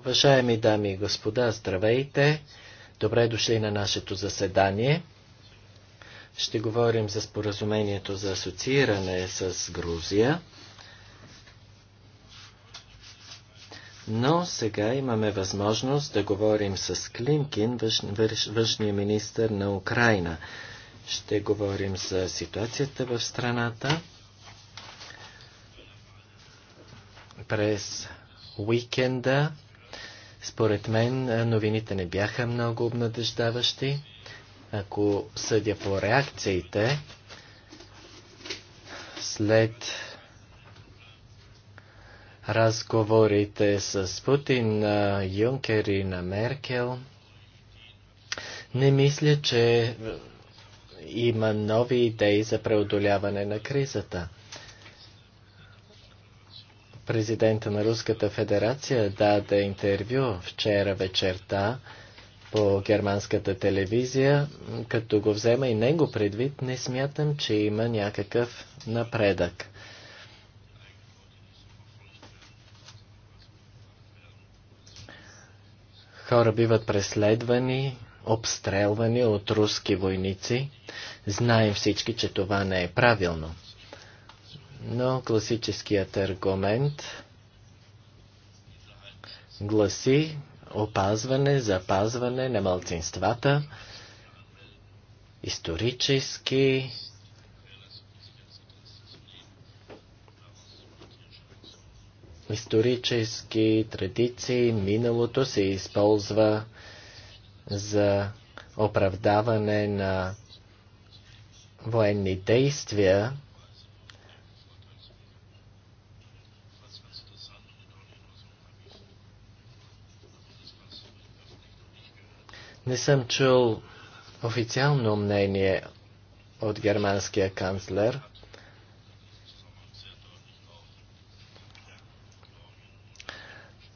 Уважаеми дами и господа, здравейте! Добре дошли на нашето заседание. Ще говорим за споразумението за асоцииране с Грузия. Но сега имаме възможност да говорим с Климкин, външния министр на Украина. Ще говорим за ситуацията в страната. През уикенда, според мен, новините не бяха много обнадеждаващи. Ако съдя по реакциите, след разговорите с Путин, на Юнкер и на Меркел, не мисля, че има нови идеи за преодоляване на кризата. Президента на Руската федерация даде интервю вчера вечерта по германската телевизия. Като го взема и него предвид, не смятам, че има някакъв напредък. Хора биват преследвани, обстрелвани от руски войници. Знаем всички, че това не е правилно. Но класическият аргумент гласи опазване, запазване на малцинствата, исторически исторически традиции, миналото се използва за оправдаване на военни действия, Не съм чул официално мнение от германския канцлер.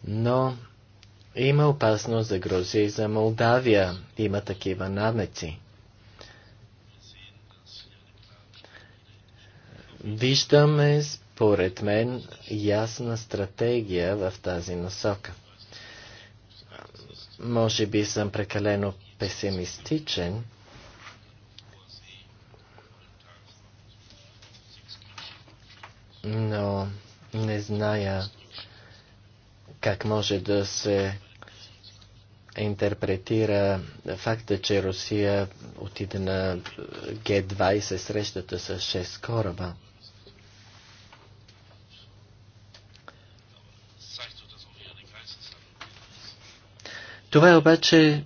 Но има опасност за Грузия и за Молдавия. Има такива намеци. Виждаме, според мен, ясна стратегия в тази насока. Може би съм прекалено песимистичен, но не зная как може да се интерпретира факта, че Русия отиде на Г-20 срещата с 6 кораба. Това е обаче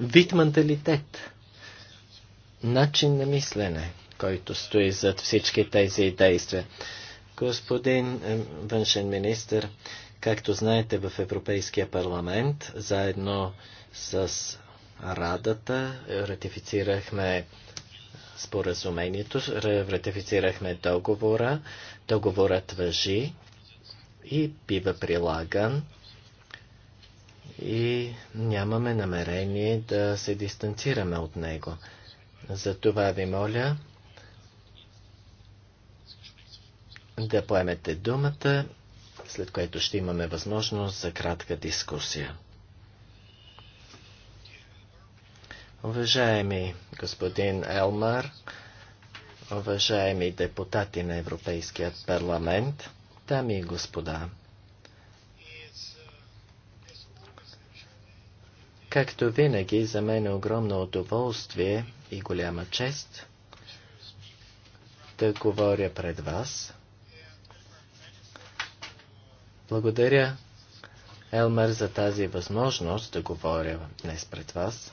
вид менталитет, начин на мислене, който стои зад всички тези действия. Господин външен министр, Както знаете, в Европейския парламент, заедно с Радата, ратифицирахме споразумението, ратифицирахме договора. Договорът въжи и бива прилаган и нямаме намерение да се дистанцираме от него. Затова ви моля да поемете думата след което ще имаме възможност за кратка дискусия. Уважаеми господин Елмар, уважаеми депутати на Европейският парламент, дами и господа, Както винаги, за мен е огромно удоволствие и голяма чест да говоря пред вас благодаря, Елмер, за тази възможност да говоря днес пред вас.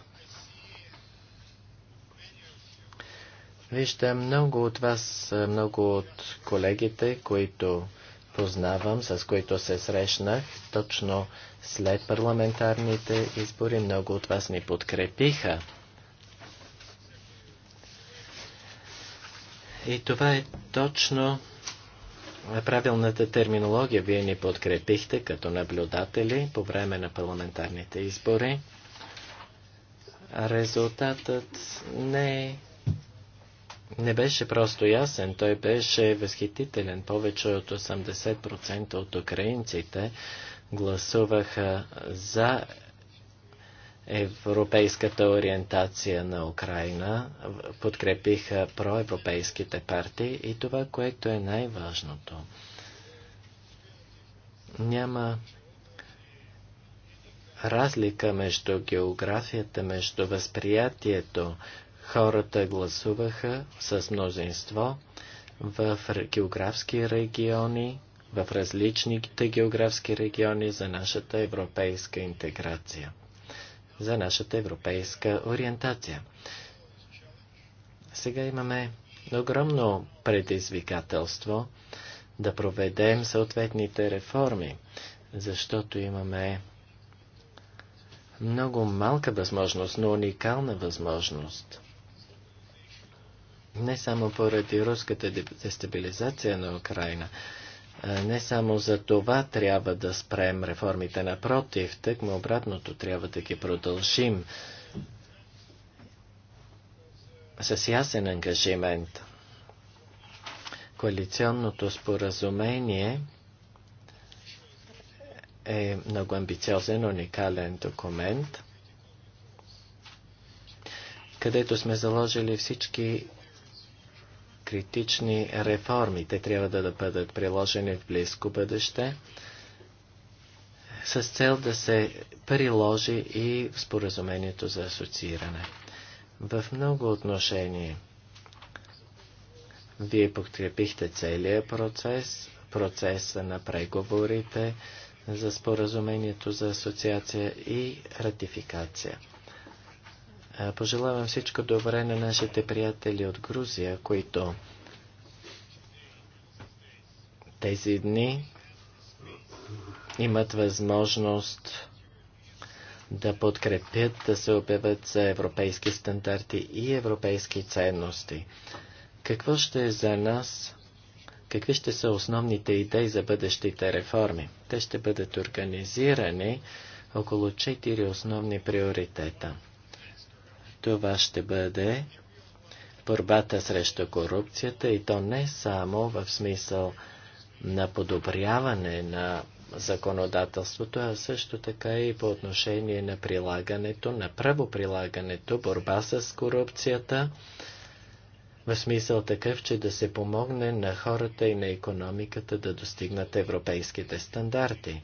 Вижте, много от вас, много от колегите, които познавам, с които се срещнах точно след парламентарните избори, много от вас ми подкрепиха. И това е точно правилната терминология. Вие ни подкрепихте като наблюдатели по време на парламентарните избори. Резултатът не, е- не беше просто ясен, той беше възхитителен. Повече от 80% от украинците гласуваха за европейската ориентация на Украина, подкрепиха проевропейските партии и това, което е най-важното. Няма разлика между географията, между възприятието. Хората гласуваха с мнозинство в географски региони, в различните географски региони за нашата европейска интеграция за нашата европейска ориентация. Сега имаме огромно предизвикателство да проведем съответните реформи, защото имаме много малка възможност, но уникална възможност. Не само поради руската дестабилизация на Украина, не само за това трябва да спрем реформите, напротив, му обратното трябва да ги продължим с ясен ангажимент. Коалиционното споразумение е много амбициозен, уникален документ, където сме заложили всички критични реформи. Те трябва да бъдат приложени в близко бъдеще с цел да се приложи и в споразумението за асоцииране. В много отношения вие подкрепихте целият процес, процеса на преговорите за споразумението за асоциация и ратификация. Пожелавам всичко добре на нашите приятели от Грузия, които тези дни имат възможност да подкрепят, да се обявят за европейски стандарти и европейски ценности. Какво ще е за нас? Какви ще са основните идеи за бъдещите реформи? Те ще бъдат организирани около четири основни приоритета – това ще бъде борбата срещу корупцията и то не само в смисъл на подобряване на законодателството, а също така и по отношение на прилагането, на правоприлагането, борба с корупцията, в смисъл такъв, че да се помогне на хората и на економиката да достигнат европейските стандарти.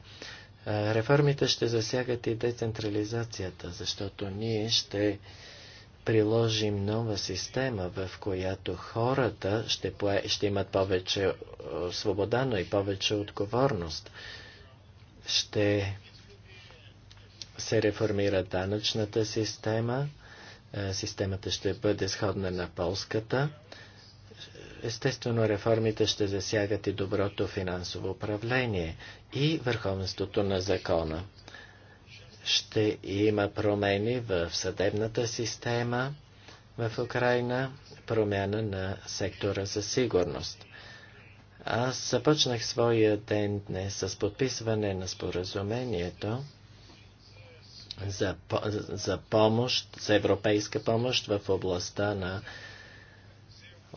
Реформите ще засягат и децентрализацията, защото ние ще приложим нова система, в която хората ще, пое, ще имат повече е, свобода, но и повече отговорност. Ще се реформира данъчната система, е, системата ще бъде сходна на полската. Естествено, реформите ще засягат и доброто финансово управление и върховенството на закона ще има промени в съдебната система в Украина, промяна на сектора за сигурност. Аз започнах своя ден днес с подписване на споразумението за, за помощ, за европейска помощ в областта на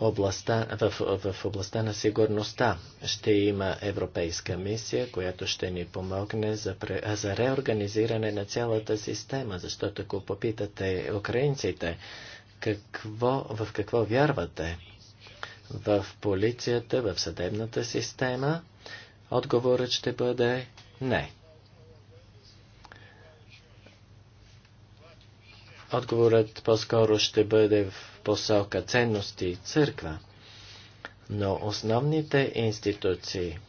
областта, в, в областта на сигурността. Ще има Европейска мисия, която ще ни помогне за, за реорганизиране на цялата система, защото ако попитате украинците какво, в какво вярвате, в полицията, в съдебната система, отговорът ще бъде не. Отговорът по-скоро ще бъде в посока ценности и църква. Но основните институции,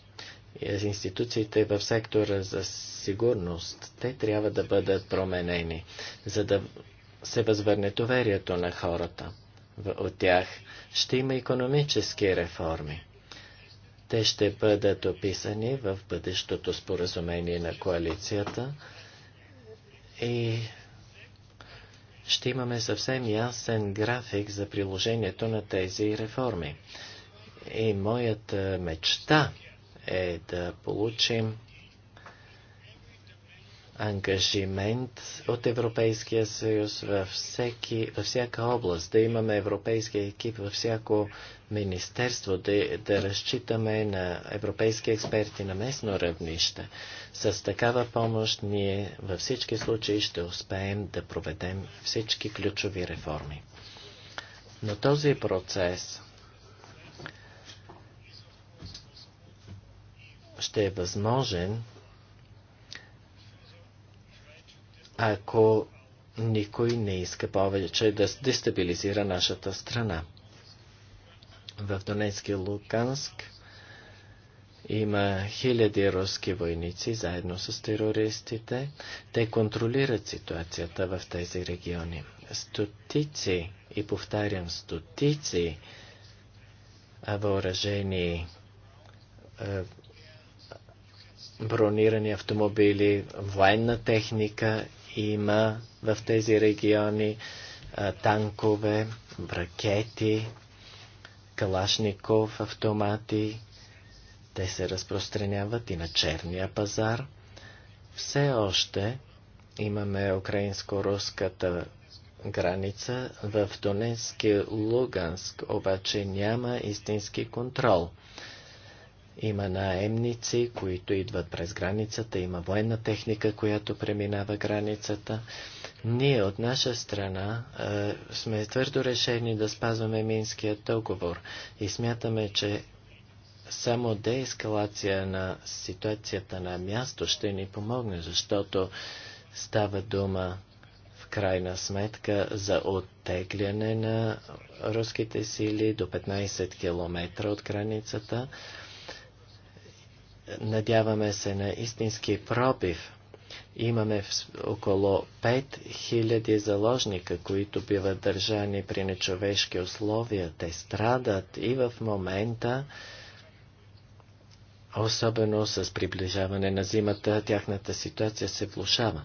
институциите в сектора за сигурност, те трябва да бъдат променени, за да се възвърне доверието на хората. От тях ще има економически реформи. Те ще бъдат описани в бъдещото споразумение на коалицията и ще имаме съвсем ясен график за приложението на тези реформи. И моята мечта е да получим ангажимент от Европейския съюз във, всеки, във всяка област, да имаме европейски екип във всяко министерство, да, да разчитаме на европейски експерти на местно равнище. С такава помощ ние във всички случаи ще успеем да проведем всички ключови реформи. Но този процес ще е възможен ако никой не иска повече да дестабилизира нашата страна. В Донецкия Луканск има хиляди руски войници заедно с терористите. Те контролират ситуацията в тези региони. Стотици, и повтарям, стотици въоръжени е, бронирани автомобили, военна техника има в тези региони танкове, ракети, калашников, автомати. Те се разпространяват и на черния пазар. Все още имаме украинско-руската граница. В Донецк и Луганск обаче няма истински контрол. Има наемници, които идват през границата, има военна техника, която преминава границата. Ние от наша страна е, сме твърдо решени да спазваме Минския договор и смятаме, че само деескалация на ситуацията на място ще ни помогне, защото става дума в крайна сметка за оттегляне на руските сили до 15 км от границата. Надяваме се на истински пробив. Имаме около 5000 заложника, които биват държани при нечовешки условия. Те страдат и в момента, особено с приближаване на зимата, тяхната ситуация се влушава.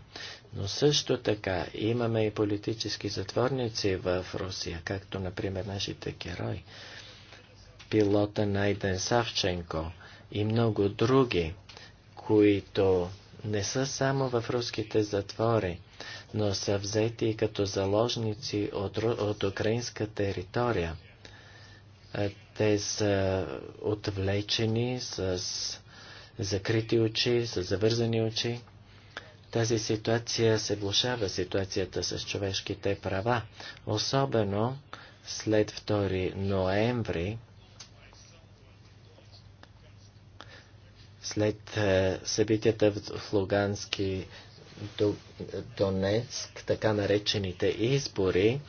Но също така имаме и политически затворници в Русия, както например нашите герои. Пилота Найден Савченко – и много други, които не са само в руските затвори, но са взети като заложници от, от украинска територия. Те са отвлечени с закрити очи, с завързани очи. Тази ситуация се влушава, ситуацията с човешките права, особено след 2 ноември След е, събитията в Лугански Донецк, така наречените избори,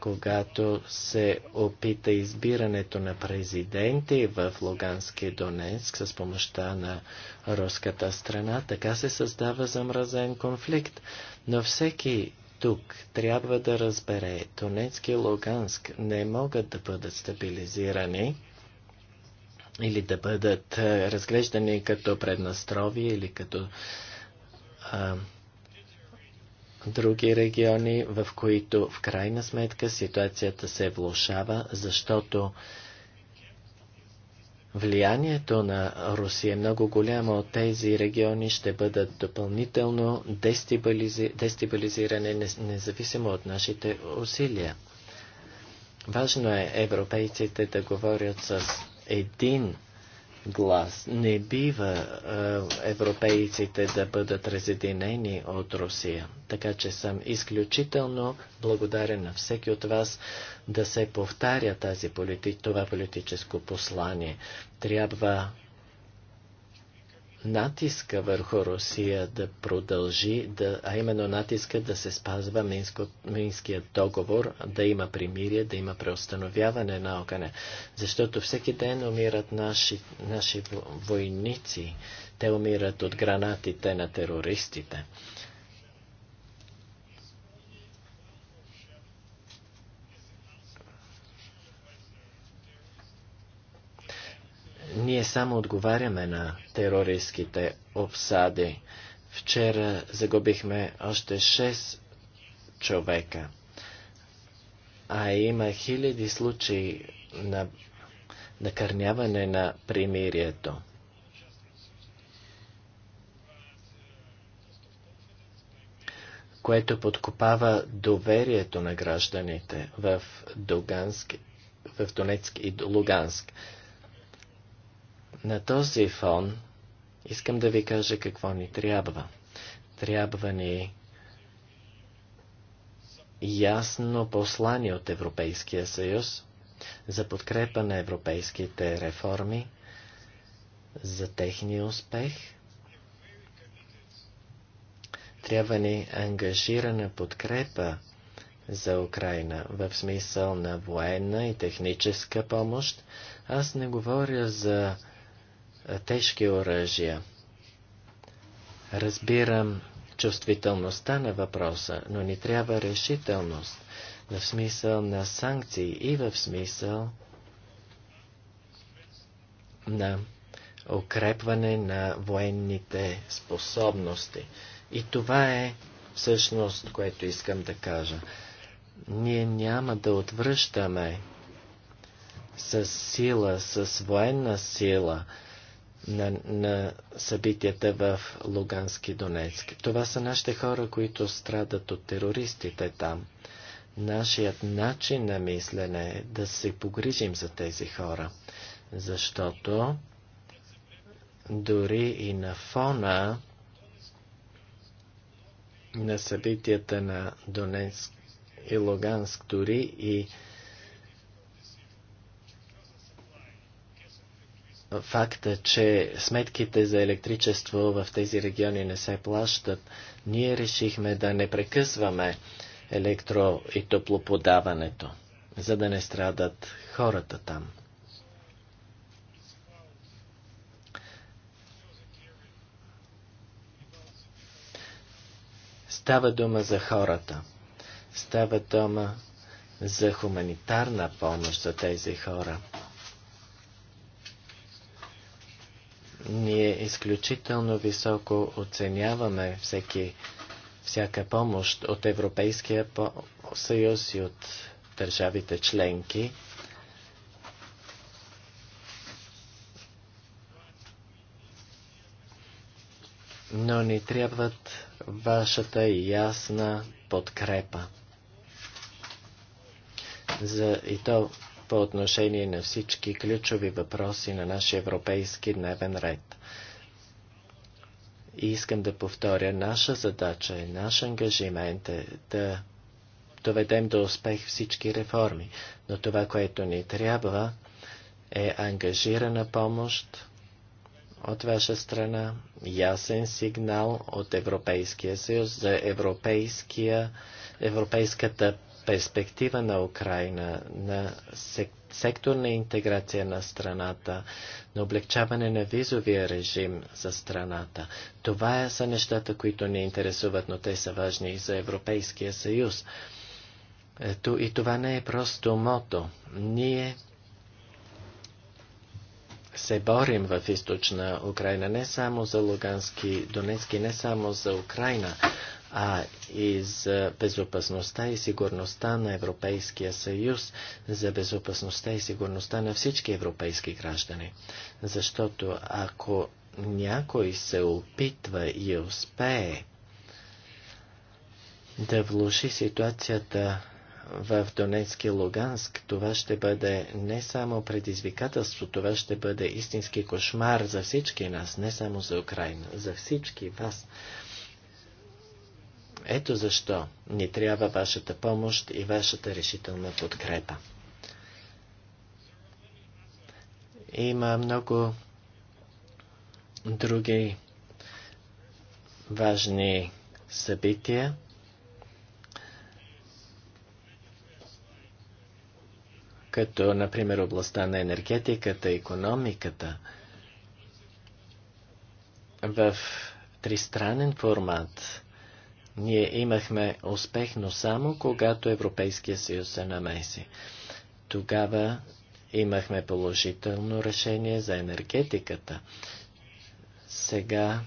когато се опита избирането на президенти в Лугански Донецк с помощта на руската страна, така се създава замразен конфликт. Но всеки тук трябва да разбере, Донецк и Луганск не могат да бъдат стабилизирани или да бъдат разглеждани като преднастрови или като а, други региони, в които в крайна сметка ситуацията се влушава, защото влиянието на Русия е много голямо. Тези региони ще бъдат допълнително дестабилизи... дестабилизирани, независимо от нашите усилия. Важно е европейците да говорят с един глас. Не бива е, европейците да бъдат разединени от Русия. Така че съм изключително благодарен на всеки от вас да се повтаря тази полит... това политическо послание. Трябва натиска върху Русия да продължи, да, а именно натиска да се спазва Минско, Минският договор, да има примирие, да има преустановяване на огъня. Защото всеки ден умират наши, наши войници, те умират от гранатите на терористите. Ние само отговаряме на терористските обсади. Вчера загубихме още 6 човека. А има хиляди случаи на накърняване на примирието. което подкопава доверието на гражданите в, Дуганск, в Донецк и Луганск. На този фон искам да ви кажа какво ни трябва. Трябва ни ясно послание от Европейския съюз за подкрепа на европейските реформи, за техния успех. Трябва ни ангажирана подкрепа за Украина в смисъл на военна и техническа помощ. Аз не говоря за тежки оръжия. Разбирам чувствителността на въпроса, но ни трябва решителност в смисъл на санкции и в смисъл на укрепване на военните способности. И това е всъщност, което искам да кажа. Ние няма да отвръщаме с сила, с военна сила, на, на събитията в Лугански Донецк. Това са нашите хора, които страдат от терористите там. Нашият начин на мислене е да се погрижим за тези хора, защото дори и на фона на събитията на Донецк и Луганск, дори и факта, че сметките за електричество в тези региони не се плащат, ние решихме да не прекъсваме електро- и топлоподаването, за да не страдат хората там. Става дума за хората. Става дума за хуманитарна помощ за тези хора. Ние изключително високо оценяваме всеки, всяка помощ от Европейския съюз и от държавите членки. но ни трябват вашата ясна подкрепа. За, и то по отношение на всички ключови въпроси на нашия европейски дневен ред. И искам да повторя, наша задача и наш ангажимент е да доведем до успех всички реформи, но това, което ни трябва, е ангажирана помощ от ваша страна, ясен сигнал от Европейския съюз за европейския, европейската перспектива на Украина, на секторна интеграция на страната, на облегчаване на визовия режим за страната. Това е, са нещата, които ни интересуват, но те са важни и за Европейския съюз. Ето, и това не е просто мото. Ние се борим в източна Украина не само за Лугански, Донецки, не само за Украина, а и за безопасността и сигурността на Европейския съюз, за безопасността и сигурността на всички европейски граждани. Защото ако някой се опитва и успее да влуши ситуацията в Донецк и Луганск, това ще бъде не само предизвикателство, това ще бъде истински кошмар за всички нас, не само за Украина, за всички вас. Ето защо ни трябва вашата помощ и вашата решителна подкрепа. Има много други важни събития. като, например, областта на енергетиката, економиката, в тристранен формат ние имахме успех, но само когато Европейския съюз се намеси. Тогава имахме положително решение за енергетиката. Сега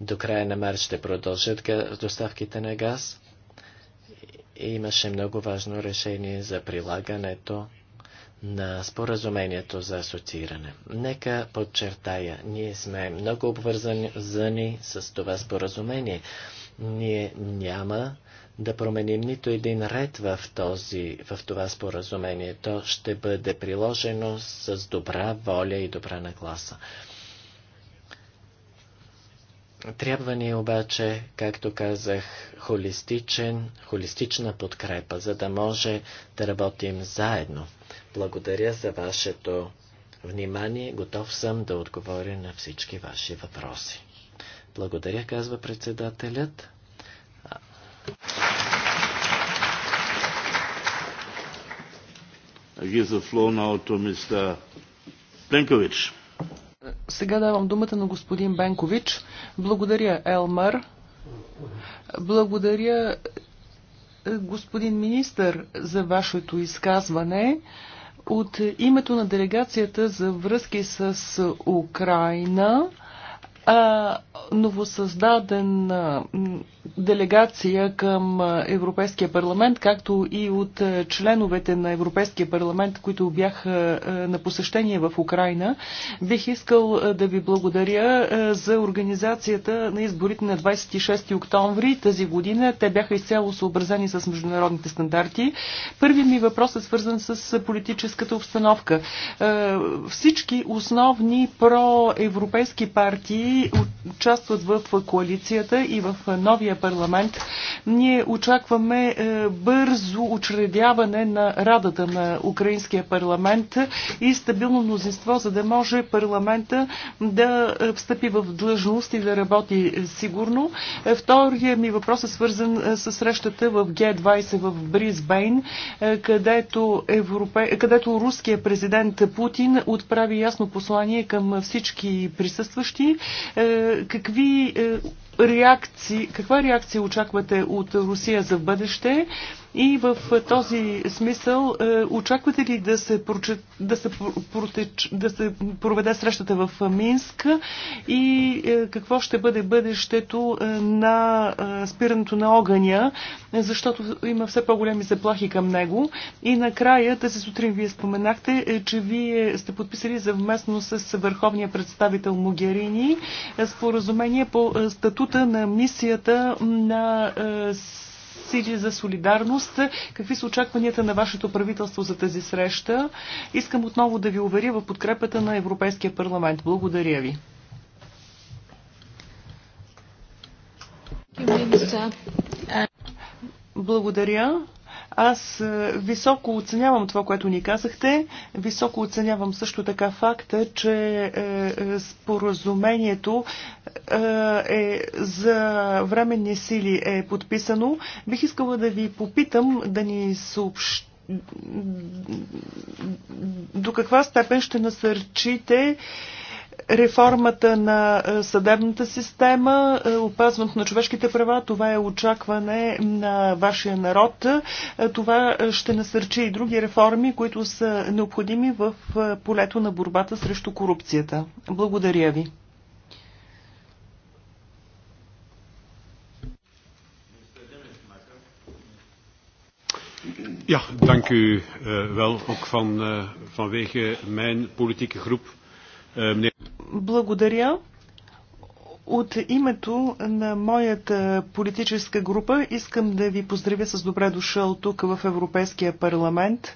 до края на март ще продължат доставките на газ. Имаше много важно решение за прилагането на споразумението за асоцииране. Нека подчертая, ние сме много обвързани с това споразумение. Ние няма да променим нито един ред в, този, в това споразумение. То ще бъде приложено с добра воля и добра нагласа. Трябва ни обаче, както казах, холистичен, холистична подкрепа, за да може да работим заедно. Благодаря за вашето внимание. Готов съм да отговоря на всички ваши въпроси. Благодаря, казва председателят. Сега давам думата на господин Бенкович. Благодаря, Елмар. Благодаря, господин министър, за вашето изказване. От името на делегацията за връзки с Украина а, новосъздадена делегация към Европейския парламент, както и от членовете на Европейския парламент, които бяха на посещение в Украина. Бих искал да ви благодаря за организацията на изборите на 26 октомври тази година. Те бяха изцяло съобразени с международните стандарти. Първият ми въпрос е свързан с политическата обстановка. Всички основни проевропейски партии участват в коалицията и в новия парламент. Ние очакваме е, бързо учредяване на радата на Украинския парламент и стабилно мнозинство, за да може парламента да е, встъпи в длъжност и да работи е, сигурно. Втория ми въпрос е свързан с срещата в Г20 в Бризбейн, където, Европе... където руският президент Путин отправи ясно послание към всички присъстващи, е, какви е, реакции, каква реакция очаквате от Русия за бъдеще? И в този смисъл е, очаквате ли да се, прочет, да се, протеч, да се проведе срещата в Минск и е, какво ще бъде бъдещето е, на спирането на огъня, защото има все по-големи заплахи към него. И накрая, тази сутрин вие споменахте, че вие сте подписали съвместно с върховния представител Могерини споразумение по статута на мисията на сили за солидарност. Какви са очакванията на вашето правителство за тази среща? Искам отново да ви уверя в подкрепата на Европейския парламент. Благодаря ви. Благодаря. Аз е, високо оценявам това, което ни казахте. Високо оценявам също така факта, че е, е, споразумението е за временни сили е подписано. Бих искала да ви попитам да ни съобщите до каква степен ще насърчите реформата на е, съдебната система, е, опазването на човешките права, това е очакване на вашия народ. Е, това ще насърчи и други реформи, които са необходими в полето на борбата срещу корупцията. Благодаря ви. Ja, dank u uh, wel, ook van, uh, vanwege mijn politieke groep. Благодаря. От името на моята политическа група искам да ви поздравя с добре дошъл тук в Европейския парламент.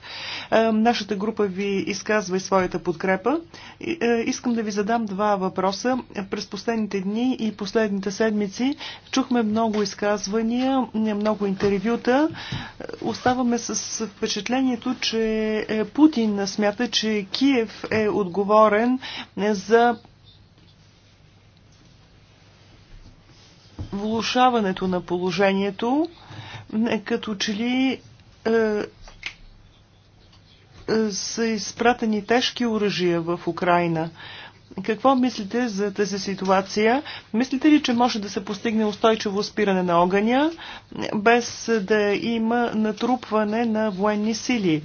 Е, нашата група ви изказва и своята подкрепа. Е, искам да ви задам два въпроса. През последните дни и последните седмици чухме много изказвания, много интервюта. Оставаме с впечатлението, че е, Путин смята, че Киев е отговорен за влушаването на положението, е, като че ли е, е, са изпратени тежки оръжия в Украина. Какво мислите за тази ситуация? Мислите ли, че може да се постигне устойчиво спиране на огъня, без да има натрупване на военни сили?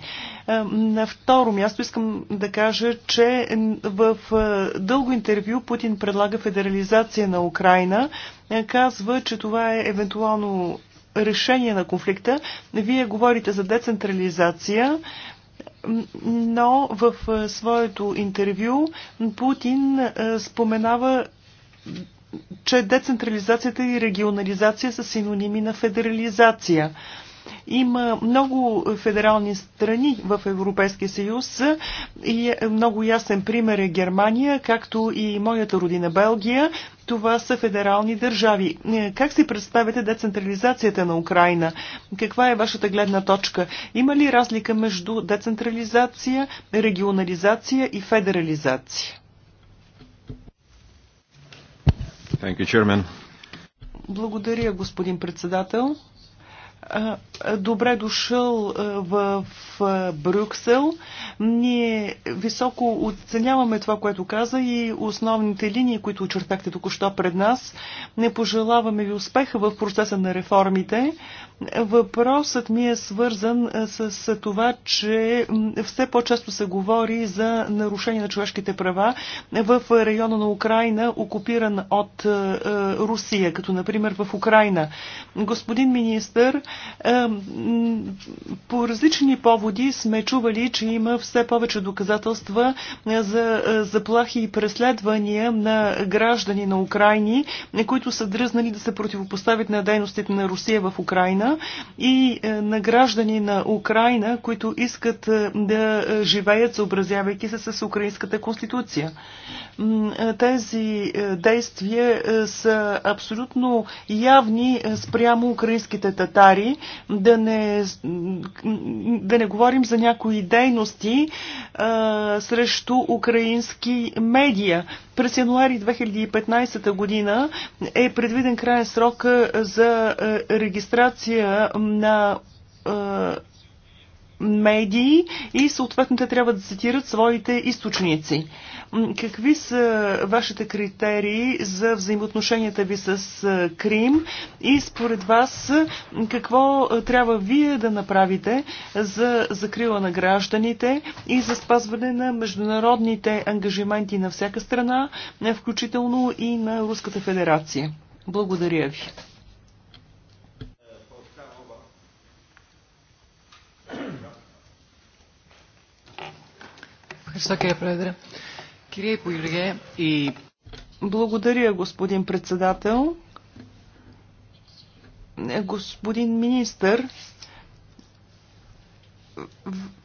Е, на второ място искам да кажа, че в е, дълго интервю Путин предлага федерализация на Украина. Е, казва, че това е евентуално решение на конфликта. Вие говорите за децентрализация но в своето интервю Путин споменава че децентрализацията и регионализация са синоними на федерализация. Има много федерални страни в Европейския съюз и много ясен пример е Германия, както и моята родина Белгия. Това са федерални държави. Е, как си представяте децентрализацията на Украина? Каква е вашата гледна точка? Има ли разлика между децентрализация, регионализация и федерализация? Thank you, Благодаря, господин председател. Добре дошъл в Брюксел. Ние високо оценяваме това, което каза и основните линии, които очертахте току-що пред нас. Не пожелаваме ви успеха в процеса на реформите. Въпросът ми е свързан е, с това, че все по-често се говори за нарушение на човешките права в района на Украина, окупиран от е, е, Русия, като например в Украина. Господин министър, по различни поводи сме чували, че има все повече доказателства за заплахи и преследвания на граждани на Украини, които са дръзнали да се противопоставят на дейностите на Русия в Украина и е, на граждани на Украина, които искат е, да е, живеят, съобразявайки се с украинската конституция. Е, тези е, действия е, са абсолютно явни спрямо украинските татари. Да не, да не говорим за някои дейности а, срещу украински медия. През януари 2015 година е предвиден крайен срок за регистрация на а, медии и съответно те трябва да цитират своите източници. Какви са вашите критерии за взаимоотношенията ви с Крим и според вас какво трябва вие да направите за закрила на гражданите и за спазване на международните ангажименти на всяка страна, включително и на Руската федерация? Благодаря ви. Ευχαριστώ κύριε и... Благодаря, господин председател. Господин министър,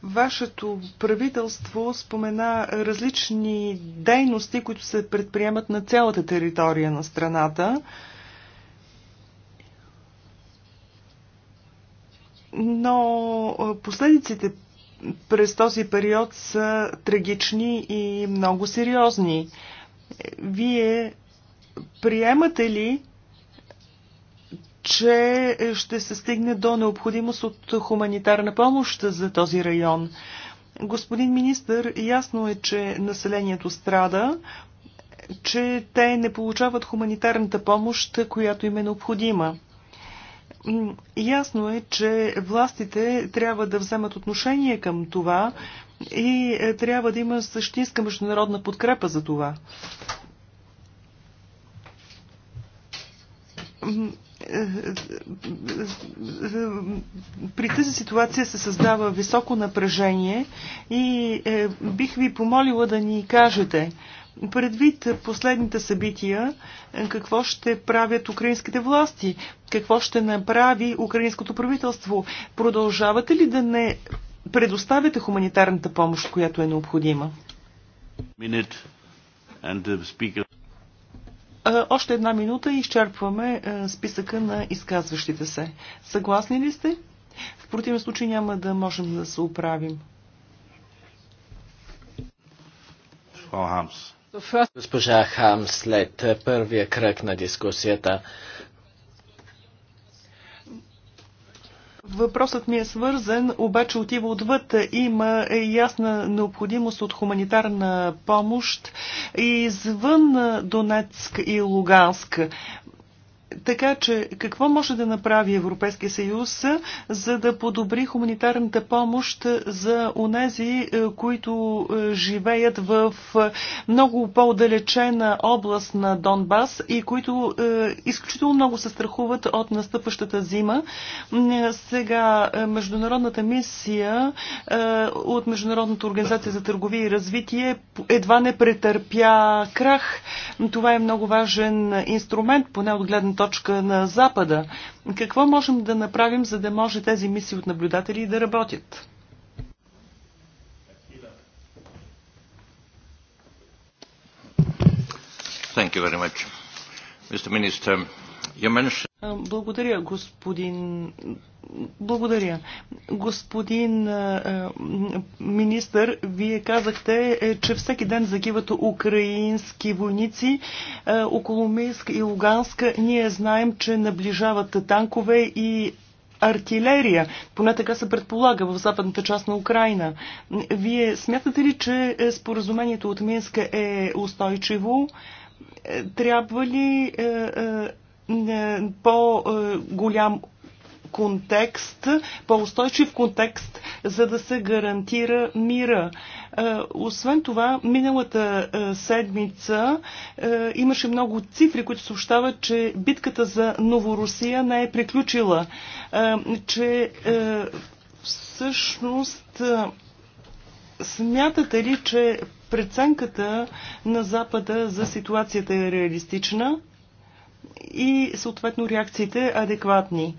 Вашето правителство спомена различни дейности, които се предприемат на цялата територия на страната. Но последиците през този период са трагични и много сериозни. Вие приемате ли, че ще се стигне до необходимост от хуманитарна помощ за този район? Господин министр, ясно е, че населението страда, че те не получават хуманитарната помощ, която им е необходима. Ясно е, че властите трябва да вземат отношение към това и е, трябва да има същинска международна подкрепа за това. Е, е, при тази ситуация се създава високо напрежение и бих ви помолила да ни кажете Предвид последните събития, какво ще правят украинските власти? Какво ще направи украинското правителство? Продължавате ли да не предоставяте хуманитарната помощ, която е необходима? Uh, още една минута и изчерпваме списъка на изказващите се. Съгласни ли сте? В противен случай няма да можем да се оправим. Frau Hams. Госпожа Хам, след първия кръг на дискусията. Въпросът ми е свързан, обаче отива отвъд. Има ясна необходимост от хуманитарна помощ извън Донецк и Луганск. Така че какво може да направи Европейския съюз, за да подобри хуманитарната помощ за онези, е, които е, живеят в е, много по-далечена област на Донбас и които изключително много се страхуват от настъпващата зима? Сега международната мисия от Международната организация за търговия и развитие едва не претърпя крах. Това е много важен инструмент, поне от гледната точка на Запада. Какво можем да направим, за да може тези мисии от наблюдатели да работят? Minister, mentioned... Благодаря, господин благодаря. Господин министър, вие казахте, е, че всеки ден загиват украински войници около Минск и Луганска. Ние знаем, че наближават танкове и артилерия. Поне така се предполага в западната част на Украина. Вие смятате ли, че е, споразумението от Минск е устойчиво? Е, трябва ли по-голям контекст, по-устойчив контекст, за да се гарантира мира. Е, освен това, миналата е, седмица е, имаше много цифри, които съобщават, че битката за Новорусия не е приключила, че всъщност смятате ли, че преценката на Запада за ситуацията е реалистична и съответно реакциите адекватни?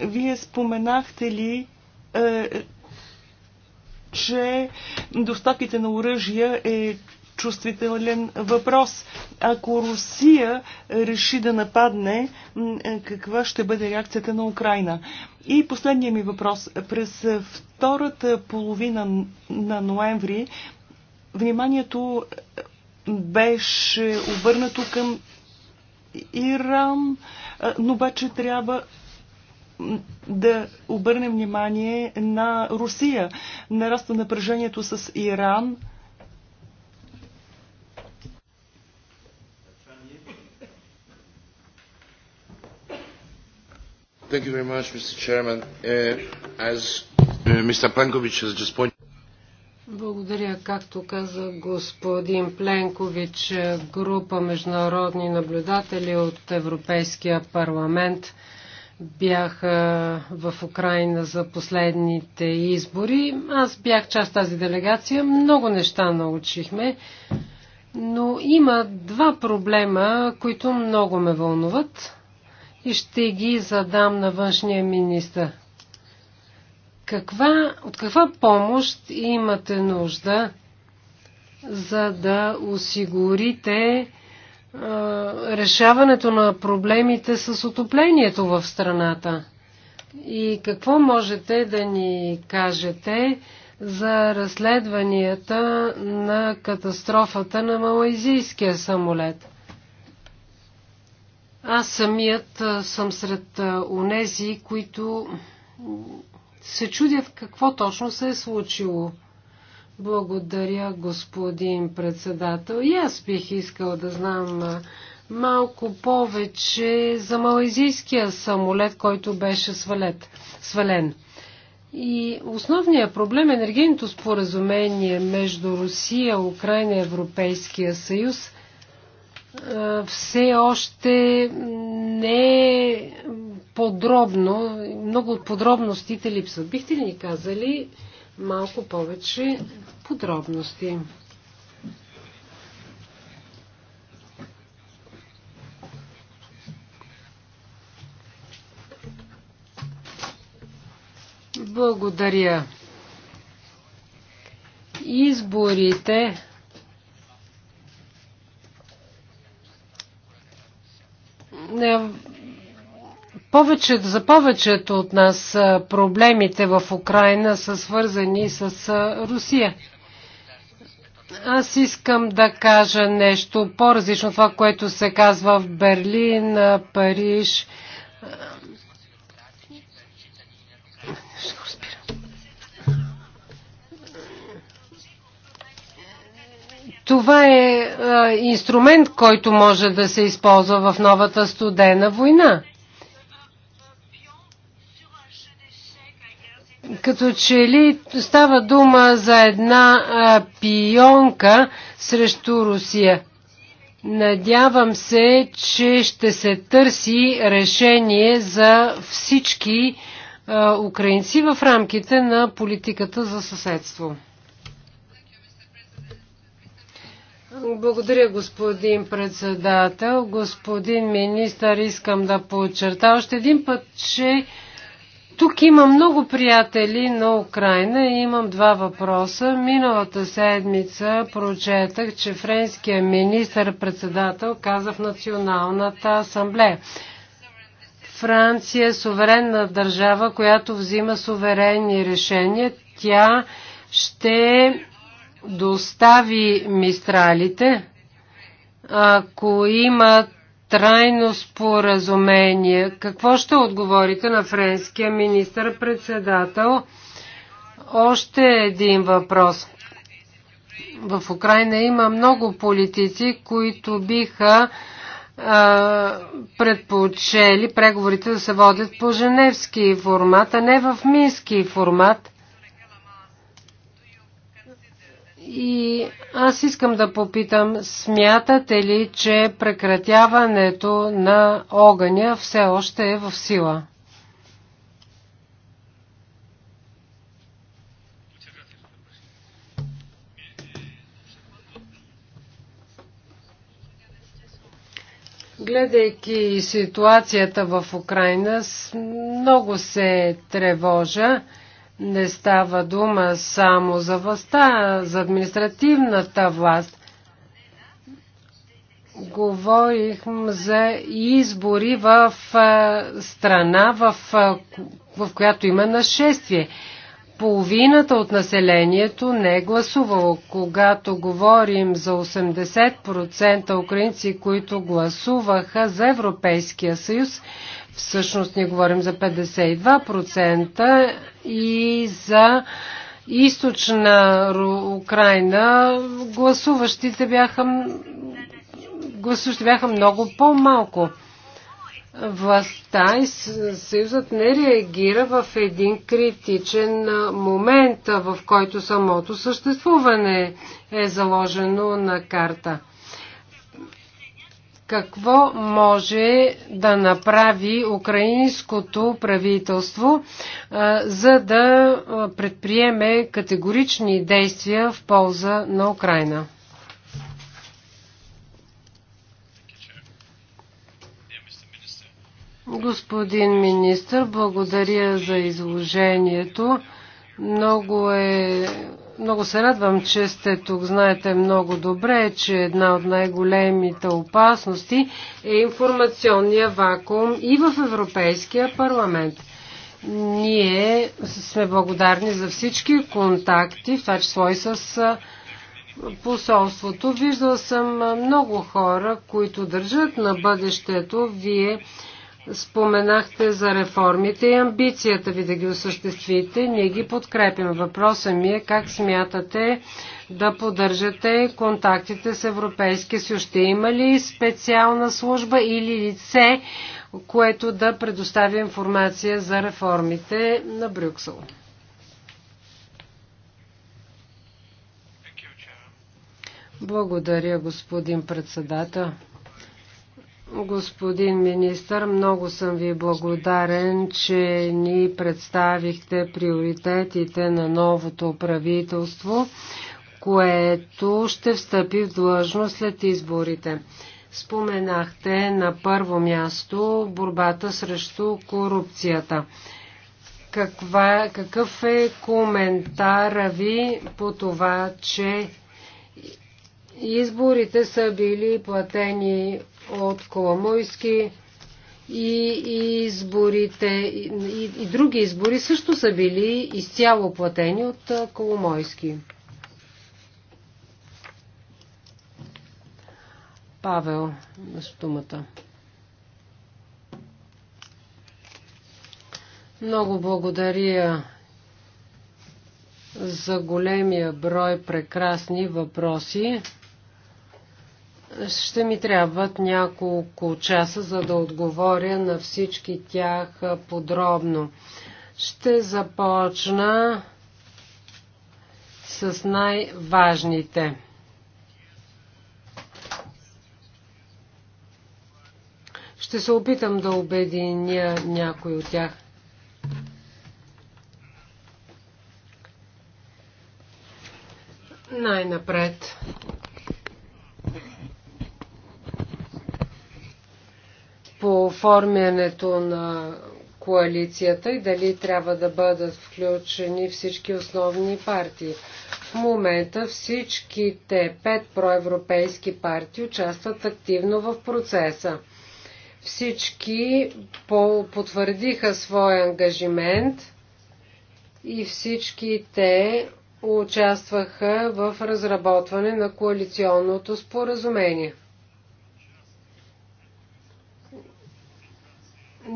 Вие споменахте ли, е, че доставките на оръжия е чувствителен въпрос. Ако Русия реши да нападне, е, каква ще бъде реакцията на Украина? И последния ми въпрос. През втората половина на ноември вниманието беше обърнато към Иран, е, но обаче трябва да обърнем внимание на Русия. Нараста напрежението с Иран. Thank you very much, Mr. Chairman. Uh, as uh, Mr. Plankovic has just pointed благодаря. Както каза господин Пленкович, група международни наблюдатели от Европейския парламент бях в Украина за последните избори. Аз бях част тази делегация. Много неща научихме. Но има два проблема, които много ме вълнуват и ще ги задам на външния министр. Каква, от каква помощ имате нужда, за да осигурите решаването на проблемите с отоплението в страната. И какво можете да ни кажете за разследванията на катастрофата на малайзийския самолет? Аз самият съм сред унези, които се чудят какво точно се е случило. Благодаря, господин председател. И аз бих искал да знам малко повече за малайзийския самолет, който беше свалет, свален. И основният проблем е енергийното споразумение между Русия, Украина и Европейския съюз все още не е подробно, много от подробностите липсват. Бихте ли ни казали малко повече подробности. Благодаря. Изборите не повече, за повечето от нас проблемите в Украина са свързани с Русия. Аз искам да кажа нещо по-различно това, което се казва в Берлин, Париж. Това е инструмент, който може да се използва в новата студена война. Като че ли става дума за една а, пионка срещу Русия. Надявам се, че ще се търси решение за всички а, украинци в рамките на политиката за съседство. Благодаря, господин председател. Господин министър, искам да подчерта още един път, че тук има много приятели на Украина и имам два въпроса. Миналата седмица прочетах, че френският министър-председател каза в Националната асамблея. Франция е суверенна държава, която взима суверенни решения. Тя ще достави мистралите, ако имат трайно споразумение. Какво ще отговорите на френския министр-председател? Още един въпрос. В Украина има много политици, които биха а, предпочели преговорите да се водят по женевски формат, а не в мински формат. И аз искам да попитам, смятате ли, че прекратяването на огъня все още е в сила? Гледайки ситуацията в Украина, много се тревожа не става дума само за властта, за административната власт. Говорихм за избори в страна, в, в която има нашествие. Половината от населението не е гласувало. Когато говорим за 80% украинци, които гласуваха за Европейския съюз, Всъщност ние говорим за 52% и за източна Украина гласуващите бяха, гласуващите бяха много по-малко. Властта и Съюзът не реагира в един критичен момент, в който самото съществуване е заложено на карта какво може да направи украинското правителство, за да предприеме категорични действия в полза на Украина. Господин министр, благодаря за изложението. Много е много се радвам, че сте тук. Знаете много добре, че една от най-големите опасности е информационния вакуум и в Европейския парламент. Ние сме благодарни за всички контакти, в това число и с посолството. Виждал съм много хора, които държат на бъдещето. Вие Споменахте за реформите и амбицията ви да ги осъществите. Ние ги подкрепим. Въпросът ми е как смятате да поддържате контактите с Европейския съюз. Ще има ли специална служба или лице, което да предоставя информация за реформите на Брюксел? Благодаря, господин председател. Господин министър, много съм ви благодарен, че ни представихте приоритетите на новото правителство, което ще встъпи в длъжност след изборите. Споменахте на първо място борбата срещу корупцията. Каква, какъв е коментара ви по това, че Изборите са били платени от Коломойски и изборите и, и други избори също са били изцяло платени от Коломойски. Павел на Штумата. Много благодаря за големия брой прекрасни въпроси. Ще ми трябват няколко часа, за да отговоря на всички тях подробно. Ще започна с най-важните. Ще се опитам да обединя някой от тях. Най-напред по оформянето на коалицията и дали трябва да бъдат включени всички основни партии. В момента всичките пет проевропейски партии участват активно в процеса. Всички потвърдиха своя ангажимент и всички те участваха в разработване на коалиционното споразумение.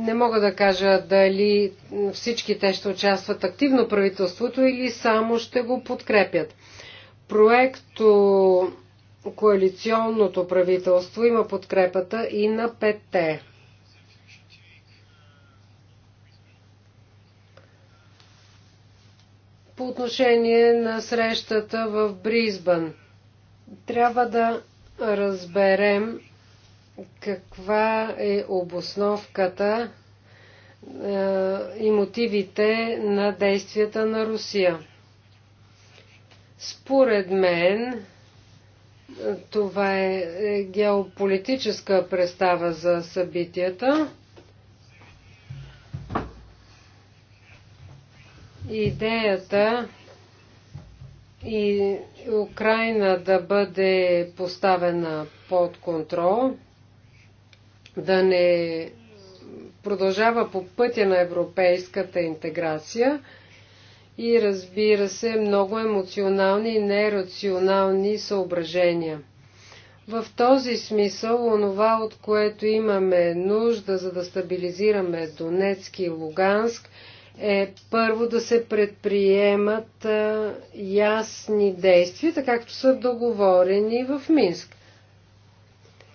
Не мога да кажа дали всички те ще участват активно правителството или само ще го подкрепят. Проекто коалиционното правителство има подкрепата и на ПТ. По отношение на срещата в Бризбан. трябва да разберем каква е обосновката е, и мотивите на действията на Русия. Според мен, това е, е геополитическа представа за събитията. Идеята и Украина да бъде поставена под контрол – да не продължава по пътя на европейската интеграция и разбира се много емоционални и нерационални съображения. В този смисъл, онова, от което имаме нужда, за да стабилизираме Донецки и Луганск, е първо да се предприемат а, ясни действия, така както са договорени в Минск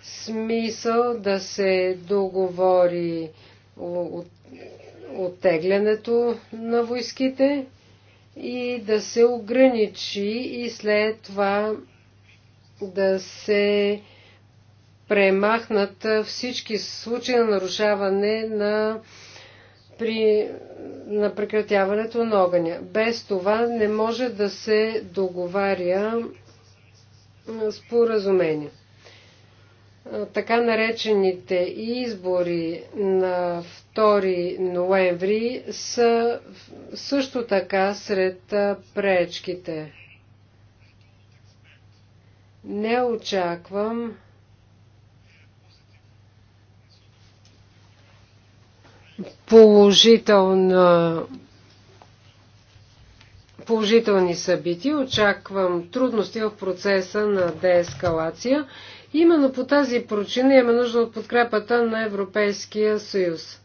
смисъл да се договори от, оттеглянето на войските и да се ограничи и след това да се премахнат всички случаи на нарушаване на, при, на прекратяването на огъня. Без това не може да се договаря споразумение така наречените избори на 2 ноември са също така сред пречките. Не очаквам положителна положителни събития, очаквам трудности в процеса на деескалация Именно по тази причина имаме нужда от подкрепата на Европейския съюз.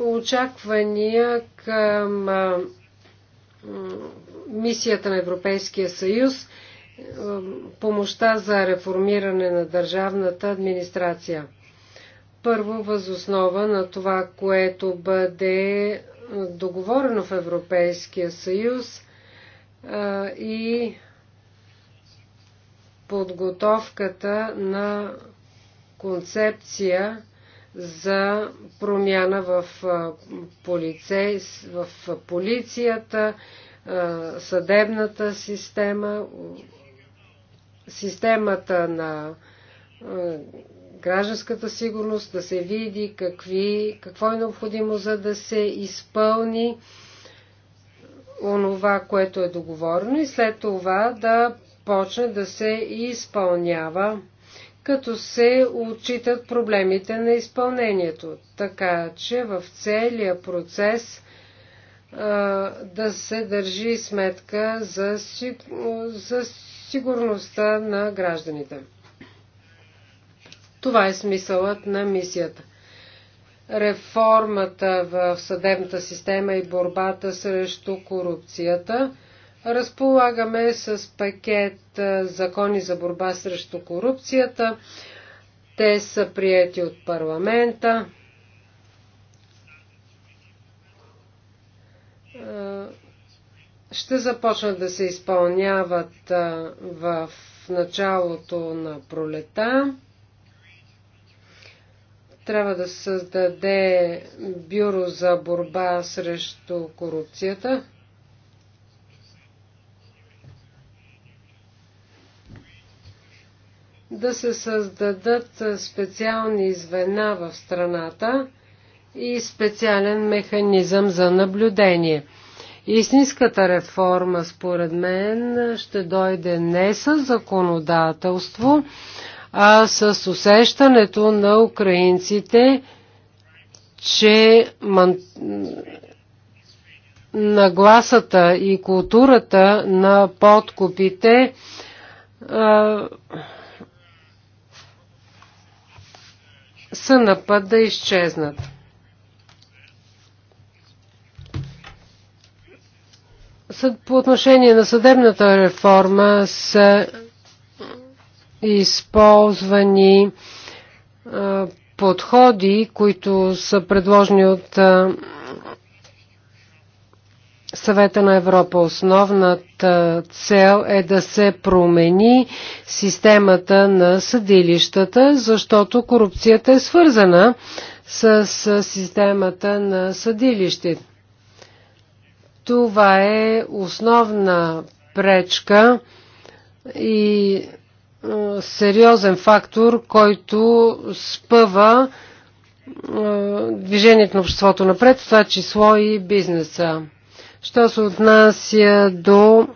Очаквания към мисията на Европейския съюз, помощта за реформиране на държавната администрация. Първо, възоснова на това, което бъде договорено в Европейския съюз и подготовката на концепция за промяна в, полицей, в полицията, съдебната система, системата на гражданската сигурност, да се види какви, какво е необходимо, за да се изпълни онова, което е договорено и след това да Почне да се изпълнява, като се отчитат проблемите на изпълнението, така че в целия процес а, да се държи сметка за, за сигурността на гражданите. Това е смисълът на мисията реформата в съдебната система и борбата срещу корупцията Разполагаме с пакет закони за борба срещу корупцията. Те са прияти от парламента. Ще започнат да се изпълняват в началото на пролета. Трябва да създаде бюро за борба срещу корупцията. да се създадат специални звена в страната и специален механизъм за наблюдение. Истинската реформа, според мен, ще дойде не с законодателство, а с усещането на украинците, че ман... нагласата и културата на подкупите а са на път да изчезнат. По отношение на съдебната реформа са използвани подходи, които са предложени от съвета на Европа. Основната цел е да се промени системата на съдилищата, защото корупцията е свързана с системата на съдилище. Това е основна пречка и е, сериозен фактор, който спъва е, движението на обществото напред, в това число и бизнеса. Що се отнася до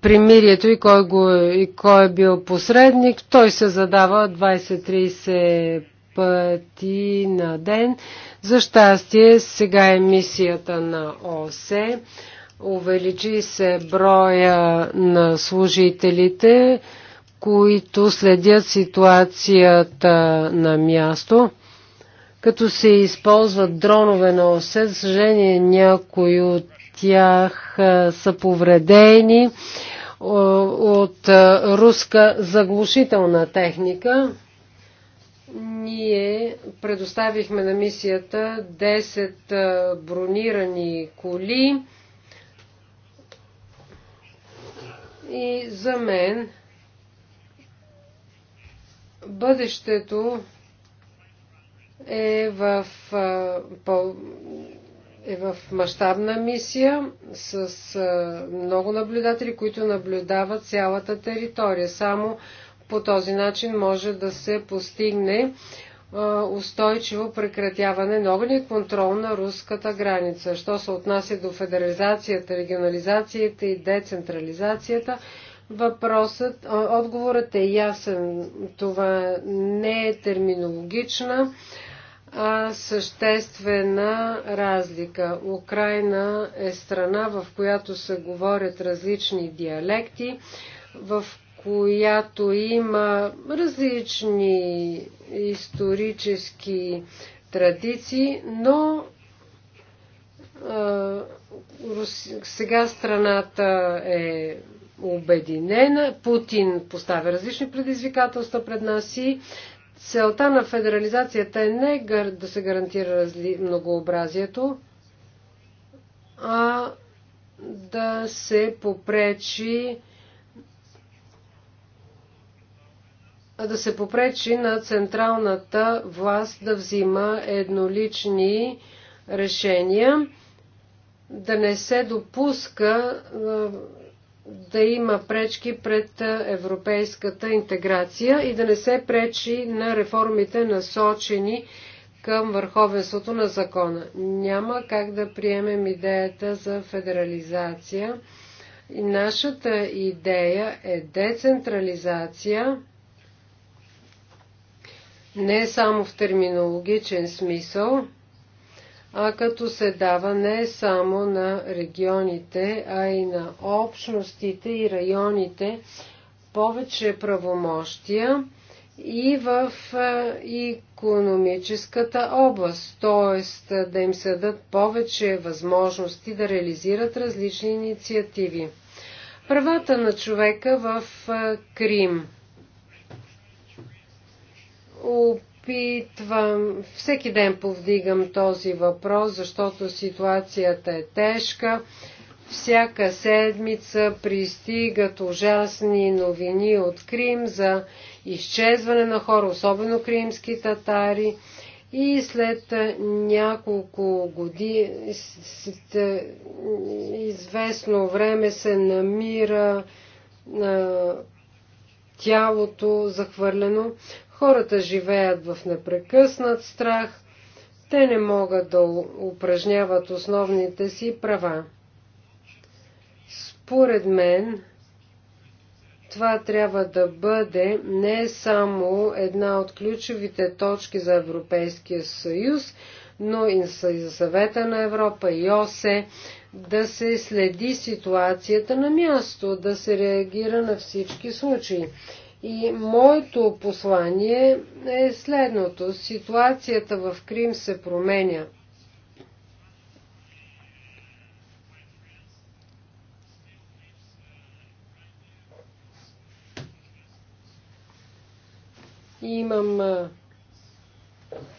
примирието и кой, го, е, и кой е бил посредник, той се задава 20-30 пъти на ден. За щастие, сега е мисията на ОСЕ. Увеличи се броя на служителите, които следят ситуацията на място като се използват дронове на осе. За съжаление, някои от тях са повредени от руска заглушителна техника. Ние предоставихме на мисията 10 бронирани коли и за мен бъдещето е в, е в мащабна мисия с много наблюдатели, които наблюдават цялата територия. Само по този начин може да се постигне устойчиво прекратяване на огъня контрол на руската граница. Що се отнася до федерализацията, регионализацията и децентрализацията, въпросът, отговорът е ясен. Това не е терминологична а съществена разлика. Украина е страна, в която се говорят различни диалекти, в която има различни исторически традиции, но сега страната е обединена. Путин поставя различни предизвикателства пред нас и Целта на федерализацията е не да се гарантира многообразието, а да се попречи да се попречи на централната власт да взима еднолични решения, да не се допуска да има пречки пред европейската интеграция и да не се пречи на реформите насочени към върховенството на закона. Няма как да приемем идеята за федерализация. И нашата идея е децентрализация не само в терминологичен смисъл, а като се дава не само на регионите, а и на общностите и районите повече правомощия и в економическата област, т.е. да им се дадат повече възможности да реализират различни инициативи. Правата на човека в Крим опитвам, всеки ден повдигам този въпрос, защото ситуацията е тежка. Всяка седмица пристигат ужасни новини от Крим за изчезване на хора, особено кримски татари. И след няколко години, е, известно време се намира тялото захвърлено. Хората живеят в непрекъснат страх. Те не могат да упражняват основните си права. Според мен, това трябва да бъде не само една от ключовите точки за Европейския съюз, но и за съвета на Европа и ОСЕ, да се следи ситуацията на място, да се реагира на всички случаи. И моето послание е следното. Ситуацията в Крим се променя. Имам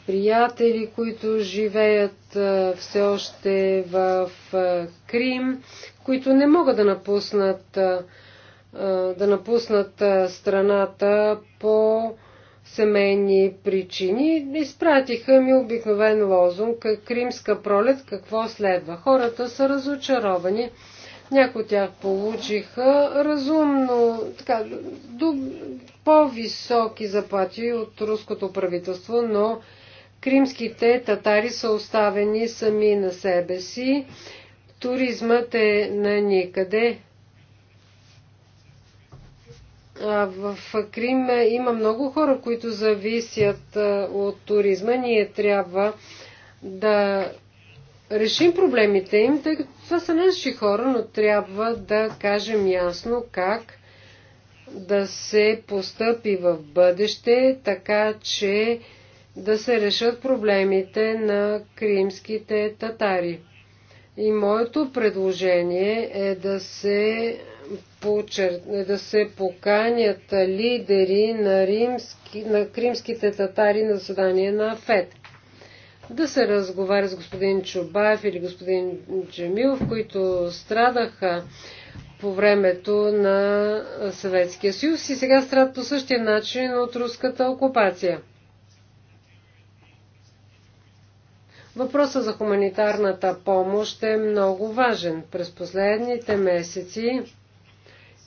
приятели, които живеят все още в Крим, които не могат да напуснат да напуснат страната по семейни причини. Изпратиха ми обикновен лозунг Кримска пролет, какво следва. Хората са разочаровани. Някои от тях получиха разумно, така, по-високи заплати от руското правителство, но кримските татари са оставени сами на себе си. Туризмът е на никъде. В Крим има много хора, които зависят от туризма. Ние трябва да решим проблемите им, тъй като това са наши хора, но трябва да кажем ясно как да се постъпи в бъдеще, така че да се решат проблемите на кримските татари. И моето предложение е да се да се поканят лидери на, римски, на кримските татари на заседание на ФЕД. Да се разговаря с господин Чубаев или господин Джемилов, които страдаха по времето на Съветския съюз и сега страдат по същия начин от руската окупация. Въпросът за хуманитарната помощ е много важен. През последните месеци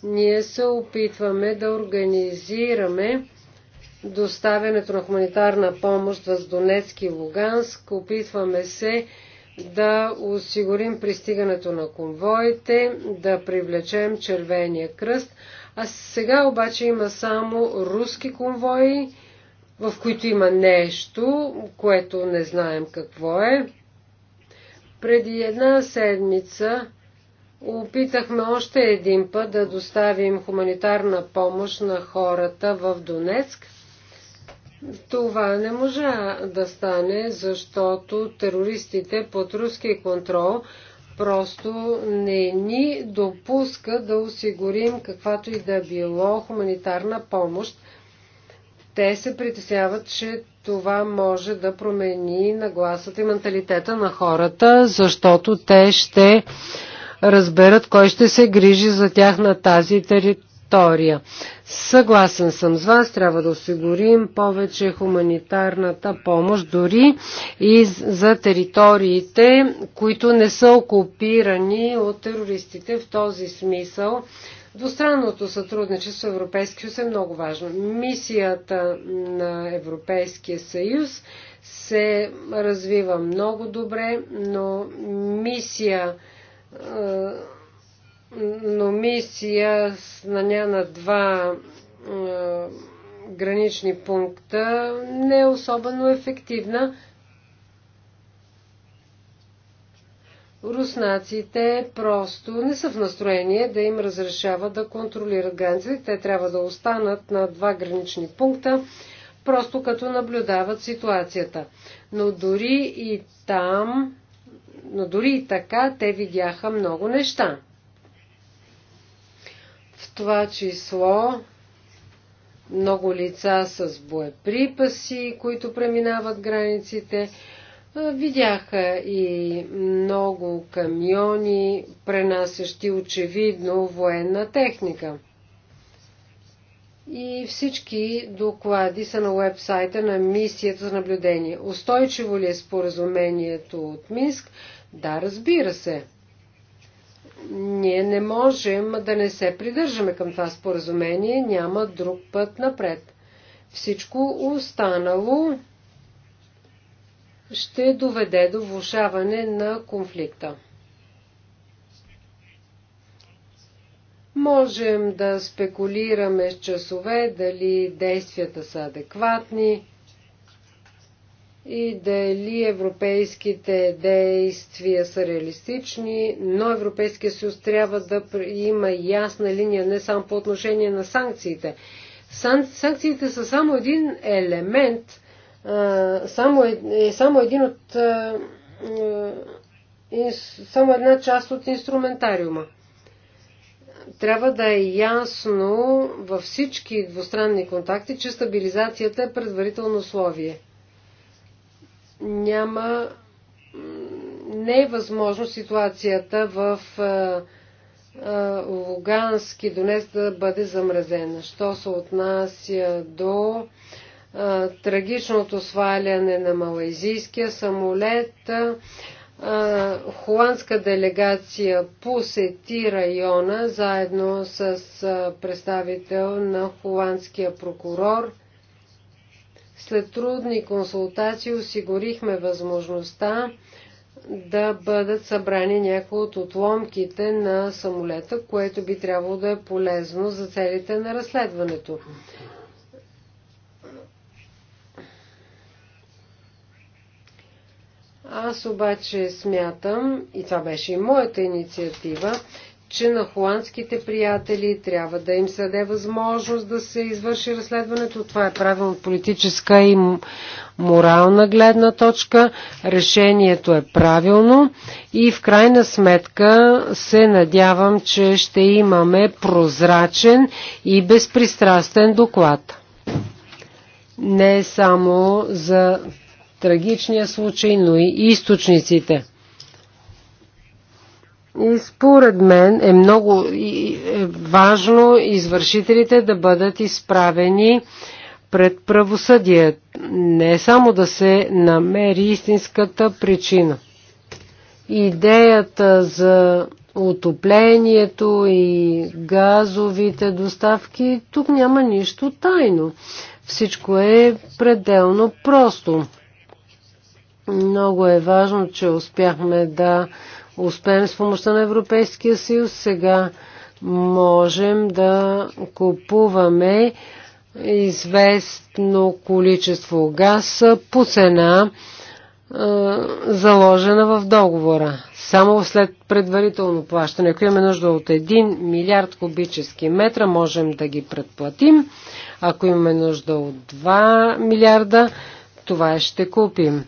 ние се опитваме да организираме доставянето на хуманитарна помощ в Донецк и Луганск. Опитваме се да осигурим пристигането на конвоите, да привлечем Червения кръст. А сега обаче има само руски конвои, в които има нещо, което не знаем какво е. Преди една седмица Опитахме още един път да доставим хуманитарна помощ на хората в Донецк. Това не можа да стане, защото терористите под руски контрол просто не ни допуска да осигурим каквато и да е било хуманитарна помощ. Те се притесняват, че това може да промени нагласата и менталитета на хората, защото те ще разберат кой ще се грижи за тях на тази територия. Съгласен съм с вас, трябва да осигурим повече хуманитарната помощ, дори и за териториите, които не са окупирани от терористите в този смисъл. Двустранното сътрудничество с Европейски съюз е много важно. Мисията на Европейския съюз се развива много добре, но мисия е, но мисия наня на два е, гранични пункта не е особено ефективна. руснаците просто не са в настроение да им разрешават да контролират границите. Те трябва да останат на два гранични пункта, просто като наблюдават ситуацията. Но дори и там но дори и така те видяха много неща. В това число много лица с боеприпаси, които преминават границите. Видяха и много камиони, пренасещи очевидно военна техника. И всички доклади са на уебсайта на мисията за наблюдение. Устойчиво ли е споразумението от Минск? Да, разбира се. Ние не можем да не се придържаме към това споразумение, няма друг път напред. Всичко останало ще доведе до влушаване на конфликта. Можем да спекулираме с часове дали действията са адекватни, и дали европейските действия са реалистични, но Европейския съюз трябва да има ясна линия не само по отношение на санкциите. Сан, санкциите са само един елемент, само, е, е, само един от само една част от инструментариума. Трябва да е ясно във всички двустранни контакти, че стабилизацията е предварително условие – няма не е възможно ситуацията в Лугански донес да бъде замразена. Що се отнася до трагичното сваляне на малайзийския самолет, холандска делегация посети района заедно с представител на холандския прокурор – след трудни консултации осигурихме възможността да бъдат събрани някои от отломките на самолета, което би трябвало да е полезно за целите на разследването. Аз обаче смятам, и това беше и моята инициатива, че на холандските приятели трябва да им се даде възможност да се извърши разследването. Това е правилно от политическа и морална гледна точка. Решението е правилно и в крайна сметка се надявам, че ще имаме прозрачен и безпристрастен доклад. Не само за трагичния случай, но и източниците. И според мен е много е важно извършителите да бъдат изправени пред правосъдие. Не само да се намери истинската причина. Идеята за отоплението и газовите доставки, тук няма нищо тайно. Всичко е пределно просто. Много е важно, че успяхме да успеем с помощта на Европейския съюз. Сега можем да купуваме известно количество газ по цена заложена в договора. Само след предварително плащане, ако имаме нужда от 1 милиард кубически метра, можем да ги предплатим. Ако имаме нужда от 2 милиарда, това ще купим.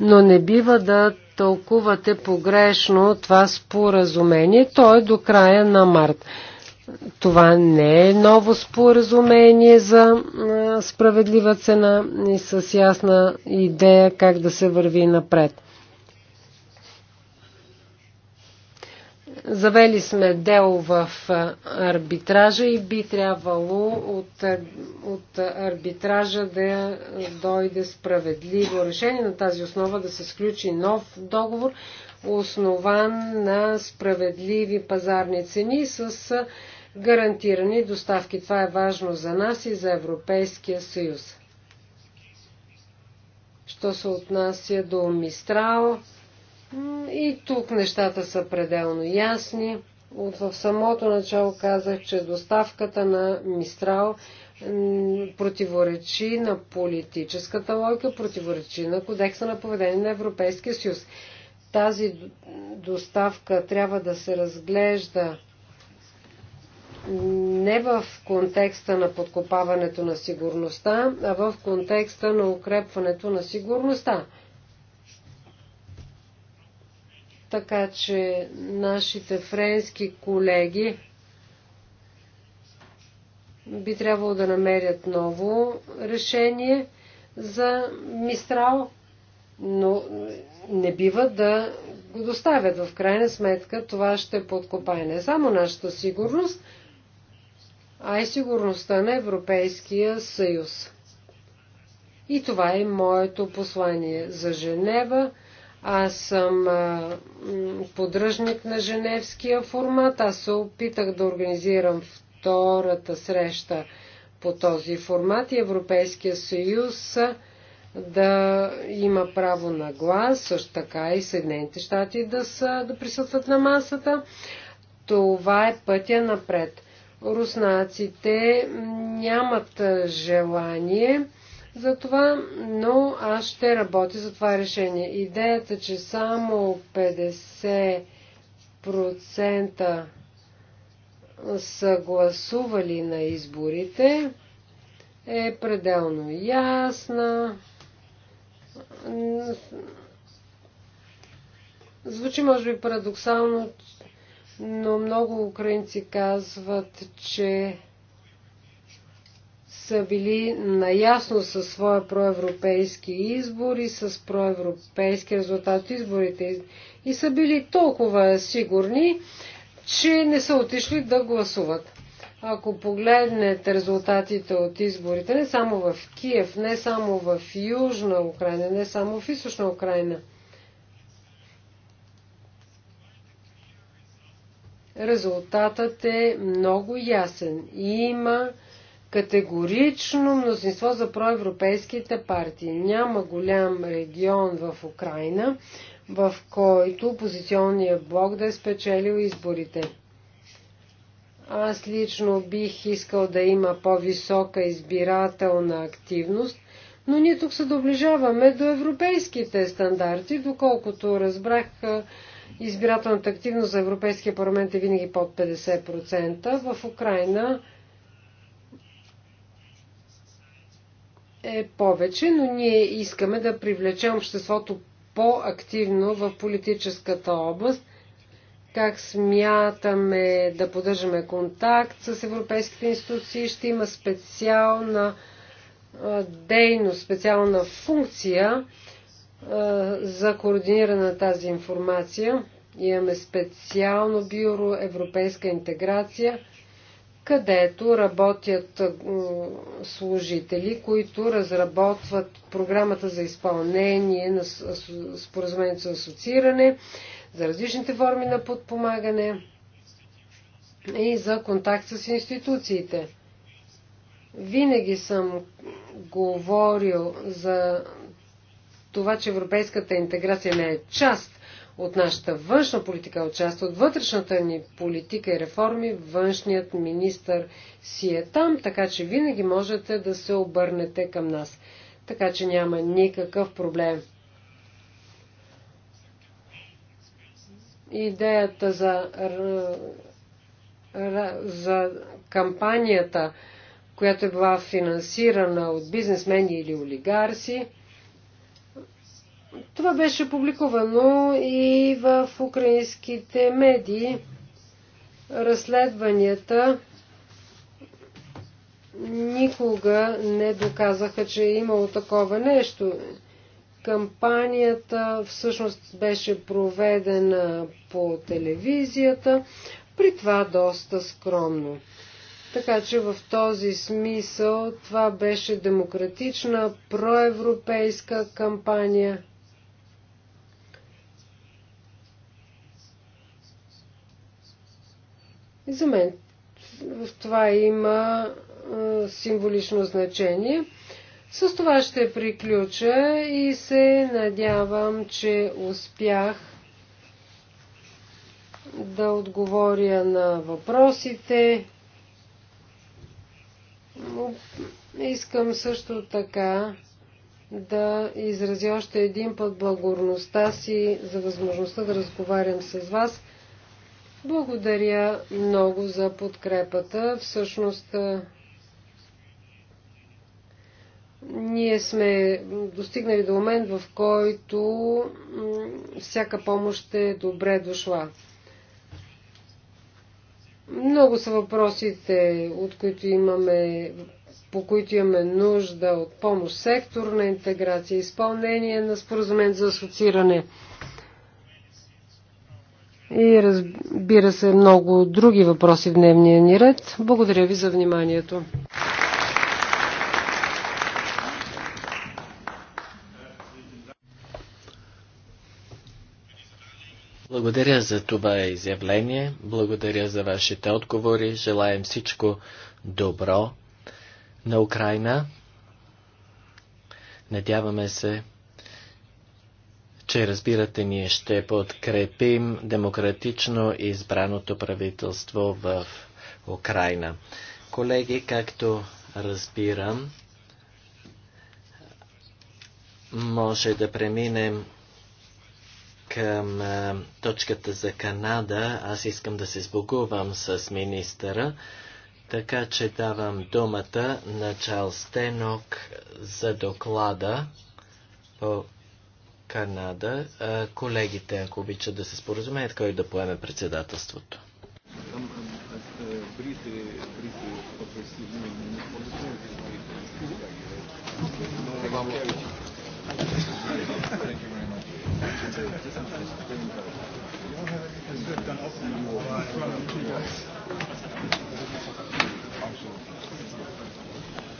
Но не бива да тълкувате погрешно това споразумение. То е до края на март. Това не е ново споразумение за справедлива цена и с ясна идея как да се върви напред. Завели сме дело в арбитража и би трябвало от, от арбитража да дойде справедливо решение на тази основа да се сключи нов договор, основан на справедливи пазарни цени с гарантирани доставки. Това е важно за нас и за Европейския съюз. Що се отнася до Мистрал, и тук нещата са пределно ясни. От в самото начало казах, че доставката на Мистрал противоречи на политическата логика, противоречи на кодекса на поведение на Европейския съюз. Тази доставка трябва да се разглежда не в контекста на подкопаването на сигурността, а в контекста на укрепването на сигурността. Така че нашите френски колеги би трябвало да намерят ново решение за Мистрал, но не бива да го доставят. В крайна сметка това ще подкопае не само нашата сигурност, а и сигурността на Европейския съюз. И това е моето послание за Женева. Аз съм поддръжник на женевския формат. Аз се опитах да организирам втората среща по този формат и Европейския съюз да има право на глас, също така и Съединените щати да, са, да присъстват на масата. Това е пътя напред. Руснаците нямат желание за това, но аз ще работя за това решение. Идеята, че само 50% са гласували на изборите, е пределно ясна. Звучи, може би, парадоксално, но много украинци казват, че са били наясно със своя проевропейски избор и с проевропейски резултат от изборите и са били толкова сигурни, че не са отишли да гласуват. Ако погледнете резултатите от изборите, не само в Киев, не само в Южна Украина, не само в Източна Украина, резултатът е много ясен. Има категорично мнозинство за проевропейските партии. Няма голям регион в Украина, в който опозиционният блок да е спечелил изборите. Аз лично бих искал да има по-висока избирателна активност, но ние тук се доближаваме до европейските стандарти, доколкото разбрах избирателната активност за Европейския парламент е винаги под 50%. В Украина е повече, но ние искаме да привлечем обществото по-активно в политическата област. Как смятаме да поддържаме контакт с европейските институции? Ще има специална дейност, специална функция за координиране на тази информация. Имаме специално бюро Европейска интеграция – където работят служители, които разработват програмата за изпълнение на споразумението за асоцииране, за различните форми на подпомагане и за контакт с институциите. Винаги съм говорил за това, че европейската интеграция не е част от нашата външна политика, от част от вътрешната ни политика и реформи, външният министр си е там, така че винаги можете да се обърнете към нас. Така че няма никакъв проблем. Идеята за, за кампанията, която е била финансирана от бизнесмени или олигарси, това беше публикувано и в украинските медии. Разследванията никога не доказаха, че е имало такова нещо. Кампанията всъщност беше проведена по телевизията, при това доста скромно. Така че в този смисъл това беше демократична проевропейска кампания. И за мен в това има символично значение. С това ще приключа и се надявам, че успях да отговоря на въпросите. Искам също така да изразя още един път благодарността си за възможността да разговарям с вас. Благодаря много за подкрепата. Всъщност, ние сме достигнали до момент, в който всяка помощ е добре дошла. Много са въпросите, от които имаме, по които имаме нужда от помощ. Сектор на интеграция, изпълнение на споразумен за асоцииране – и разбира се много други въпроси в дневния ни ред. Благодаря ви за вниманието. Благодаря за това изявление, благодаря за вашите отговори, желаем всичко добро на Украина. Надяваме се че разбирате ние ще подкрепим демократично избраното правителство в Украина. Колеги, както разбирам, може да преминем към точката за Канада. Аз искам да се сбогувам с министъра, така че давам думата на Чарлз Тенок за доклада по Канада. Колегите, ако обичат да се споразумеят, кой да поеме председателството.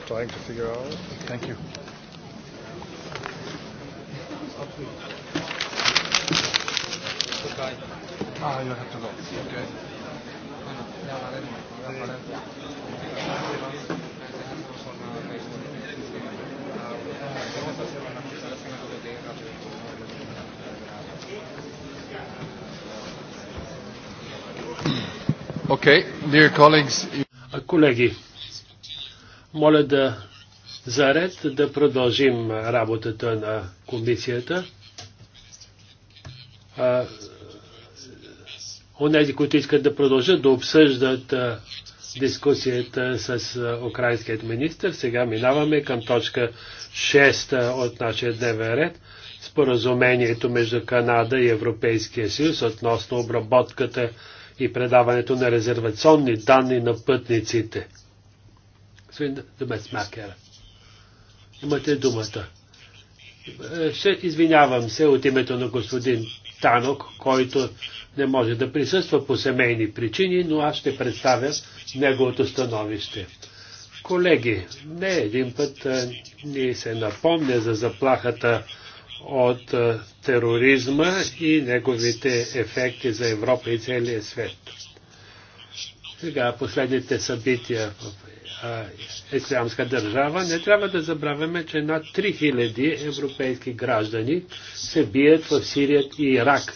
Trying to figure out. Thank you. Okay. Okay, dear colleagues. Колеги, моля да заред да продължим работата на комисията. А, онези, които искат да продължат да обсъждат а, дискусията с а, украинският министр, сега минаваме към точка 6 от нашия дневен ред. Споразумението между Канада и Европейския съюз относно обработката и предаването на резервационни данни на пътниците. Господин Демец Макера. Имате думата. Е, ще извинявам се от името на господин Танок, който не може да присъства по семейни причини, но аз ще представя неговото становище. Колеги, не един път е, ни се напомня за заплахата от е, тероризма и неговите ефекти за Европа и целия свет. Сега последните събития в е, ислямска държава, не трябва да забравяме, че над 3000 европейски граждани се бият в Сирия и Ирак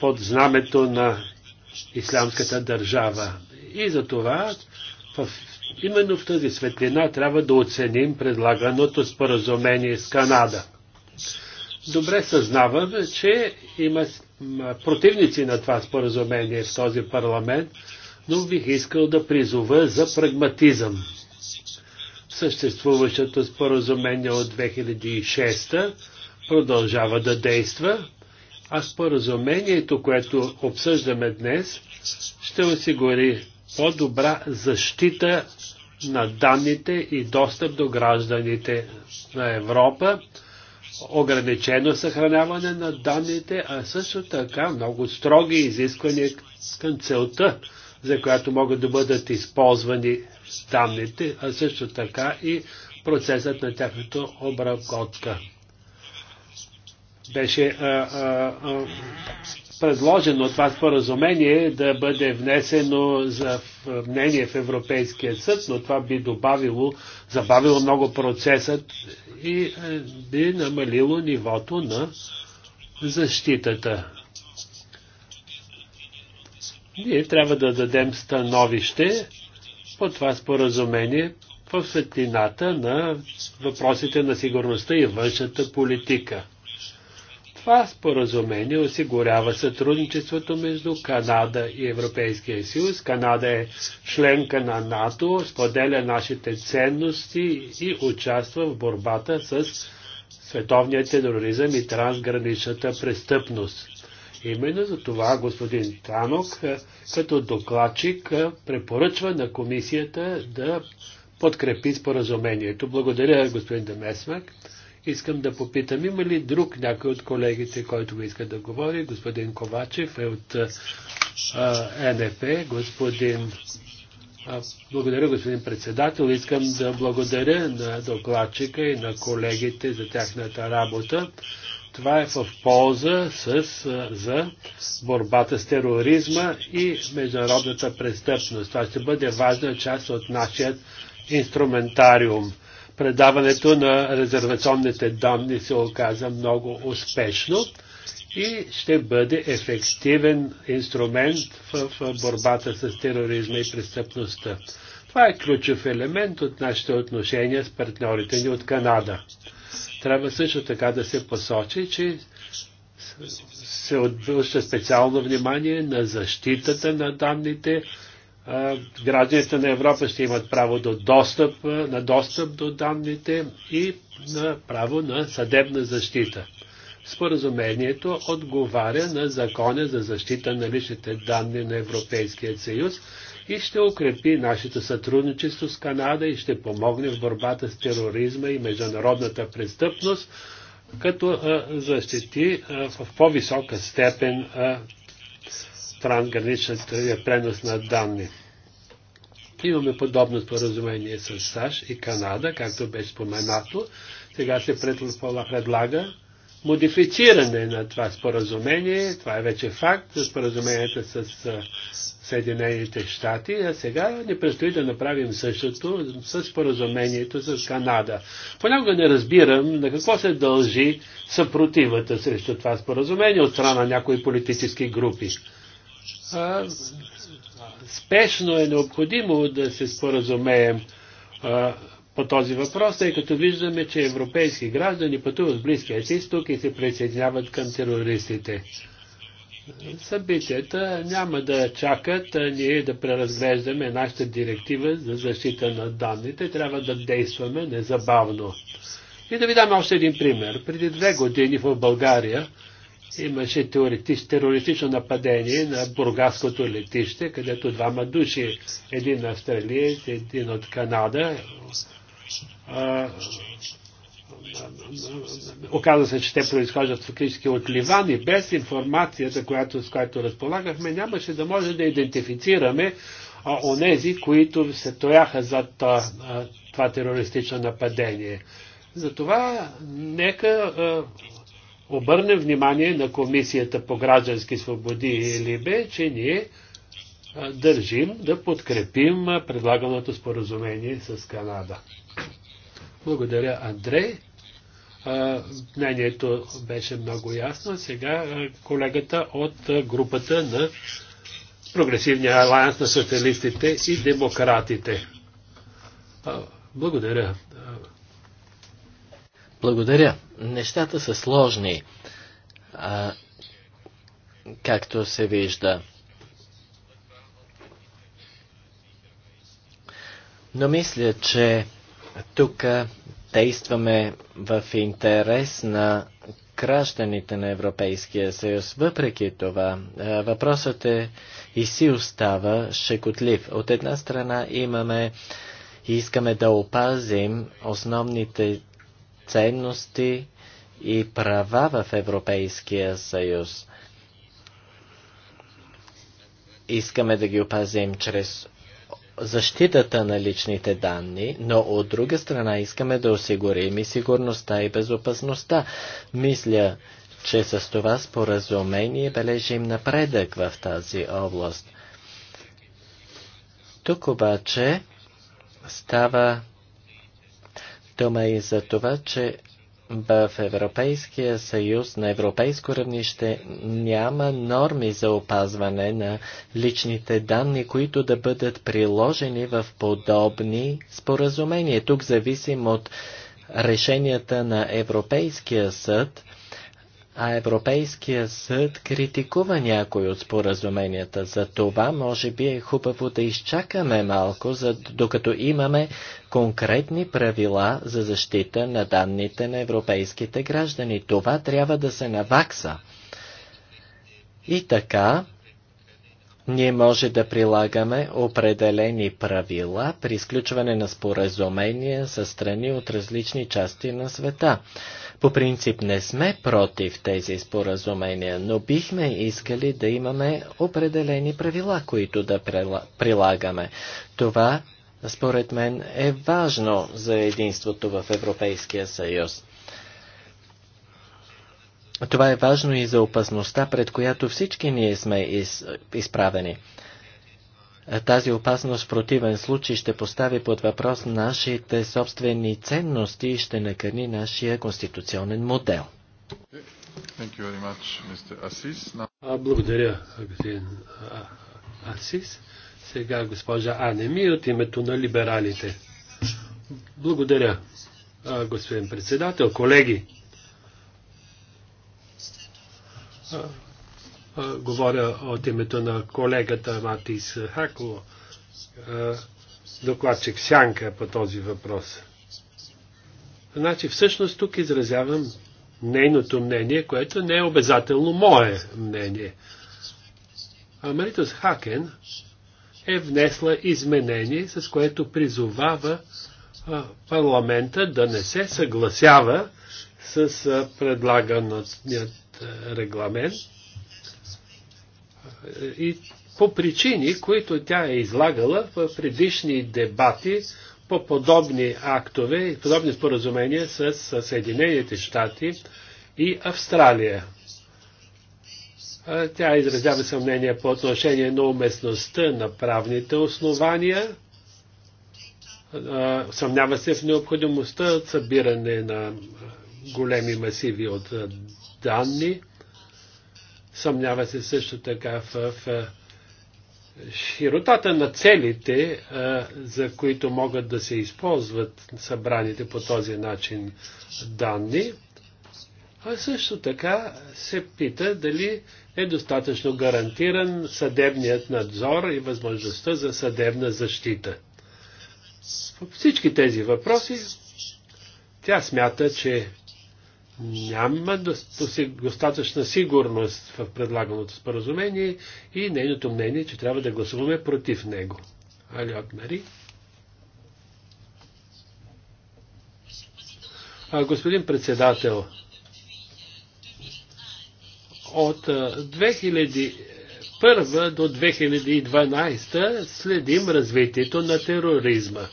под знамето на Ислямската държава. И за това в, именно в тази светлина трябва да оценим предлаганото споразумение с Канада. Добре съзнаваме, че има противници на това споразумение в този парламент, но бих искал да призова за прагматизъм. Съществуващото споразумение от 2006 продължава да действа, а споразумението, което обсъждаме днес, ще осигури по-добра защита на данните и достъп до гражданите на Европа, ограничено съхраняване на данните, а също така много строги изисквания към целта за която могат да бъдат използвани данните, а също така и процесът на тяхното обработка. Беше а, а, а, предложено това споразумение да бъде внесено за мнение в Европейския съд, но това би добавило, забавило много процесът и би намалило нивото на защитата ние трябва да дадем становище по това споразумение в светлината на въпросите на сигурността и външната политика. Това споразумение осигурява сътрудничеството между Канада и Европейския съюз. Канада е членка на НАТО, споделя нашите ценности и участва в борбата с световния тероризъм и трансграничната престъпност. Именно за това господин Танок е, като докладчик е, препоръчва на комисията да подкрепи споразумението. Благодаря, господин Демесмак. Искам да попитам, има ли друг някой от колегите, който иска да говори? Господин Ковачев е от а, е, НФ. Господин... А, благодаря, господин председател. Искам да благодаря на докладчика и на колегите за тяхната работа това е в полза с, за борбата с тероризма и международната престъпност. Това ще бъде важна част от нашия инструментариум. Предаването на резервационните данни се оказа много успешно и ще бъде ефективен инструмент в борбата с тероризма и престъпността. Това е ключов елемент от нашите отношения с партньорите ни от Канада. Трябва също така да се посочи, че се отбълща специално внимание на защитата на данните. Гражданите на Европа ще имат право до достъп, на достъп до данните и на право на съдебна защита. Споразумението отговаря на Закона за защита на личните данни на Европейския съюз, и ще укрепи нашето сътрудничество с Канада и ще помогне в борбата с тероризма и международната престъпност, като а, защити а, в по-висока степен трансграничната пренос на данни. Имаме подобно споразумение с САЩ и Канада, както беше споменато. Сега се предлага модифициране на това споразумение. Това е вече факт. Споразумението с Съединените щати, а сега ни предстои да направим същото с поразумението с Канада. Понякога не разбирам на какво се дължи съпротивата срещу това споразумение от страна на някои политически групи. А, спешно е необходимо да се споразумеем а, по този въпрос, тъй като виждаме, че европейски граждани пътуват в Близкия изток и се присъединяват към терористите събитията няма да чакат ние да преразглеждаме нашата директива за защита на данните. Трябва да действаме незабавно. И да ви дам още един пример. Преди две години в България имаше терористично нападение на бургаското летище, където двама души, един австралиец, един от Канада, оказа се, че те произхождат фактически от Ливан и без информацията, която, с която разполагахме, нямаше да може да идентифицираме а, онези, които се тояха за това, това терористично нападение. Затова нека а, обърнем внимание на Комисията по граждански свободи и Либе, че ние а, държим да подкрепим предлаганото споразумение с Канада. Благодаря, Андрей. Мнението беше много ясно. Сега колегата от групата на Прогресивния алианс на социалистите и демократите. Благодаря. Благодаря. Нещата са сложни, а, както се вижда. Но мисля, че тук действаме в интерес на гражданите на Европейския съюз. Въпреки това, въпросът е и си остава шекотлив. От една страна имаме и искаме да опазим основните ценности и права в Европейския съюз. Искаме да ги опазим чрез защитата на личните данни, но от друга страна искаме да осигурим и сигурността и безопасността. Мисля, че с това споразумение бележим напредък в тази област. Тук обаче става дума и за това, че в Европейския съюз на европейско равнище няма норми за опазване на личните данни, които да бъдат приложени в подобни споразумения. Тук зависим от решенията на Европейския съд – а Европейския съд критикува някои от споразуменията. За това може би е хубаво да изчакаме малко, за, докато имаме конкретни правила за защита на данните на европейските граждани. Това трябва да се навакса. И така, ние може да прилагаме определени правила при изключване на споразумения със страни от различни части на света. По принцип не сме против тези споразумения, но бихме искали да имаме определени правила, които да прилагаме. Това, според мен, е важно за единството в Европейския съюз. Това е важно и за опасността, пред която всички ние сме из, изправени. Тази опасност в противен случай ще постави под въпрос нашите собствени ценности и ще накърни нашия конституционен модел. Благодаря, господин Асис. Сега госпожа Анеми от името на либералите. Благодаря, господин председател, колеги. Говоря от името на колегата Матис Хако, докладчик Сянка по този въпрос. Значи всъщност тук изразявам нейното мнение, което не е обязателно мое мнение. Маритус Хакен е внесла изменение, с което призовава парламента да не се съгласява с предлаганият регламент и по причини, които тя е излагала в предишни дебати по подобни актове и подобни споразумения с Съединените щати и Австралия. Тя изразява съмнение по отношение на уместността на правните основания. Съмнява се в необходимостта от събиране на големи масиви от данни. Съмнява се също така в, в широтата на целите, за които могат да се използват събраните по този начин данни, а също така се пита дали е достатъчно гарантиран съдебният надзор и възможността за съдебна защита. По всички тези въпроси тя смята, че няма достатъчна сигурност в предлаганото споразумение и нейното мнение, че трябва да гласуваме против него. Али Мари? Господин председател, от 2001 до 2012 следим развитието на тероризма.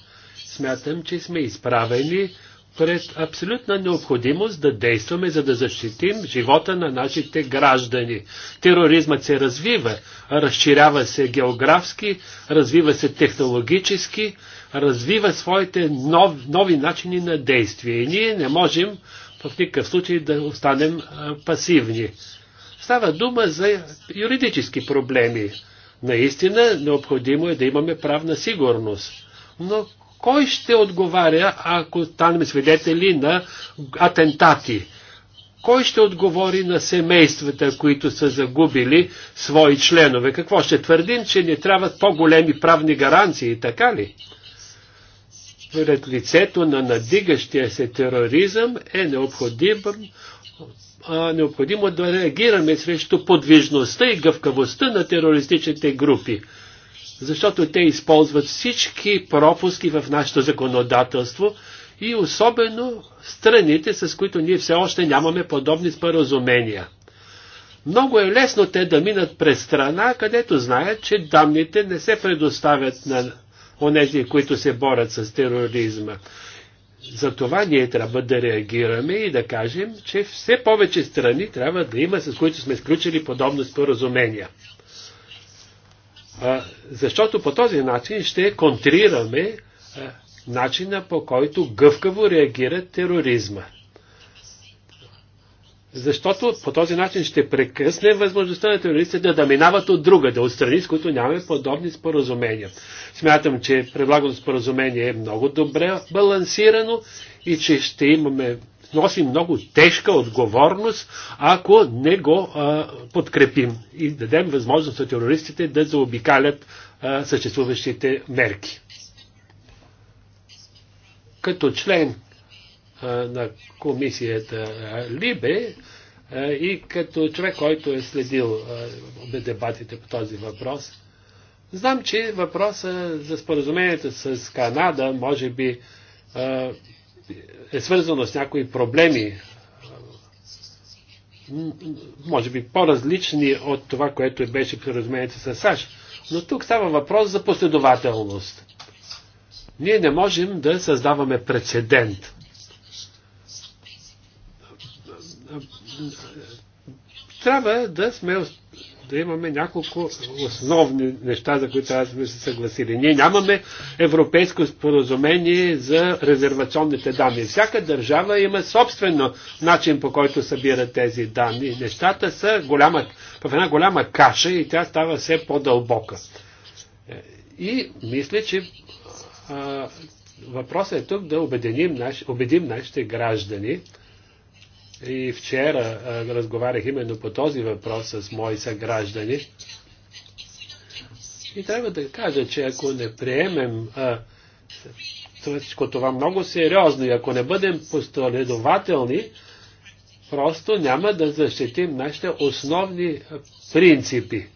Смятам, че сме изправени пред абсолютна необходимост да действаме, за да защитим живота на нашите граждани. Тероризмът се развива, разширява се географски, развива се технологически, развива своите нов, нови начини на действие. И ние не можем в никакъв случай да останем пасивни. Става дума за юридически проблеми. Наистина необходимо е да имаме правна сигурност. Но кой ще отговаря, ако станем свидетели на атентати? Кой ще отговори на семействата, които са загубили свои членове? Какво ще твърдим, че ни трябват по-големи правни гаранции, така ли? Пред лицето на надигащия се тероризъм е необходим, а, необходимо да реагираме срещу подвижността и гъвкавостта на терористичните групи защото те използват всички пропуски в нашето законодателство и особено страните, с които ние все още нямаме подобни споразумения. Много е лесно те да минат през страна, където знаят, че данните не се предоставят на онези, които се борят с тероризма. Затова ние трябва да реагираме и да кажем, че все повече страни трябва да има, с които сме сключили подобно споразумения защото по този начин ще контрираме начина по който гъвкаво реагира тероризма. Защото по този начин ще прекъсне възможността на терористите да минават от друга, да отстрани, с които нямаме подобни споразумения. Смятам, че предлаганото споразумение е много добре балансирано и че ще имаме носи много тежка отговорност, ако не го а, подкрепим и дадем възможност на терористите да заобикалят а, съществуващите мерки. Като член а, на комисията Либе а, и като човек, който е следил а, дебатите по този въпрос, знам, че въпроса за споразумението с Канада може би е свързано с някои проблеми, може би по-различни от това, което беше разменете с САЩ. Но тук става въпрос за последователност. Ние не можем да създаваме прецедент. Трябва да сме да имаме няколко основни неща, за които аз сме се съгласили. Ние нямаме европейско споразумение за резервационните данни. Всяка държава има собствено начин по който събира тези данни. Нещата са голяма, в една голяма каша и тя става все по-дълбока. И мисля, че а, въпросът е тук да убедим, наш, убедим нашите граждани, и вчера разговарях именно по този въпрос с мои съграждани. И трябва да кажа, че ако не приемем всичко това много сериозно и ако не бъдем последователни, просто няма да защитим нашите основни принципи.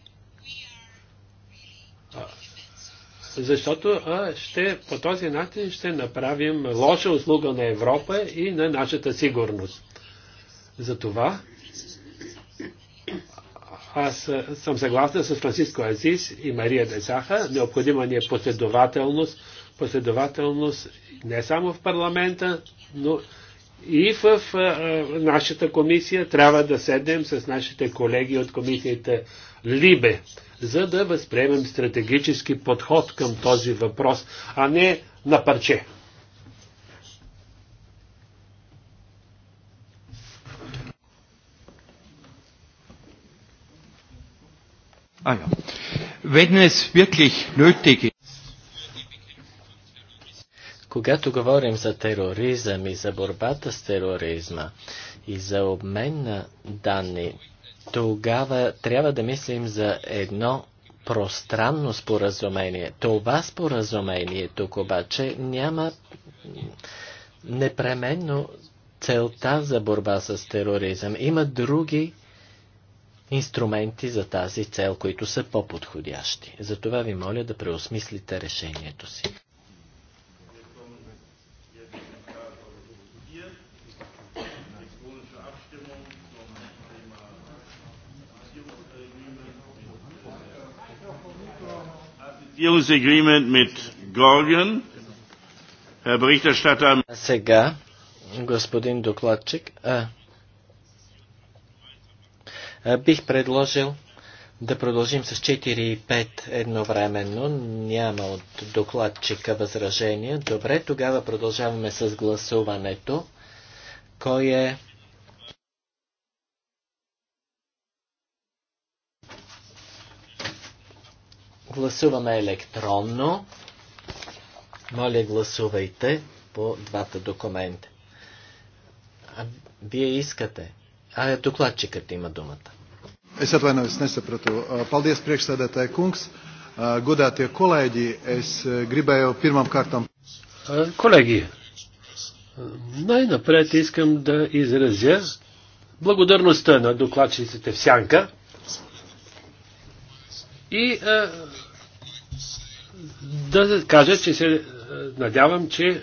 Защото а, ще, по този начин ще направим лоша услуга на Европа и на нашата сигурност. За това аз съм съгласен с Франциско Азис и Мария Десаха. Необходима ни е последователност, последователност не само в парламента, но и в нашата комисия. Трябва да седнем с нашите колеги от комисията Либе, за да възприемем стратегически подход към този въпрос, а не на парче. Ah ja. Wenn es wirklich nötig ist. Когато говорим за тероризъм и за борбата с тероризма и за обмен на данни, тогава трябва да мислим за едно пространно споразумение. Това споразумение тук обаче няма непременно целта за борба с тероризъм. Има други инструменти за тази цел, които са по-подходящи. Затова ви моля да преосмислите решението си. Сега, господин докладчик, а, е, бих предложил да продължим с 4 и 5 едновременно. Няма от докладчика възражения. Добре, тогава продължаваме с гласуването. Кой е Гласуваме електронно. Моля, гласувайте по двата документа. А вие искате а докладчикът има думата. Es atvainojos, nesapratu. Paldies, priekšsēdētāji kungs, godātie kolēģi. Es gribēju pirmām kārtām. Kolēģi, най-напред искам да изразя благодарността на докладчиците в Сянка и а, да кажа, че се надявам, че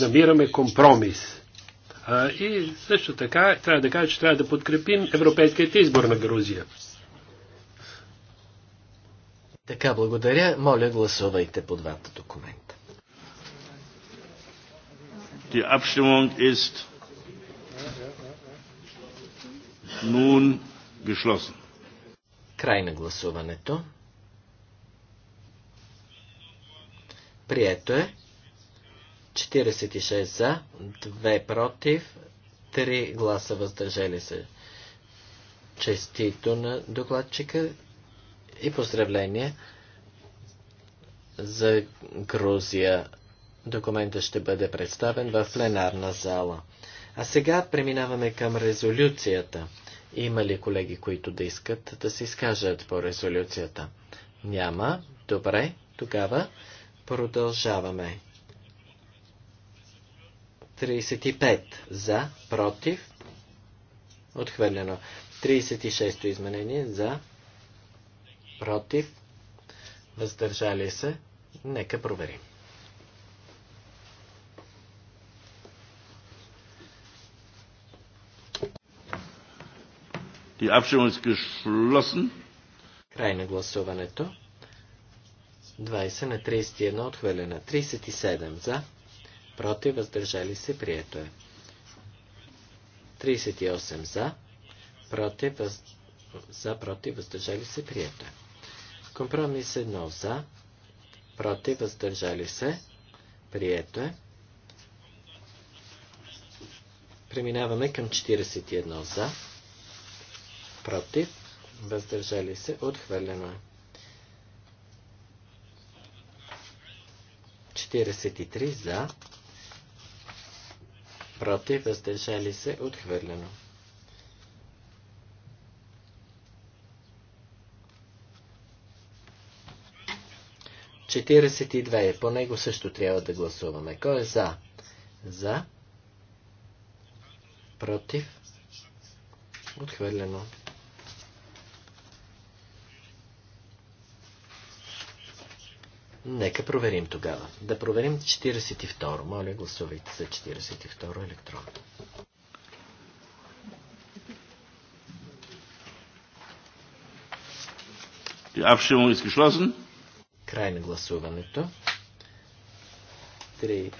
намираме компромис. И също така трябва да кажа, че трябва да подкрепим европейският избор на Грузия. Така, благодаря. Моля, гласувайте по двата документа. Die Abstimmung ist nun geschlossen. Край на гласуването. Прието е. 46 за, 2 против, 3 гласа въздържали се. Честито на докладчика и поздравление за Грузия. Документът ще бъде представен в пленарна зала. А сега преминаваме към резолюцията. Има ли колеги, които да искат да се изкажат по резолюцията? Няма. Добре, тогава продължаваме. 35 за, против, отхвърлено. 36-то изменение за, против, въздържали се. Нека проверим. Die Abstimmung ist geschlossen. Край на гласуването. 20 на 31 отхвърлена. 37 за против, въздържали се, прието е. 38 за, против, въз... за, против, въздържали се, прието е. Компромис 1 за, против, въздържали се, прието е. Преминаваме към 41 за, против, въздържали се, отхвърлено е. 43 за, против, въздържали се, отхвърлено. Четиридесет и две. Е. По него също трябва да гласуваме. Кой е за? За. Против. Отхвърлено. Нека проверим тогава. Да проверим 42. Моля, гласувайте за 42 електронно. Die Abstimmung Край на гласуването. 3.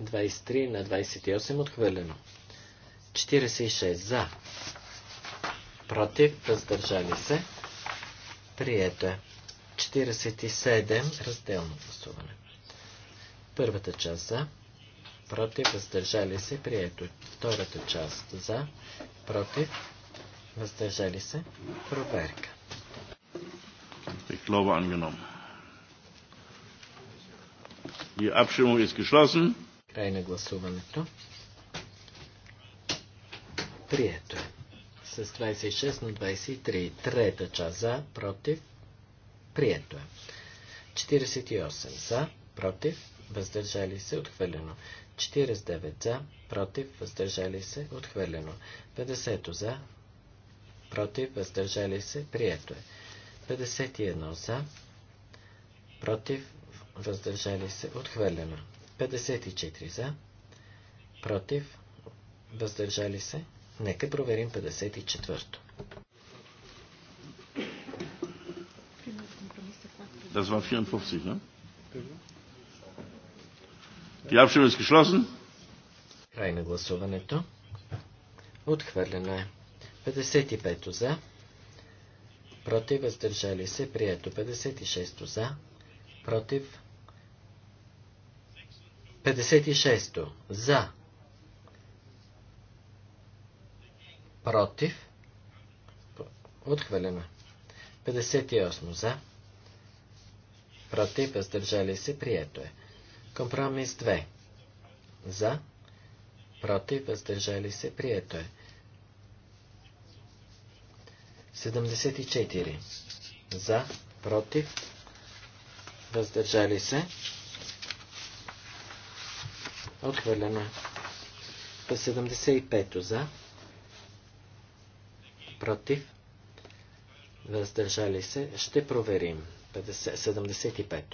23 на 28 отхвърлено. 46 за. Против. Въздържали се. Прието е. 47. Разделно гласуване. Първата част за. Против. Въздържали се. Прието. Втората част за. Против. Въздържали се. Проверка. Реклама ангеном. Die Abstimmung ist geschlossen. Край на гласуването. Прието е. С 26 на 23. Трета част за, против, Прието е. 48 за, против, въздържали се, отхвърлено. 49 за, против, въздържали се, отхвърлено. 50 за, против, въздържали се, прието е. 51 за, против, въздържали се, отхвърлено. 54 за, против, въздържали се. Нека проверим 54-то. Das war 54, ne? Die Abstimmung ist geschlossen. Край на гласуването. Отхвърлено е. 55 за. Против въздържали се. Прието 56 за. Против. 56 за. Против. Отхвърлено. 58 за против, въздържали се, прието е. Компромис 2. За, против, въздържали се, прието е. 74. За, против, въздържали се, отхвърлено е. 75 за, против, въздържали се, ще проверим. 75.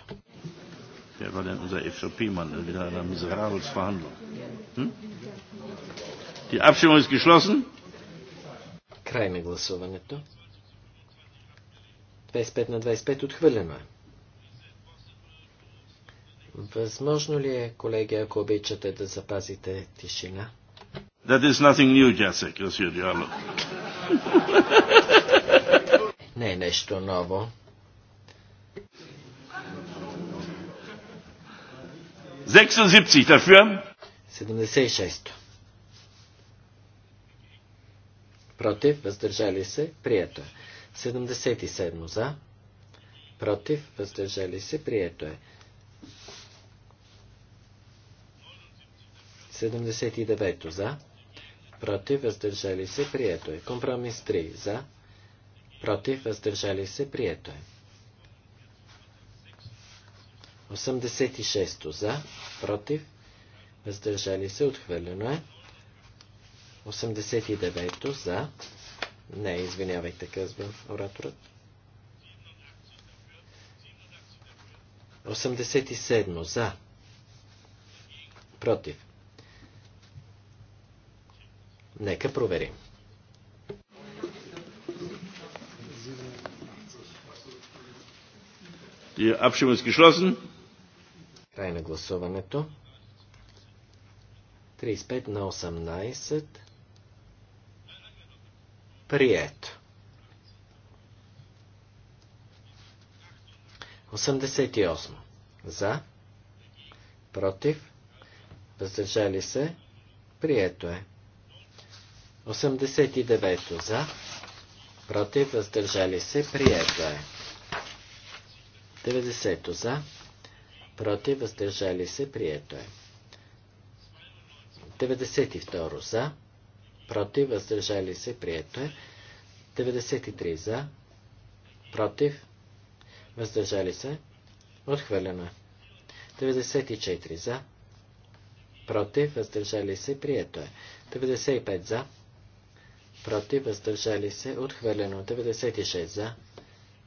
Hm? Край на гласуването. 25 на 25 отхвърлено е. Възможно ли е, колеги, ако обичате да запазите тишина? That is nothing new, Jacek, Не е нещо ново, 76 dafür. 76. Против, въздържали се, прието е. 77 за. Против, въздържали се, прието е. 79 за. Против, въздържали се, прието е. Компромис 3 за. Против, въздържали се, прието е. 86-то за, против, въздържали се, отхвърлено е. 89-то за, не, извинявайте, казва ораторът. 87 за, против. Нека проверим. Die Abstimmung ist geschlossen. Край на гласуването. 35 на 18. Прието. 88. За. Против. Въздържали се. Прието е. 89. За. Против. Въздържали се. Прието е. 90. За против, въздържали се, прието е. 92 за, против, въздържали се, прието е. 93 за, против, въздържали се, отхвърлено е. 94 за, против, въздържали се, прието е. 95 за, против, въздържали се, отхвърлено. 96 за,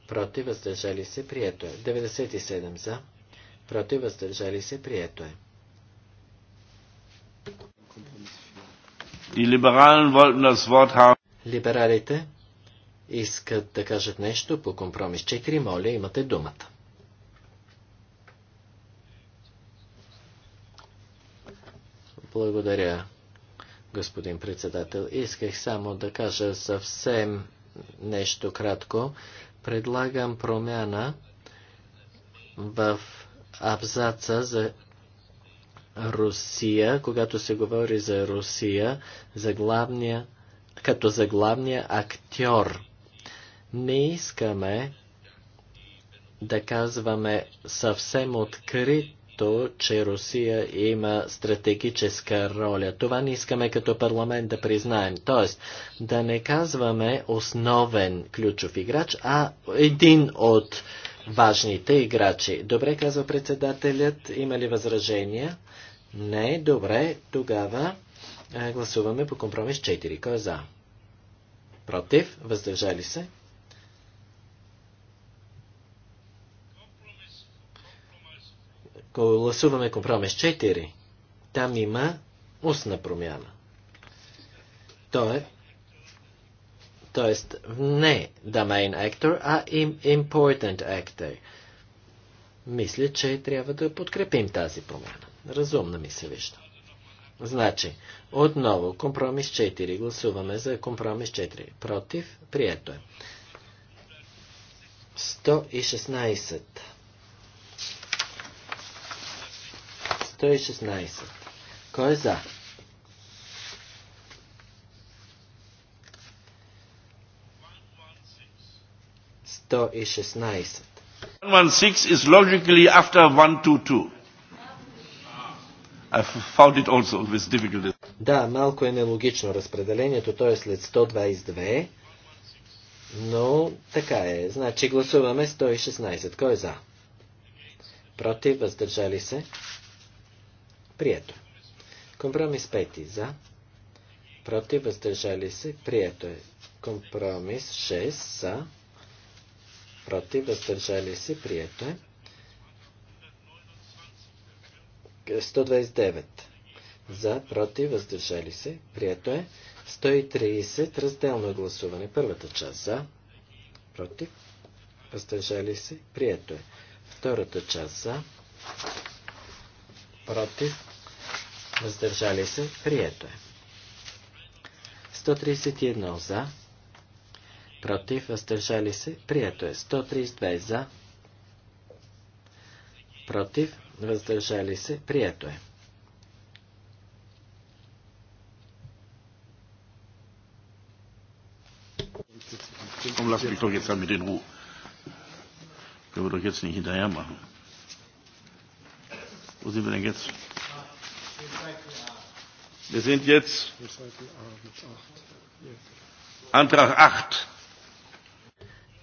против, въздържали се, прието е. 97 за, против, въздържали се, прието е. Либералите искат да кажат нещо по компромис 4. Моля, имате думата. Благодаря, господин председател. Исках само да кажа съвсем нещо кратко. Предлагам промяна в абзаца за Русия, когато се говори за Русия, за главния, като за главния актьор. Не искаме да казваме съвсем открито, че Русия има стратегическа роля. Това не искаме като парламент да признаем. Тоест, да не казваме основен ключов играч, а един от важните играчи. Добре, казва председателят. Има ли възражения? Не. Добре, тогава гласуваме по компромис 4. Кой е за? Против? Въздържали се? Гласуваме компромис 4. Там има устна промяна. То е т.е. не main actor, а important actor. Мисля, че трябва да подкрепим тази промяна. Разумна ми се вижда. Значи, отново компромис 4. Гласуваме за компромис 4. Против, прието е. 116. 116. Кой е за? 116. is logically after 122. I found it also with difficulty. Да, малко е нелогично разпределението, то е след 122, но така е. Значи гласуваме 116. Кой е за? Против, въздържали се? Прието. Компромис 5. За. Против, въздържали се? Прието е. Компромис 6. За против, въздържали се, прието е. 129 за, против, въздържали се, прието е. 130 разделно гласуване. Първата част за, против, въздържали се, прието е. Втората част за, против, въздържали се, прието е. 131 за, против, въздържали се, прието е. 132 за, против, въздържали се, прието е. Komm, lass mich doch jetzt mal mit in Ruhe. Können wir doch jetzt nicht hinterher machen. Wo sind wir denn jetzt? Wir sind jetzt Antrag 8.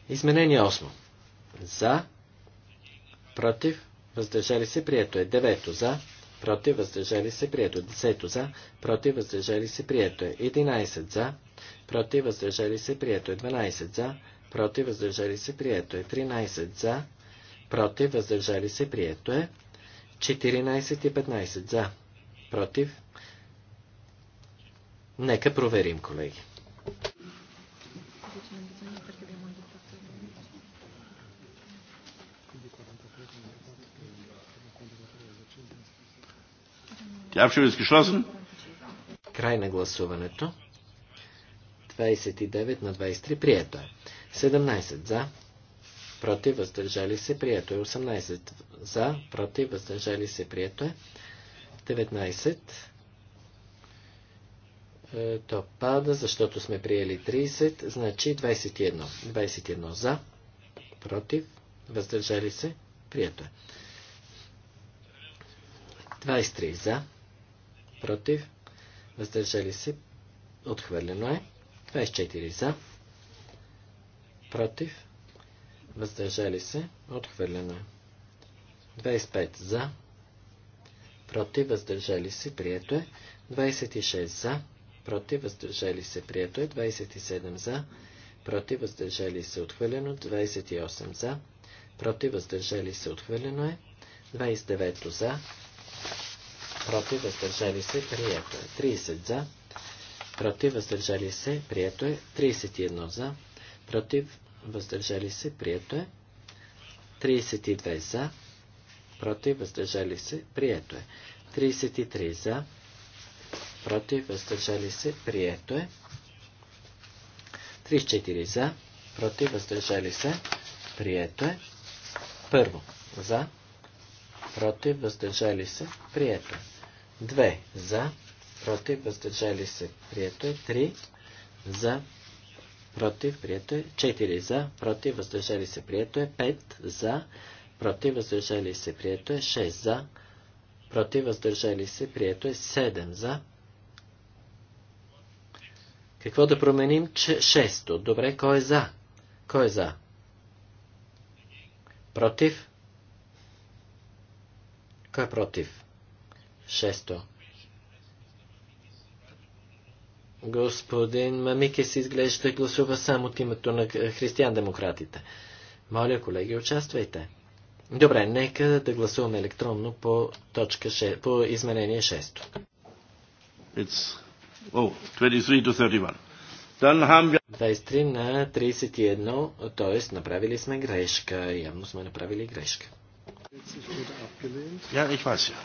Изменение 8. За, против, въздържали се, прието е. 9 за, против, въздържали се, прието е. 10 за, против, въздържали се, прието е. 11 за, против, въздържали се, прието е. 12 за, против, въздържали се, прието е. 13 за, против, въздържали се, прието е. 14 и 15 за, против. Нека проверим, колеги. Край на гласуването. 29 на 23 прието е. 17 за, против, въздържали се, прието е. 18 за, против, въздържали се, прието е. 19 е, то пада, защото сме приели 30, значи 21. 21 за, против, въздържали се, прието е. 23 за, против, въздържали се, отхвърлено е. 24 за, против, въздържали се, отхвърлено е. 25 за, против, въздържали се, прието е. 26 за, против, въздържали се, прието е. 27 за, против, въздържали се, отхвърлено. 28 за, против, въздържали се, отхвърлено е. 29 за, против, въздържали се, прието е. 30 за, против, въздържали се, прието е. 31 за, против, въздържали се, прието е. 32 за, против, въздържали се, прието е. 33 за, против, въздържали се, прието е. 34 за, против, въздържали се, прието е. Първо, за, против, въздържали се, прието е. 2 за, против, въздържали се, прието е. 3 за, против, прието е. 4 за, против, въздържали се, прието е. 5 за, против, въздържали се, прието е. 6 за, против, въздържали се, прието е. 7 за. Какво да променим? 6. Добре, кой е за? Кой е за? Против? Кой е против? Шесто. Господин се изглежда гласува само от името на християн-демократите. Моля, колеги, участвайте. Добре, нека да гласуваме електронно по, точка 6, по изменение 6. It's... Oh, 23 to 31. 23 на 31, т.е. направили сме грешка. Явно сме направили грешка. Ja, ich weiß ja.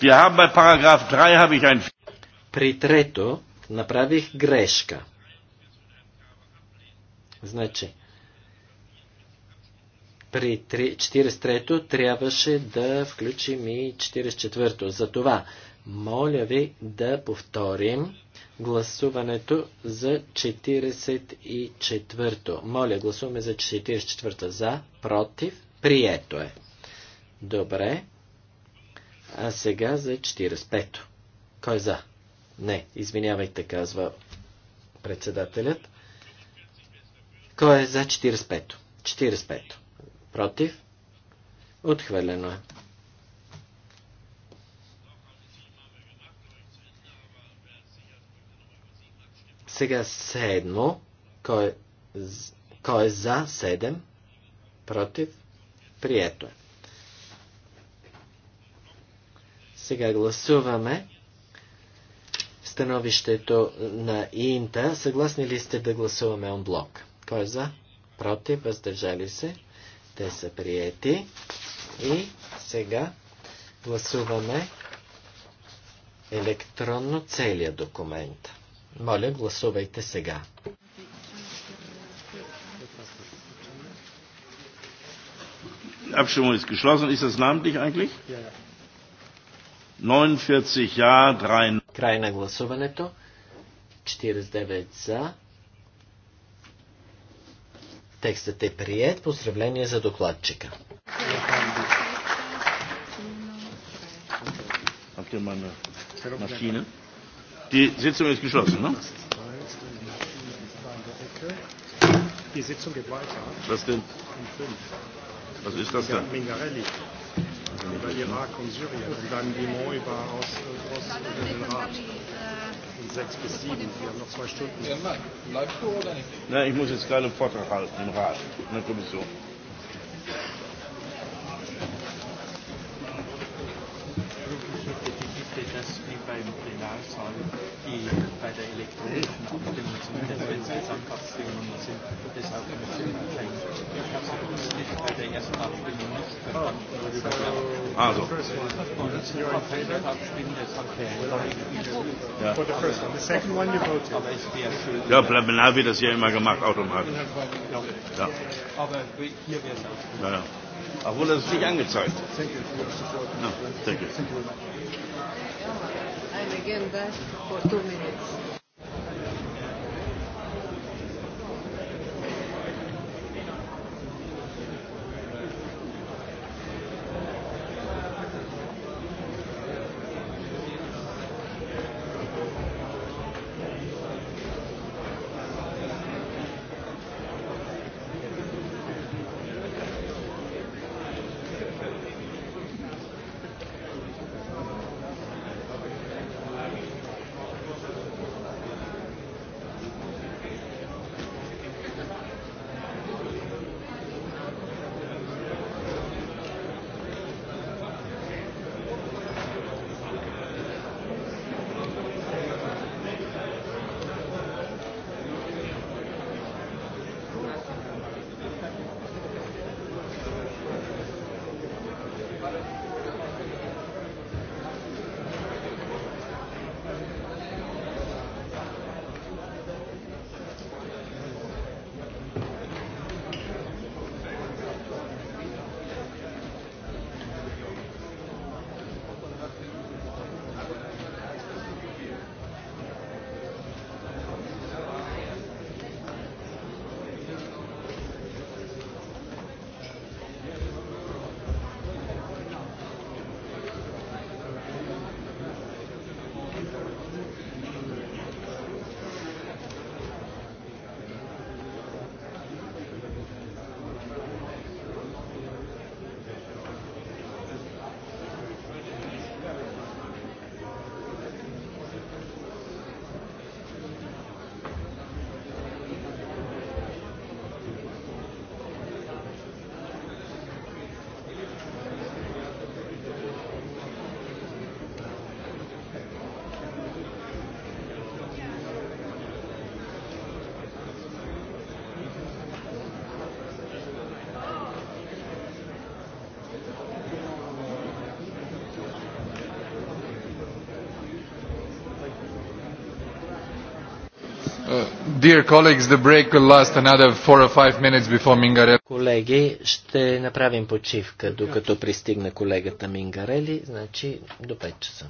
Wir haben bei Paragraph 3 habe ich ein При трето направих грешка. Значи, при 43-то трябваше да включим и 44-то. Затова, моля ви да повторим гласуването за 44-то. Моля, гласуваме за 44-та за, против, прието е. Добре. А сега за 45-то. Кой е за? Не, извинявайте, казва председателят. Кой е за 45-то? 45-то. Против? Отхвърлено е. Сега седмо. Кой, е кой е за 7? Против? Прието е. Сега гласуваме становището на Инта. Съгласни ли сте да гласуваме онблок? Кой е за? Против? Въздържали се? Те са приети. И сега гласуваме електронно целият документ. Моля, гласувайте сега. Абсолютно ist И съзнам das namentlich Да, да. 49 ja, 3... Край на гласуването. 49 за. Текстът е прият. Поздравление за докладчика. Habt ihr meine Maschine? Die Sitzung Die Sitzung geht weiter. Was denn? Was ist das denn? Mingarelli über Irak und Syrien. Und dann die über, aus, aus über Rat. Um sechs bis sieben. Wir haben noch zwei Stunden. Ja, nein. Bleibst du oder nicht? Nein, ich muss jetzt gerade einen Vortrag halten im Rat, in der Kommission. das wie beim Plenarsaal die bei der elektronischen Abstimmung zum Interventionsabstimmung sind, das auch ein bisschen erscheint. Ich habe es nicht bei der ersten Abstimmung nicht verstanden, wir also. der Abstimmung, das hat der the The second one you Aber es wäre schön. Ja, Plenar wird das ja immer gemacht, automatisch. Ja. Aber hier wäre es auch. Obwohl das nicht angezeigt. No, thank you agenda for two minutes. Колеги, ще направим почивка, докато пристигне колегата Мингарели, значи до 5 часа.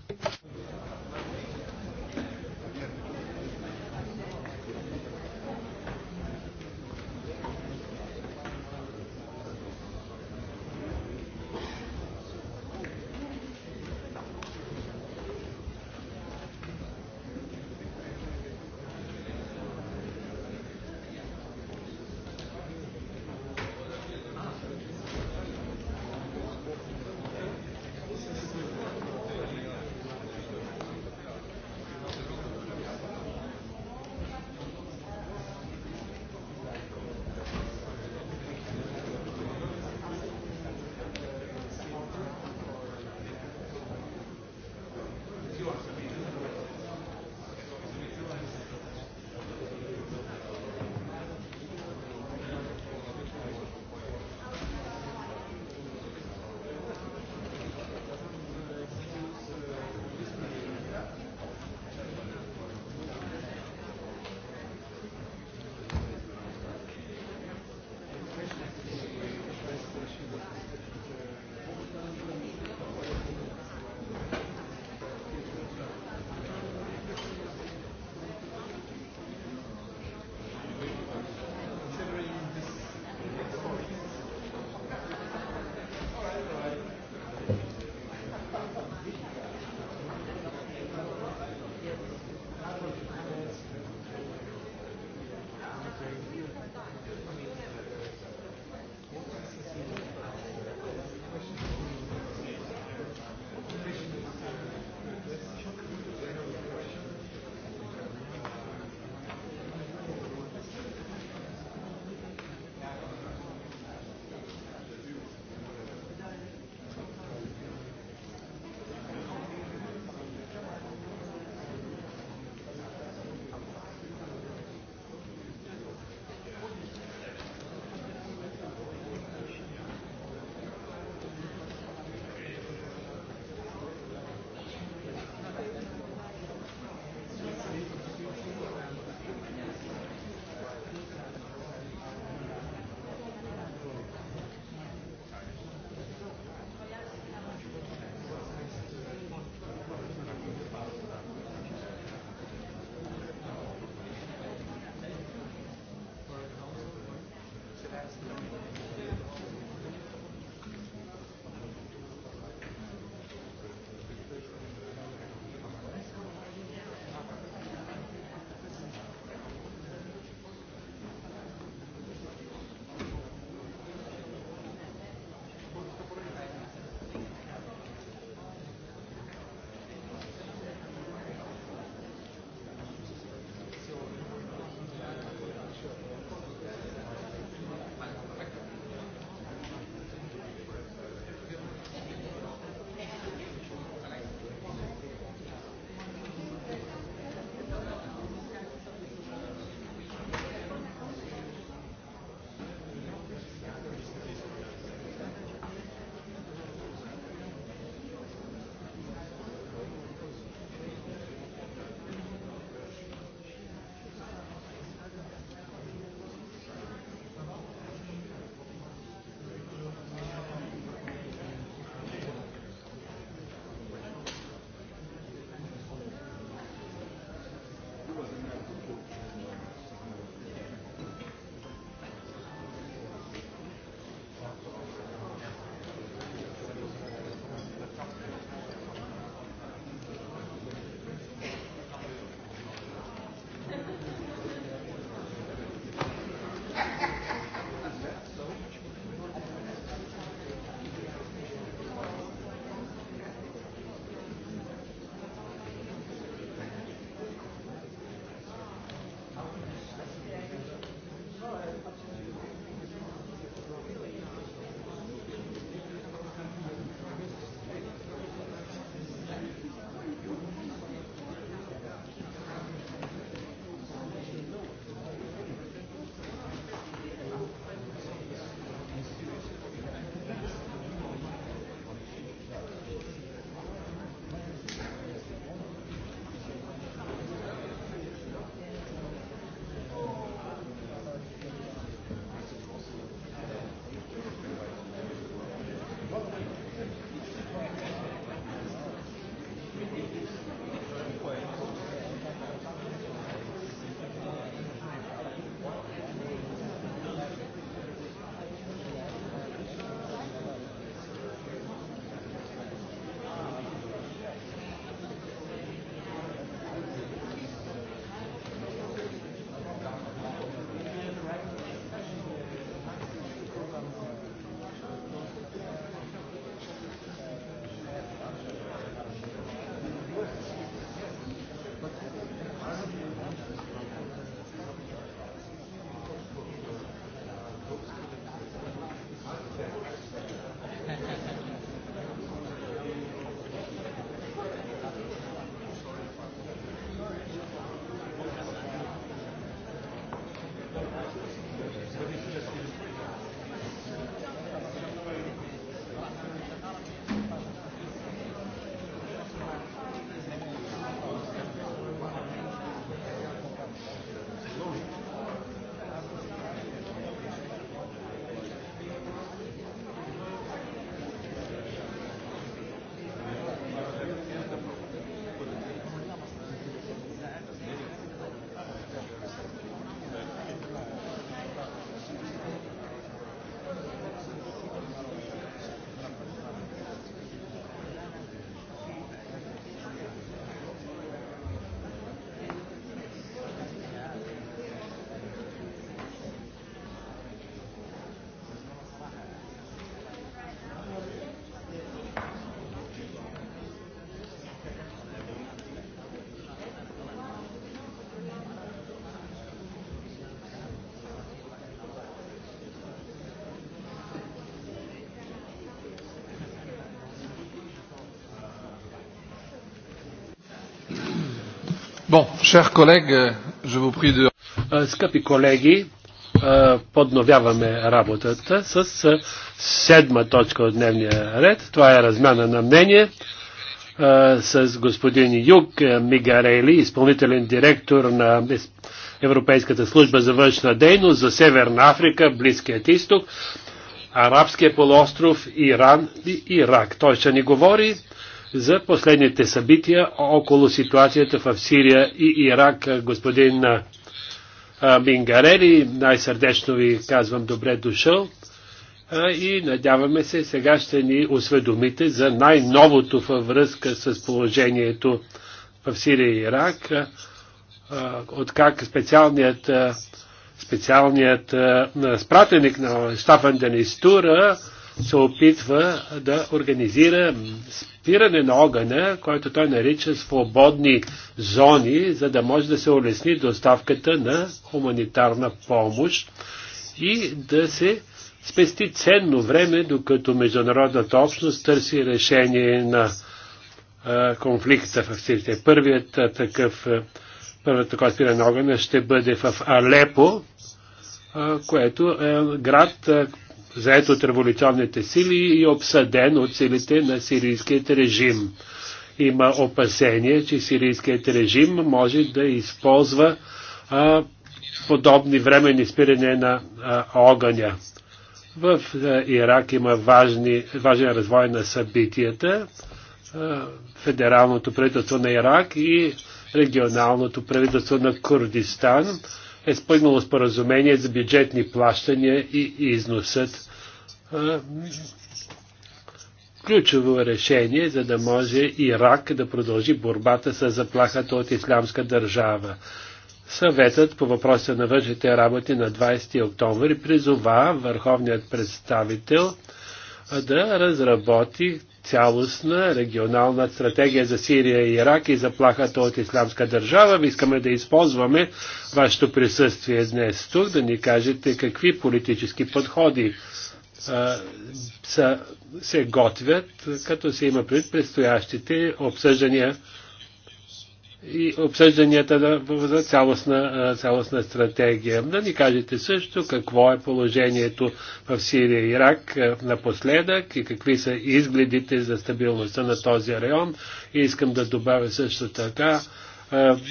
Bon, chers collègues, je vous prie de... Е, скъпи колеги, е, подновяваме работата с е, седма точка от дневния ред. Това е размяна на мнение с господин Юг Мигарели, изпълнителен директор на Европейската служба за външна дейност за Северна Африка, Близкият изток, Арабския полуостров, Иран и Ирак. Той ще ни говори за последните събития около ситуацията в Сирия и Ирак. Господин Мингарели, най-сърдечно ви казвам добре дошъл и надяваме се сега ще ни осведомите за най-новото във връзка с положението в Сирия и Ирак, от как специалният, специалният спратеник на Штафан Денистура се опитва да организира спиране на огъня, който той нарича свободни зони, за да може да се улесни доставката на хуманитарна помощ и да се спести ценно време, докато международната общност търси решение на конфликта в Сирия. Първият такъв, първата такова спиране огъня ще бъде в Алепо, което е град, заед от революционните сили и обсъден от силите на сирийският режим. Има опасение, че сирийският режим може да използва а, подобни времени спиране на а, огъня. В а, Ирак има важни, важен развой на събитията. А, федералното правителство на Ирак и регионалното правителство на Курдистан е спъгнало споразумение за бюджетни плащания и износът. Ключово решение, за да може Ирак да продължи борбата с заплахата от ислямска държава. Съветът по въпроса на външните работи на 20 октомври призова върховният представител да разработи цялостна регионална стратегия за Сирия и Ирак и заплахата от исламска държава. Искаме да използваме вашето присъствие днес тук, да ни кажете какви политически подходи а, са, се готвят, като се има пред предстоящите обсъждания и обсъжданията за цялостна, цялостна стратегия. Да ни кажете също какво е положението в Сирия и Ирак напоследък и какви са изгледите за стабилността на този район. И искам да добавя също така,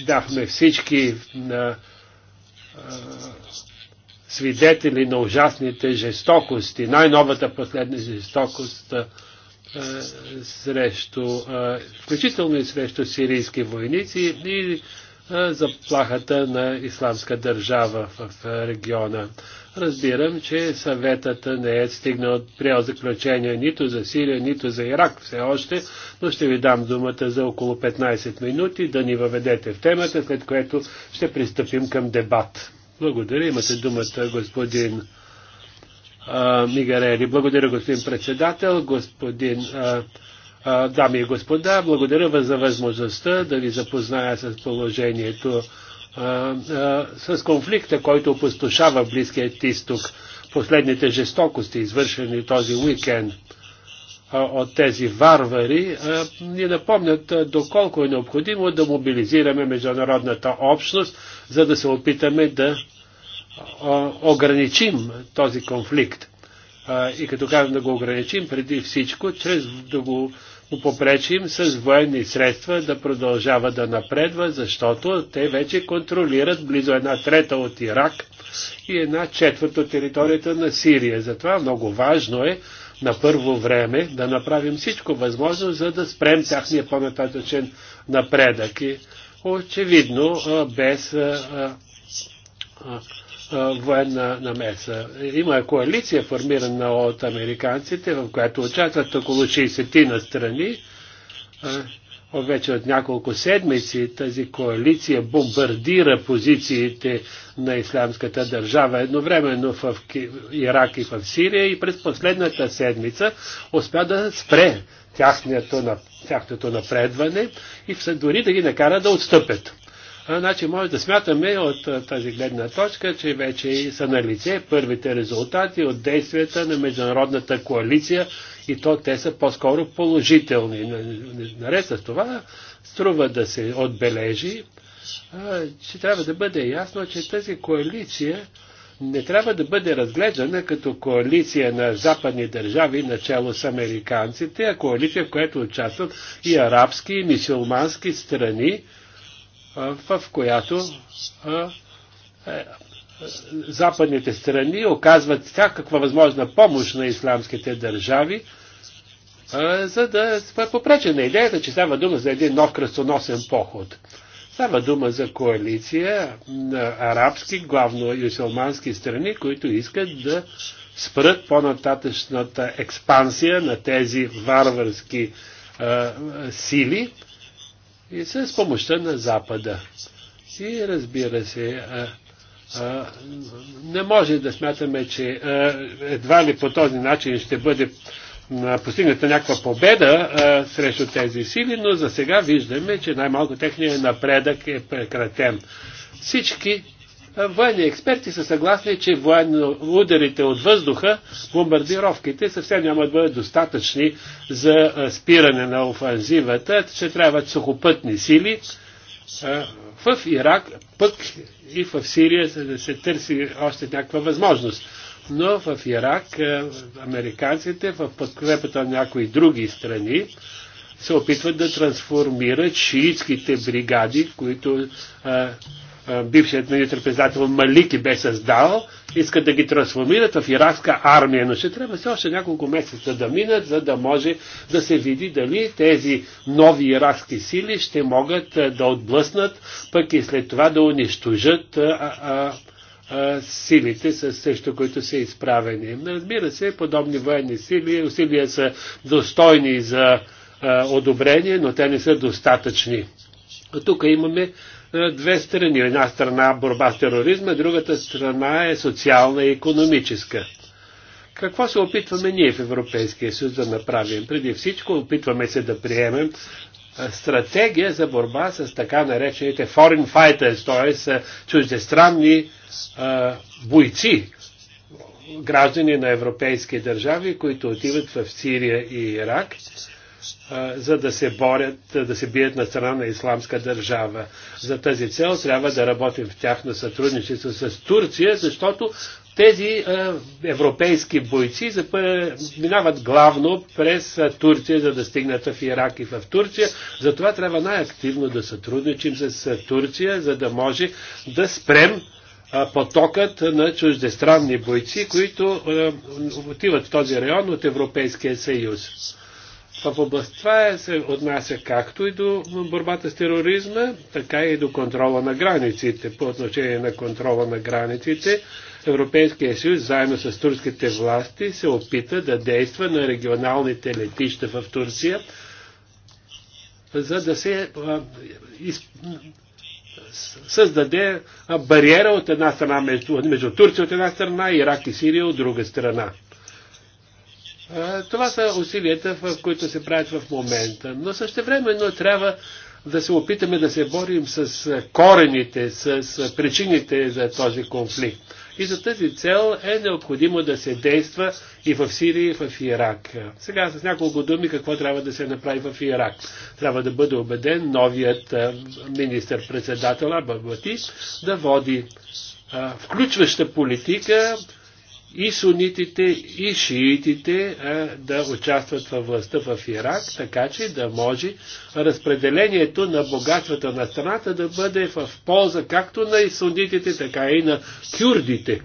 бяхме всички на свидетели на ужасните жестокости, най-новата последна жестокост е, срещу, е, включително и срещу сирийски войници и е, заплахата на исламска държава в региона. Разбирам, че съветът не е стигнал приял заключение нито за Сирия, нито за Ирак все още, но ще ви дам думата за около 15 минути да ни въведете в темата, след което ще пристъпим към дебат. Благодаря, имате думата, господин Мигарели. Благодаря, господин председател, господин, а, а, дами и господа. Благодаря за възможността да ви запозная с положението, а, а, с конфликта, който опустошава Близкият изток. Последните жестокости, извършени този уикенд а, от тези варвари, а, ни напомнят а, доколко е необходимо да мобилизираме международната общност, за да се опитаме да ограничим този конфликт. И като казвам да го ограничим преди всичко, чрез да го попречим с военни средства да продължава да напредва, защото те вече контролират близо една трета от Ирак и една четвърта от територията на Сирия. Затова много важно е на първо време да направим всичко възможно, за да спрем тяхния по-нататъчен напредък. И очевидно, без военна намеса. Има коалиция, формирана от американците, в която участват около 60 на страни. Вече от няколко седмици тази коалиция бомбардира позициите на исламската държава едновременно в Ирак и в Сирия и през последната седмица успя да спре тяхното напредване и дори да ги накара да отстъпят. Значи може да смятаме от тази гледна точка, че вече са на лице първите резултати от действията на международната коалиция и то те са по-скоро положителни. Наред с това струва да се отбележи, че трябва да бъде ясно, че тази коалиция не трябва да бъде разглеждана като коалиция на западни държави, начало с американците, а коалиция, в която участват и арабски, и мисулмански страни, в която е, западните страни оказват всякаква възможна помощ на исламските държави, за да попреча на идеята, че става дума за един нов кръстоносен поход. Става дума за коалиция на арабски, главно юсулмански страни, които искат да спрат по-нататъчната експансия на тези варварски а, сили, и с помощта на Запада. И разбира се, а, а, не може да смятаме, че а, едва ли по този начин ще бъде постигната някаква победа а, срещу тези сили, но за сега виждаме, че най-малко техният напредък е прекратен. Всички военни експерти са съгласни, че военно, ударите от въздуха, бомбардировките съвсем няма да бъдат достатъчни за спиране на офанзивата, че трябват сухопътни сили. В Ирак, пък и в Сирия да се търси още някаква възможност. Но в Ирак американците в подкрепата на някои други страни се опитват да трансформират шиитските бригади, които бившият министр-председател Малики бе създал, искат да ги трансформират в иракска армия, но ще трябва все още няколко месеца да минат, за да може да се види дали тези нови иракски сили ще могат да отблъснат, пък и след това да унищожат а, а, а, силите, срещу които са изправени. Разбира се, подобни военни сили, усилия са достойни за а, одобрение, но те не са достатъчни. тук имаме две страни. Една страна е борба с тероризма, другата страна е социална и економическа. Какво се опитваме ние в Европейския съюз да направим? Преди всичко опитваме се да приемем стратегия за борба с така наречените foreign fighters, т.е. чуждестранни бойци, граждани на европейски държави, които отиват в Сирия и Ирак за да се борят, да се бият на страна на исламска държава. За тази цел трябва да работим в тяхно сътрудничество с Турция, защото тези европейски бойци минават главно през Турция, за да стигнат в Ирак и в Турция. Затова трябва най-активно да сътрудничим с Турция, за да може да спрем потокът на чуждестранни бойци, които отиват в този район от Европейския съюз в областта е, се отнася както и до борбата с тероризма, така и до контрола на границите. По отношение на контрола на границите, Европейския съюз заедно с турските власти се опита да действа на регионалните летища в Турция, за да се а, из, създаде бариера от една страна между, между Турция от една страна, Ирак и Сирия от друга страна. Е, това са усилията, в които се правят в момента. Но същевременно трябва да се опитаме да се борим с корените, с причините за този конфликт. И за тази цел е необходимо да се действа и в Сирия, и в Ирак. Сега с няколко думи какво трябва да се направи в Ирак. Трябва да бъде убеден новият е, министр-председател Абабати да води е, включваща политика, и сунитите, и шиитите да участват във властта в Ирак, така че да може разпределението на богатствата на страната да бъде в полза както на и сунитите, така и на кюрдите.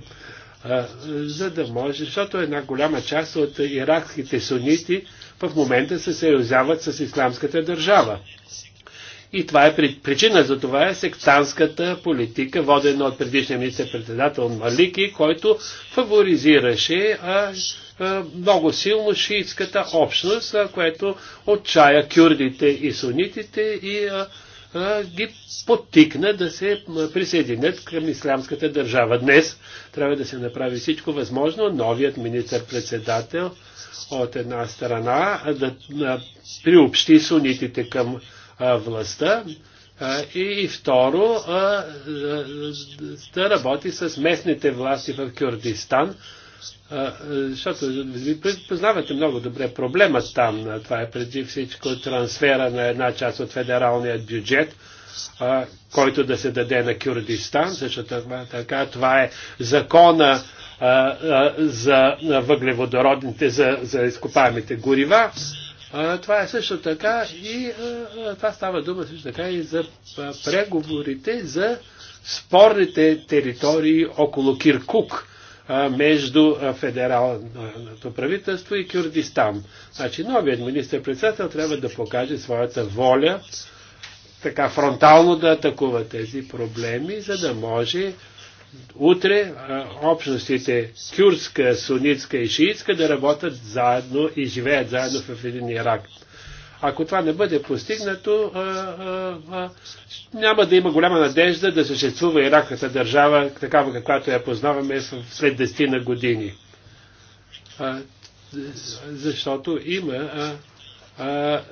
За да може, защото една голяма част от иракските сунити в момента се съюзяват с исламската държава. И това е причина за това е сектантската политика, водена от предишния министър-председател Малики, който фаворизираше а, а, много силно шиитската общност, а, което отчая кюрдите и сунитите и а, а, ги потикна да се присъединят към ислямската държава. Днес трябва да се направи всичко възможно. Новият министър-председател от една страна да, да приобщи сунитите към властта и второ да работи с местните власти в Кюрдистан, защото познавате много добре проблема там. Това е преди всичко трансфера на една част от федералния бюджет, който да се даде на Кюрдистан. защото така това е закона за въглеводородните, за, за изкопаемите горива това е също така и това става дума също така и за преговорите за спорните територии около Киркук между федералното правителство и Кюрдистан. Значи новият министр-председател трябва да покаже своята воля така фронтално да атакува тези проблеми, за да може утре общностите кюрска, сунитска и шиитска да работят заедно и живеят заедно в един Ирак. Ако това не бъде постигнато, а, а, а, няма да има голяма надежда да съществува иракската държава, такава каквато я познаваме след 10 на години. А, защото има а, а,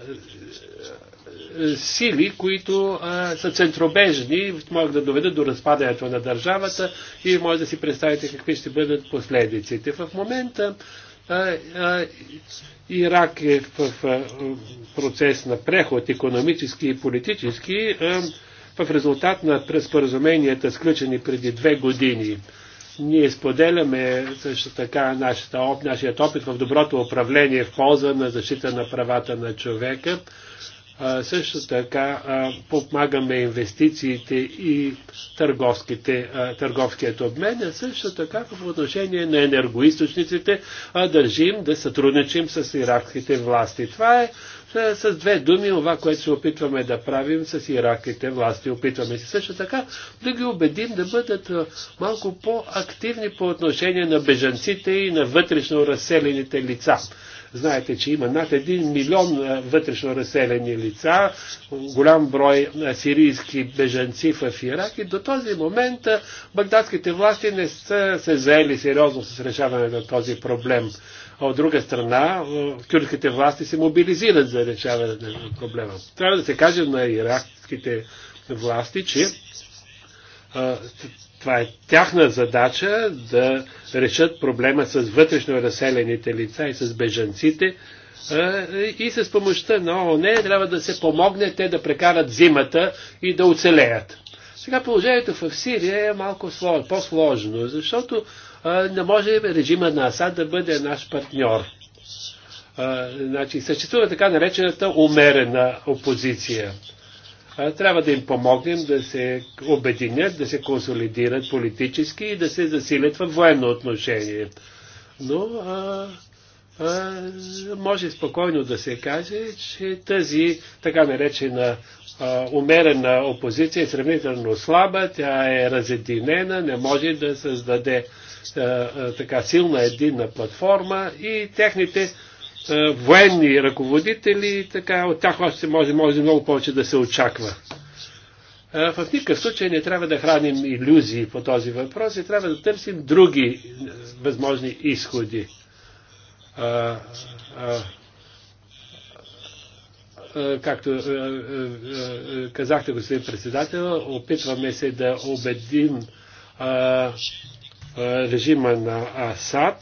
сили, които а, са центробежни, могат да доведат до разпадането на държавата и може да си представите какви ще бъдат последиците. В момента а, а, Ирак е в а, процес на преход, економически и политически, а, в резултат на преспоразуменията, сключени преди две години. Ние споделяме също така нашата, нашият опит в доброто управление в полза на защита на правата на човека също така подмагаме инвестициите и търговският обмен, а също така по отношение на енергоисточниците държим да сътрудничим с иракските власти. Това е с две думи това, което се опитваме да правим с иракските власти. Опитваме се също така да ги убедим да бъдат малко по-активни по отношение на бежанците и на вътрешно разселените лица. Знаете, че има над 1 милион е, вътрешно разселени лица, голям брой е, сирийски бежанци в Ирак и до този момент е, багдадските власти не са се заели сериозно с решаване на този проблем. А от друга страна, кюрдските власти се мобилизират за решаване на проблема. Трябва да се каже на иракските власти, че това е тяхна задача да решат проблема с вътрешно разселените лица и с бежанците и с помощта на ООН трябва да се помогне те да прекарат зимата и да оцелеят. Сега положението в Сирия е малко по-сложно, защото не може режима на Асад да бъде наш партньор. значи, съществува така наречената умерена опозиция трябва да им помогнем да се обединят, да се консолидират политически и да се засилят във военно отношение. Но а, а, може спокойно да се каже, че тази така наречена а, умерена опозиция е сравнително слаба, тя е разединена, не може да създаде а, а, така силна единна платформа и техните военни ръководители, така от тях още може, може много повече да се очаква. В никакъв случай не трябва да храним иллюзии по този въпрос и трябва да търсим други възможни изходи. А, а, както казахте, господин председател, опитваме се да убедим а, режима на Асад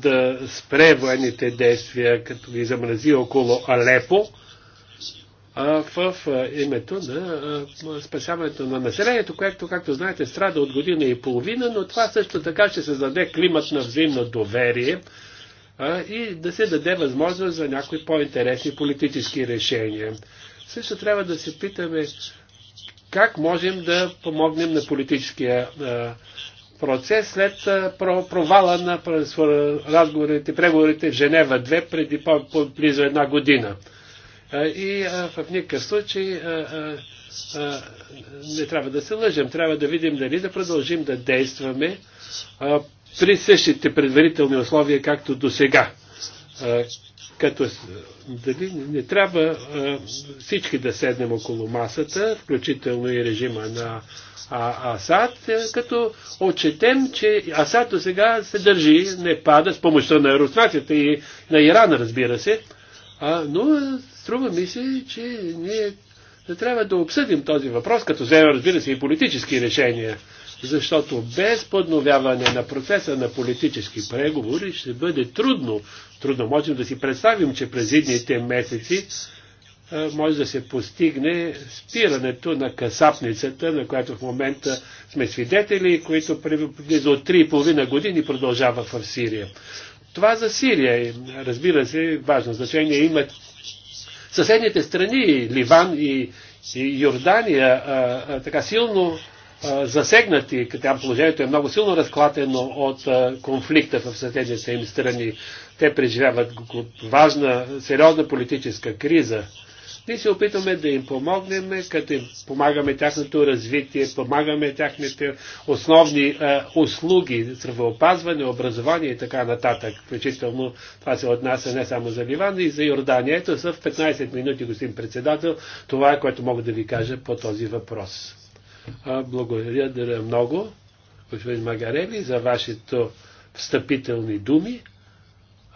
да спре военните действия, като ги замрази около Алепо, в името на спасяването на населението, което, както знаете, страда от година и половина, но това също така ще се даде климат на взаимно доверие и да се даде възможност за някои по-интересни политически решения. Също трябва да се питаме как можем да помогнем на политическия процес след провала на разговорите, преговорите в Женева 2 преди близо една година. И в никакъв случай не трябва да се лъжем. Трябва да видим дали да продължим да действаме при същите предварителни условия, както до сега като е, дали не трябва а, е, всички да седнем около масата, включително и режима на а, Асад, е, като отчетем, че Асад до сега се държи, не пада с помощта на руснаците и на Иран, разбира се, а, но струва ми се, че ние не трябва да обсъдим този въпрос, като вземем, разбира се, и политически решения защото без подновяване на процеса на политически преговори ще бъде трудно. Трудно можем да си представим, че през идните месеци може да се постигне спирането на касапницата, на която в момента сме свидетели, които близо от 3,5 години продължава в Сирия. Това за Сирия, разбира се, важно значение имат съседните страни, Ливан и, и Йордания, а, а, така силно засегнати, там положението е много силно разклатено от конфликта в съседните им страни. Те преживяват важна, сериозна политическа криза. Ние се опитваме да им помогнем, като им помагаме тяхното развитие, помагаме тяхните основни е, услуги, здравеопазване, образование и така нататък. Включително това се отнася не само за Ливан, но и за Йордания. Ето са в 15 минути, господин председател, това е което мога да ви кажа по този въпрос. Благодаря много, господин Магарели, за вашето встъпителни думи.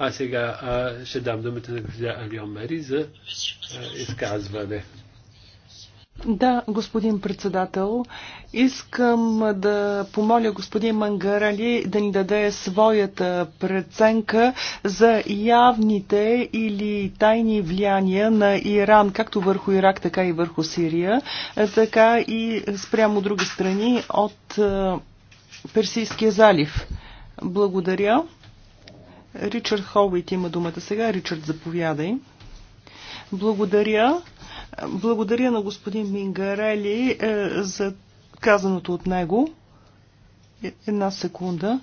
А сега а, ще дам думата на госпожа Алион Мари за а, изказване. Да, господин председател, искам да помоля господин Мангарали да ни даде своята преценка за явните или тайни влияния на Иран, както върху Ирак, така и върху Сирия, така и спрямо други страни от е, Персийския залив. Благодаря. Ричард Холвит има думата сега. Ричард, заповядай. Благодаря. Благодаря на господин Мингарели е, за казаното от него. Е, една секунда.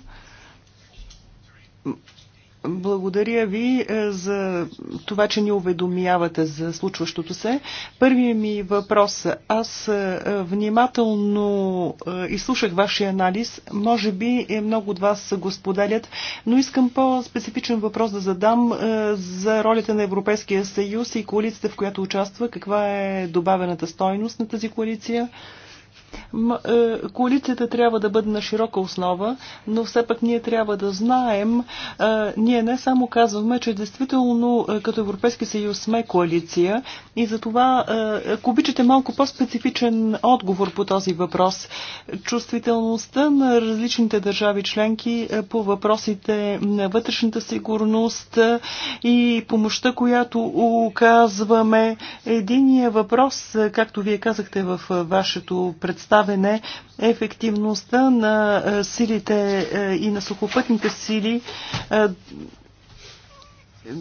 Благодаря ви е, за това, че ни уведомявате за случващото се. Първият ми въпрос. Аз е, внимателно е, изслушах вашия анализ. Може би много от вас го споделят, но искам по-специфичен въпрос да задам за ролята на Европейския съюз и коалицията, в която участва. Каква е добавената стойност на тази коалиция? Е, коалицията трябва да бъде на широка основа, но все пак ние трябва да знаем, е, ние не само казваме, че действително е, като Европейски съюз сме коалиция и за това, ако обичате малко по-специфичен отговор по този въпрос, чувствителността на различните държави членки по въпросите на вътрешната сигурност и помощта, която оказваме. Единия въпрос, както вие казахте в вашето представление, забавене ефективността на е, силите е, и на сухопътните сили е,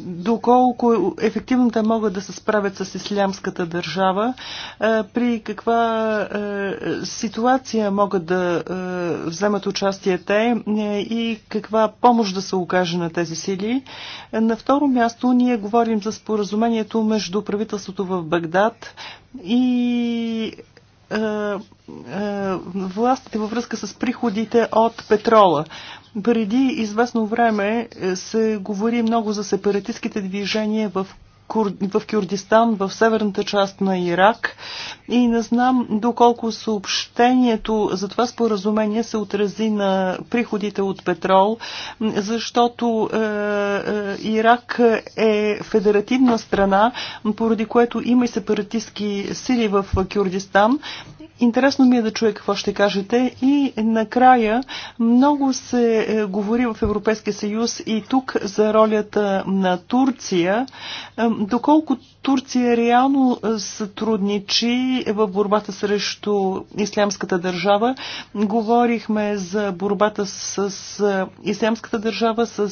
доколко ефективно те могат да се справят с ислямската държава, при каква ситуация могат да вземат участие те и каква помощ да се окаже на тези сили. На второ място ние говорим за споразумението между правителството в Багдад и е, е, властите във връзка с приходите от петрола. Преди известно време се говори много за сепаратистските движения в в Кюрдистан, в северната част на Ирак. И не знам доколко съобщението за това споразумение се отрази на приходите от петрол, защото е, е, Ирак е федеративна страна, поради което има и сепаратистски сили в Кюрдистан. Интересно ми е да чуя какво ще кажете. И накрая много се е, говори в Европейския съюз и тук за ролята на Турция. Е, доколко Турция реално е, сътрудничи в борбата срещу ислямската държава. Говорихме за борбата с ислямската държава, с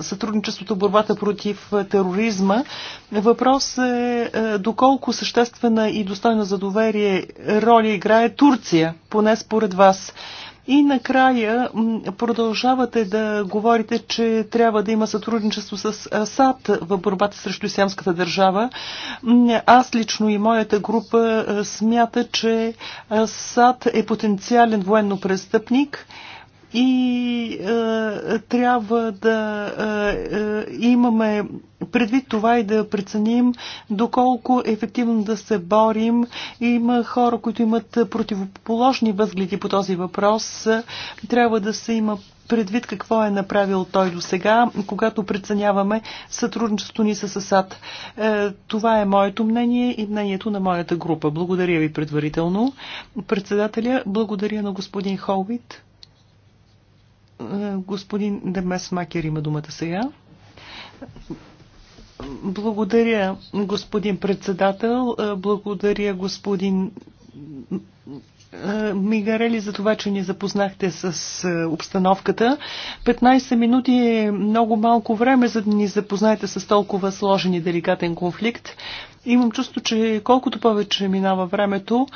сътрудничеството борбата против тероризма. Въпрос е доколко съществена и достойна за доверие роля роля играе Турция, поне според вас? И накрая продължавате да говорите, че трябва да има сътрудничество с САД в борбата срещу ислямската държава. Аз лично и моята група смята, че САД е потенциален военно престъпник и е, трябва да е, е, имаме предвид това и да преценим доколко ефективно да се борим. Има хора, които имат противоположни възгледи по този въпрос. Трябва да се има предвид какво е направил той до сега, когато преценяваме сътрудничеството ни с САД. Е, това е моето мнение и мнението на моята група. Благодаря ви предварително. Председателя, благодаря на господин Холвит. Господин Демес Макер има думата сега. Благодаря, господин председател. Благодаря, господин Мигарели, за това, че ни запознахте с е, обстановката. 15 минути е много малко време, за да ни запознаете с толкова сложен и деликатен конфликт. Имам чувство, че колкото повече минава времето,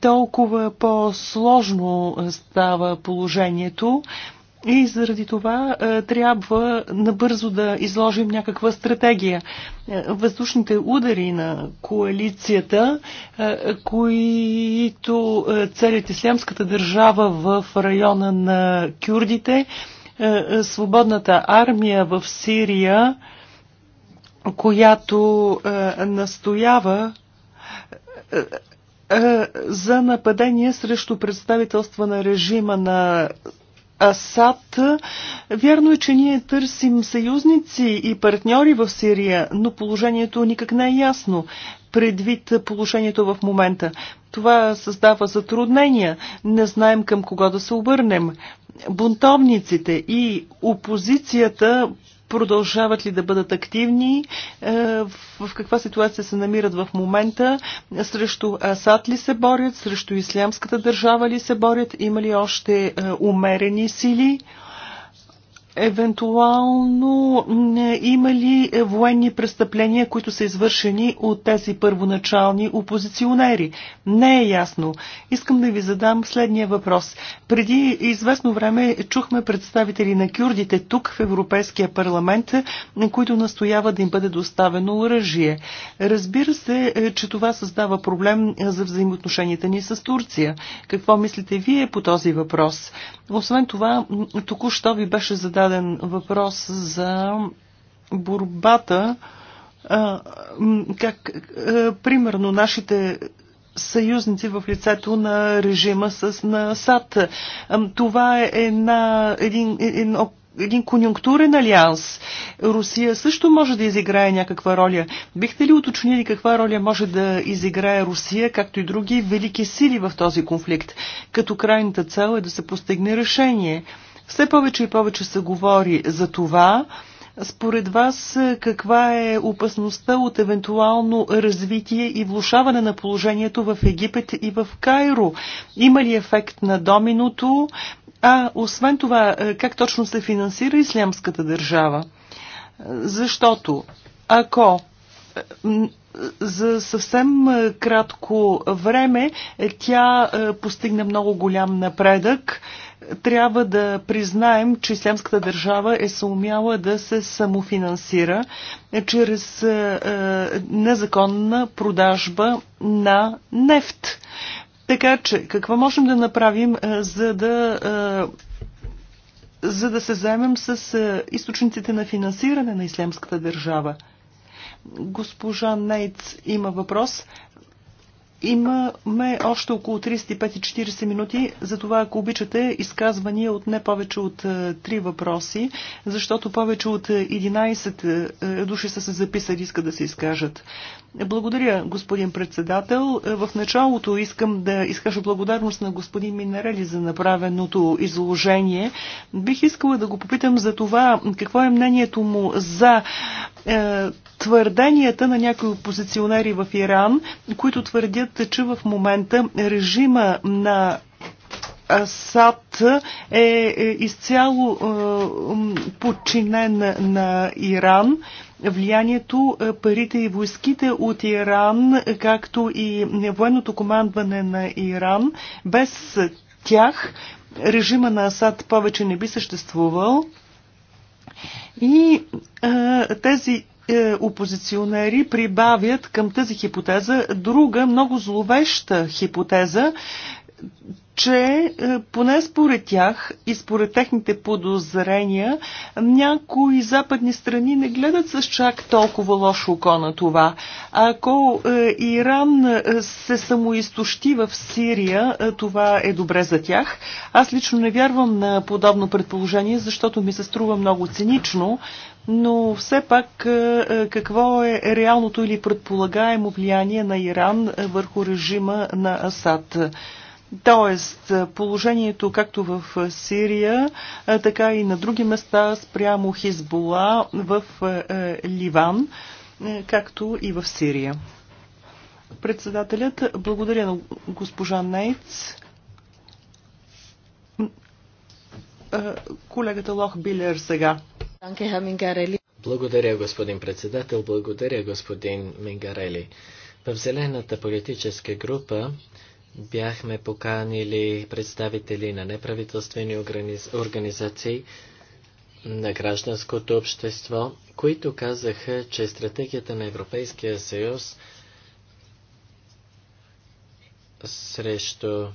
толкова по-сложно става положението. И заради това е, трябва набързо да изложим някаква стратегия. Е, въздушните удари на коалицията, е, които целят ислямската държава в района на кюрдите, свободната армия в Сирия, която настоява за нападение срещу представителства на режима на Асад. Вярно е, че ние търсим съюзници и партньори в Сирия, но положението никак не е ясно предвид положението в момента. Това създава затруднения. Не знаем към кого да се обърнем. Бунтовниците и опозицията продължават ли да бъдат активни, е, в каква ситуация се намират в момента, срещу Асад ли се борят, срещу Ислямската държава ли се борят, има ли още е, умерени сили. Евентуално е, има ли е, военни престъпления, които са извършени от тези първоначални опозиционери? Не е ясно. Искам да ви задам следния въпрос. Преди известно време чухме представители на кюрдите тук в Европейския парламент, които настояват да им бъде доставено оръжие. Разбира се, е, че това създава проблем за взаимоотношенията ни с Турция. Какво мислите вие по този въпрос? Освен това, току-що ви беше зададен зададен въпрос за борбата. Как, примерно, нашите съюзници в лицето на режима с на САД. Това е една, един, един, един конюнктурен алианс. Русия също може да изиграе някаква роля. Бихте ли уточнили каква роля може да изиграе Русия, както и други велики сили в този конфликт, като крайната цел е да се постигне решение? Все повече и повече се говори за това. Според вас каква е опасността от евентуално развитие и влушаване на положението в Египет и в Кайро? Има ли ефект на доминото? А освен това, как точно се финансира ислямската държава? Защото ако за съвсем кратко време тя е, постигна много голям напредък, трябва да признаем, че Ислямската държава е съумяла да се самофинансира чрез е, е, незаконна продажба на нефт. Така че, какво можем да направим, е, за да за да се заемем с източниците на финансиране на Ислямската държава. Госпожа Нейц има въпрос. Имаме още около 35-40 минути, затова ако обичате изказвания от не повече от 3 е, въпроси, защото повече от 11 е, е, души са се записали, искат да се изкажат. Благодаря, господин председател. В началото искам да изкажа благодарност на господин Минарели за направеното изложение. Бих искала да го попитам за това какво е мнението му за е, твърденията на някои опозиционери в Иран, които твърдят, че в момента режима на Асад е, е изцяло е, подчинен на Иран. Е, влиянието е, парите и войските от Иран, както и военното командване на Иран, без тях режима на Асад повече не би съществувал. И е, тези е, опозиционери прибавят към тази хипотеза друга много зловеща хипотеза че е, поне според тях и според техните подозрения, някои западни страни не гледат с чак толкова лошо око на това. Ако е, Иран е, се самоизтощи в Сирия, това е добре за тях. Аз лично не вярвам на подобно предположение, защото ми се струва много цинично, но все пак какво е реалното или предполагаемо влияние на Иран върху режима на Асад? Тоест, е, положението както в е, Сирия, е, така и на други места спрямо Хизбола в Ливан, както и в Сирия. Председателят, благодаря на госпожа Нейц. Колегата Лох Билер сега. Благодаря, господин председател. Благодаря, господин Мингарели. В зелената политическа група бяхме поканили представители на неправителствени организации, на гражданското общество, които казаха, че стратегията на Европейския съюз срещу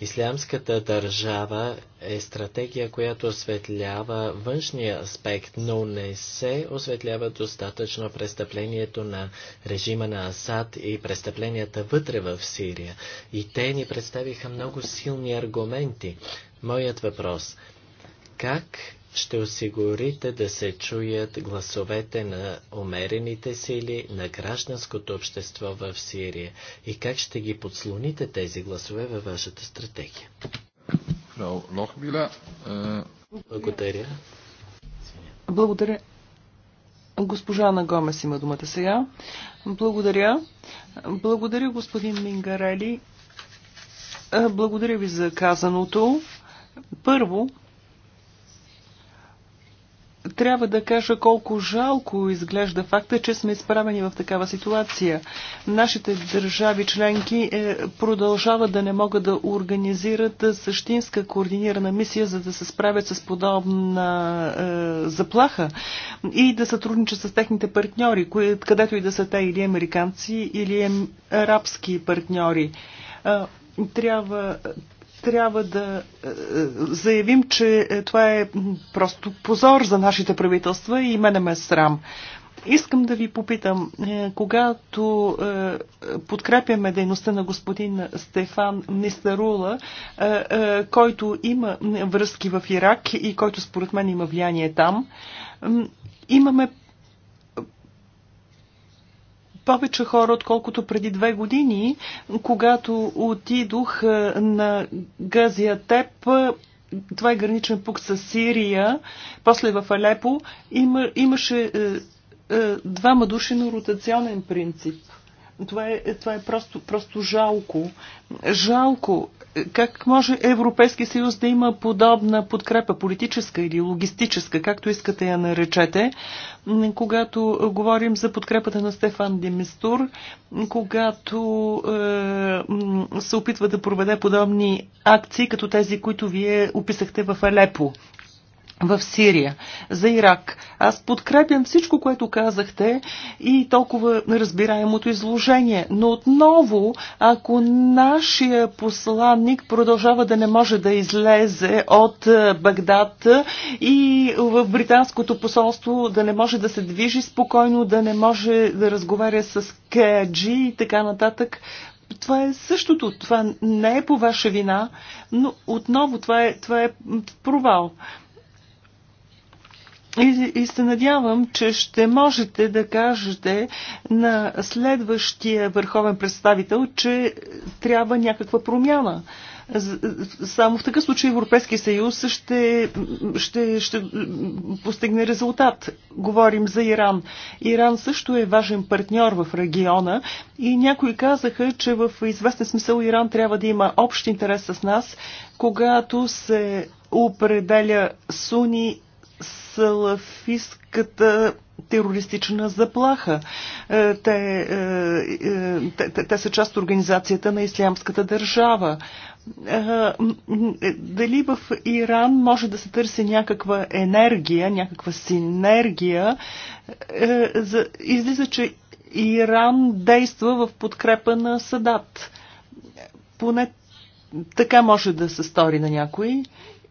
Ислямската държава е стратегия, която осветлява външния аспект, но не се осветлява достатъчно престъплението на режима на Асад и престъпленията вътре в Сирия. И те ни представиха много силни аргументи. Моят въпрос. Как ще осигурите да се чуят гласовете на умерените сили, на гражданското общество в Сирия и как ще ги подслоните тези гласове във вашата стратегия? Е, благодаря. Благодаря. Госпожа Ана Гомес има думата сега. Благодаря. Благодаря, господин Мингарели. Е, благодаря ви за казаното. Първо, трябва да кажа колко жалко изглежда факта, че сме изправени в такава ситуация. Нашите държави членки е, продължават да не могат да организират същинска координирана мисия, за да се справят с подобна е, заплаха и да сътрудничат с техните партньори, където и да са те или американци, или арабски партньори. Е, трябва трябва да е, е, заявим, че е, това е просто позор за нашите правителства и мене ме срам. Искам да ви попитам, когато подкрепяме дейността на господин Стефан Нестарула, който има връзки в Ирак и който според мен има влияние там, имаме повече хора, отколкото преди две години, когато отидох е, на Газиатеп е, това е граничен пук с Сирия, после в Алепо, има, имаше е, е, двама души на ротационен принцип. Това е, това е просто, просто жалко. Жалко, как може Европейски съюз да има подобна подкрепа, политическа или логистическа, както искате я наречете, когато говорим за подкрепата на Стефан Демистур, когато е, се опитва да проведе подобни акции, като тези, които вие описахте в Алепо, в Сирия, за Ирак. Аз подкрепям всичко, което казахте и толкова разбираемото изложение. Но отново, ако нашия посланник продължава да не може да излезе от е, Багдад и в британското посолство да не може да се движи спокойно, да не може да разговаря с Каджи и така нататък, това е същото. Това не е по ваша вина, но отново това е, това е провал. И, и се надявам, че ще можете да кажете на следващия върховен представител, че трябва някаква промяна. Само в такъв случай Европейския съюз ще, ще, ще постигне резултат. Говорим за Иран. Иран също е важен партньор в региона и някои казаха, че в известен смисъл Иран трябва да има общ интерес с нас, когато се определя суни салафистката терористична заплаха. Е, е, е, те, те, те, са част от организацията на Ислямската държава. Дали в Иран може да се търси някаква енергия, някаква синергия? Излиза, че Иран действа в подкрепа на Садат. Поне така може да се стори на някой.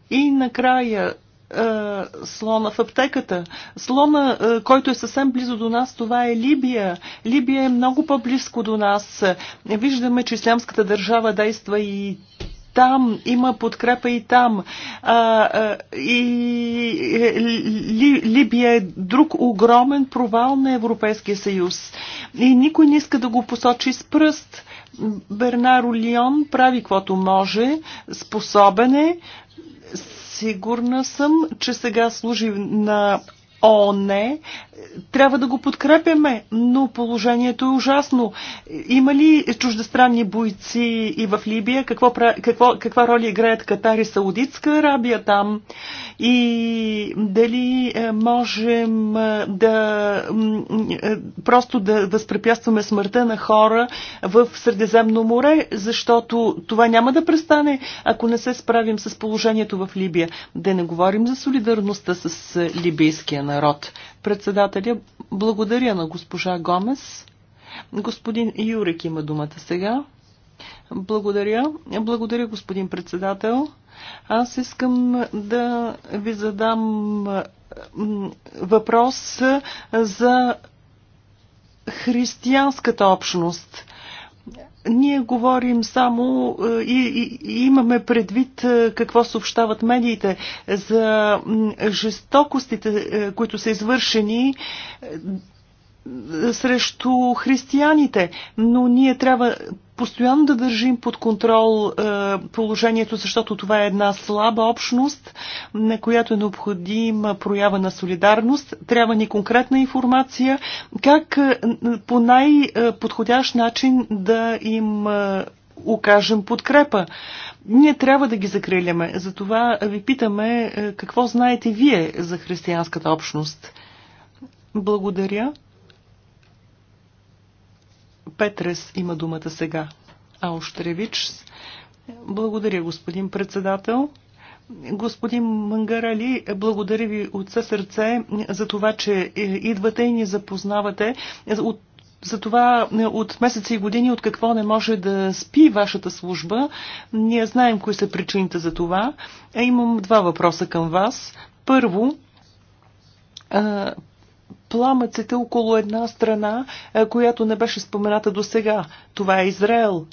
И накрая е, слона в аптеката. Слона, е, който е съвсем близо до нас, това е Либия. Либия е много по-близко до нас. Виждаме, че Ислямската държава действа и там, има подкрепа и там. А, и е, ли, Либия е друг огромен провал на Европейския съюз. И никой не иска да го посочи с пръст. Бернаро Лион прави каквото може, способен е, Сигурна съм, че сега служи на О, не, трябва да го подкрепяме, но положението е ужасно. Има ли чуждестранни бойци и в Либия? Какво, какво, каква роля играят Катар и Саудитска Арабия там? И дали е, можем е, да е, просто да възпрепятстваме смъртта на хора в Средиземно море, защото това няма да престане, ако не се справим с положението в Либия. Да не говорим за солидарността с либийския народ. Председателя, благодаря на госпожа Гомес. Господин Юрик има думата сега. Благодаря. Благодаря, господин председател. Аз искам да ви задам въпрос за християнската общност ние говорим само е, и, и, и имаме предвид е, какво съобщават медиите за жестокостите, е, които са извършени срещу християните, но ние трябва постоянно да държим под контрол е, положението, защото това е една слаба общност, на която е необходима проява на солидарност. Трябва ни конкретна информация, как е, по най-подходящ начин да им е, окажем подкрепа. Ние трябва да ги закриляме. Затова ви питаме какво знаете вие за християнската общност. Благодаря. Петрес има думата сега. Ауштревич. Благодаря, господин председател. Господин Мангарали, благодаря ви от със сърце за това, че е, идвате и ни запознавате от това е, от месеци и години от какво не може да спи вашата служба. Ние знаем кои са причините за това. Е, имам два въпроса към вас. Първо, пламъците около една страна, е, която не беше спомената до сега. Това е Израел.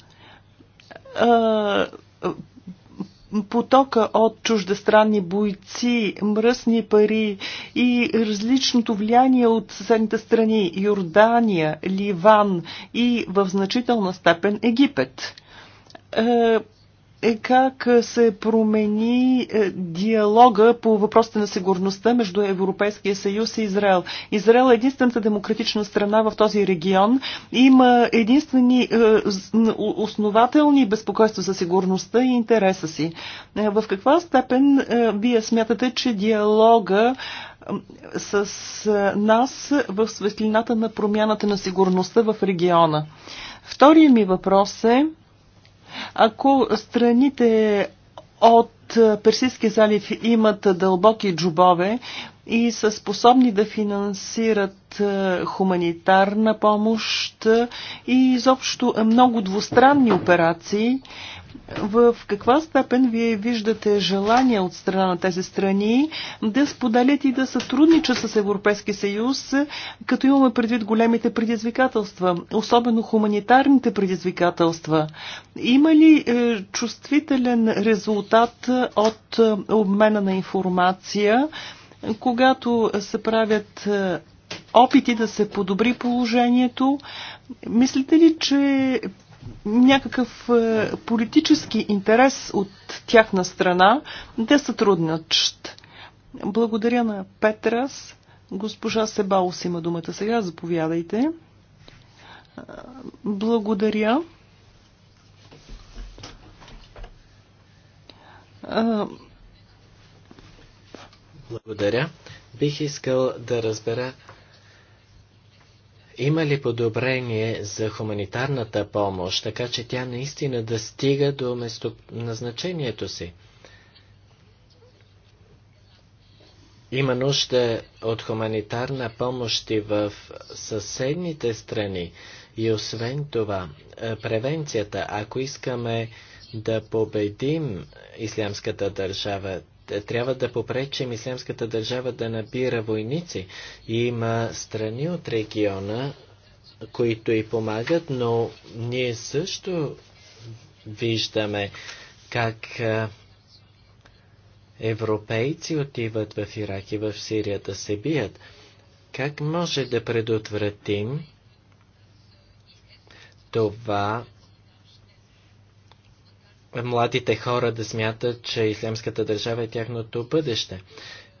Потока от чуждестранни бойци, мръсни пари и различното влияние от съседните страни Йордания, Ливан и в значителна степен Египет е, е как е, се промени е, диалога по въпросите на сигурността между Европейския съюз и Израел. Израел е единствената демократична страна в този регион. и Има единствени е, основателни безпокойства за сигурността и интереса си. В каква степен вие смятате, че диалога с нас в светлината на промяната на сигурността в региона? Втория ми въпрос е ако страните от Персийския залив имат дълбоки джубове и са способни да финансират е, хуманитарна помощ е, и изобщо е много двустранни операции, в каква степен вие виждате желание от страна на тези страни да споделят и да сътрудничат с Европейски съюз, като имаме предвид големите предизвикателства, особено хуманитарните предизвикателства? Има ли е, чувствителен резултат е, от е, обмена на информация, когато се правят опити да се подобри положението? Мислите ли, че някакъв е, политически интерес от тяхна страна да сътрудничат. Благодаря на Петрас. Госпожа Себаус има думата сега. Заповядайте. Е, благодаря. Е, благодаря. Бих искал да разбера има ли подобрение за хуманитарната помощ, така че тя наистина да стига до местоназначението си? Има нужда от хуманитарна помощ и в съседните страни. И освен това, е, превенцията, ако искаме да победим ислямската държава, трябва да попречим ислямската държава да набира войници. Има страни от региона, които и помагат, но ние също виждаме как европейци отиват в Ирак и в Сирия да се бият. Как може да предотвратим това младите хора да смятат, че Ислямската държава е тяхното бъдеще.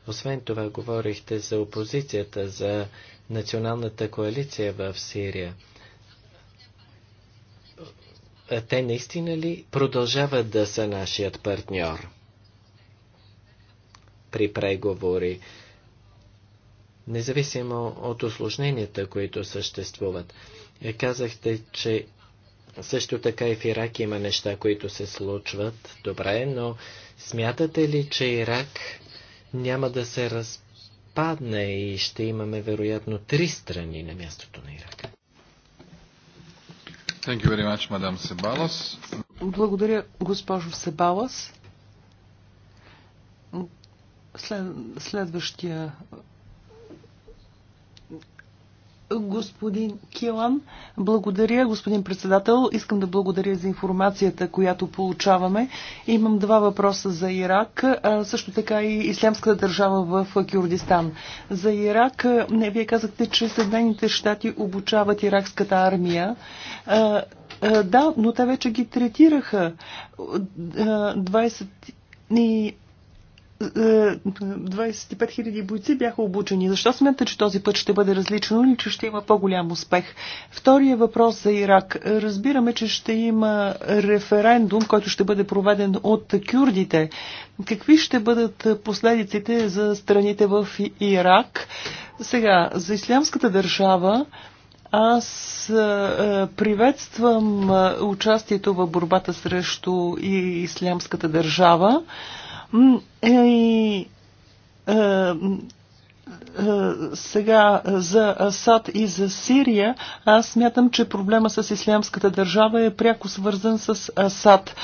Освен това, говорихте за опозицията, за националната коалиция в Сирия. Те наистина ли продължават да са нашият партньор при преговори, независимо от осложненията, които съществуват? Е, казахте, че също така и в Ирак има неща, които се случват. Добре, но смятате ли, че Ирак няма да се разпадне и ще имаме вероятно три страни на мястото на Ирак? Thank you very much, мадам Благодаря, госпожо Себалас. След, следващия Господин Килан, благодаря, господин председател. Искам да благодаря за информацията, която получаваме. Имам два въпроса за Ирак, а също така и Ислямската държава в Кюрдистан. За Ирак, не, вие казахте, че Съединените щати обучават иракската армия. А, а, да, но те вече ги третираха. 20 и 25 000 бойци бяха обучени. Защо смятате, че този път ще бъде различно или че ще има по-голям успех? Втория въпрос за Ирак. Разбираме, че ще има референдум, който ще бъде проведен от кюрдите. Какви ще бъдат последиците за страните в Ирак? Сега, за ислямската държава аз приветствам участието в борбата срещу и ислямската държава. Е, и е, е, сега за Асад и за Сирия, аз смятам, че проблема с ислямската държава е пряко свързан с Асад.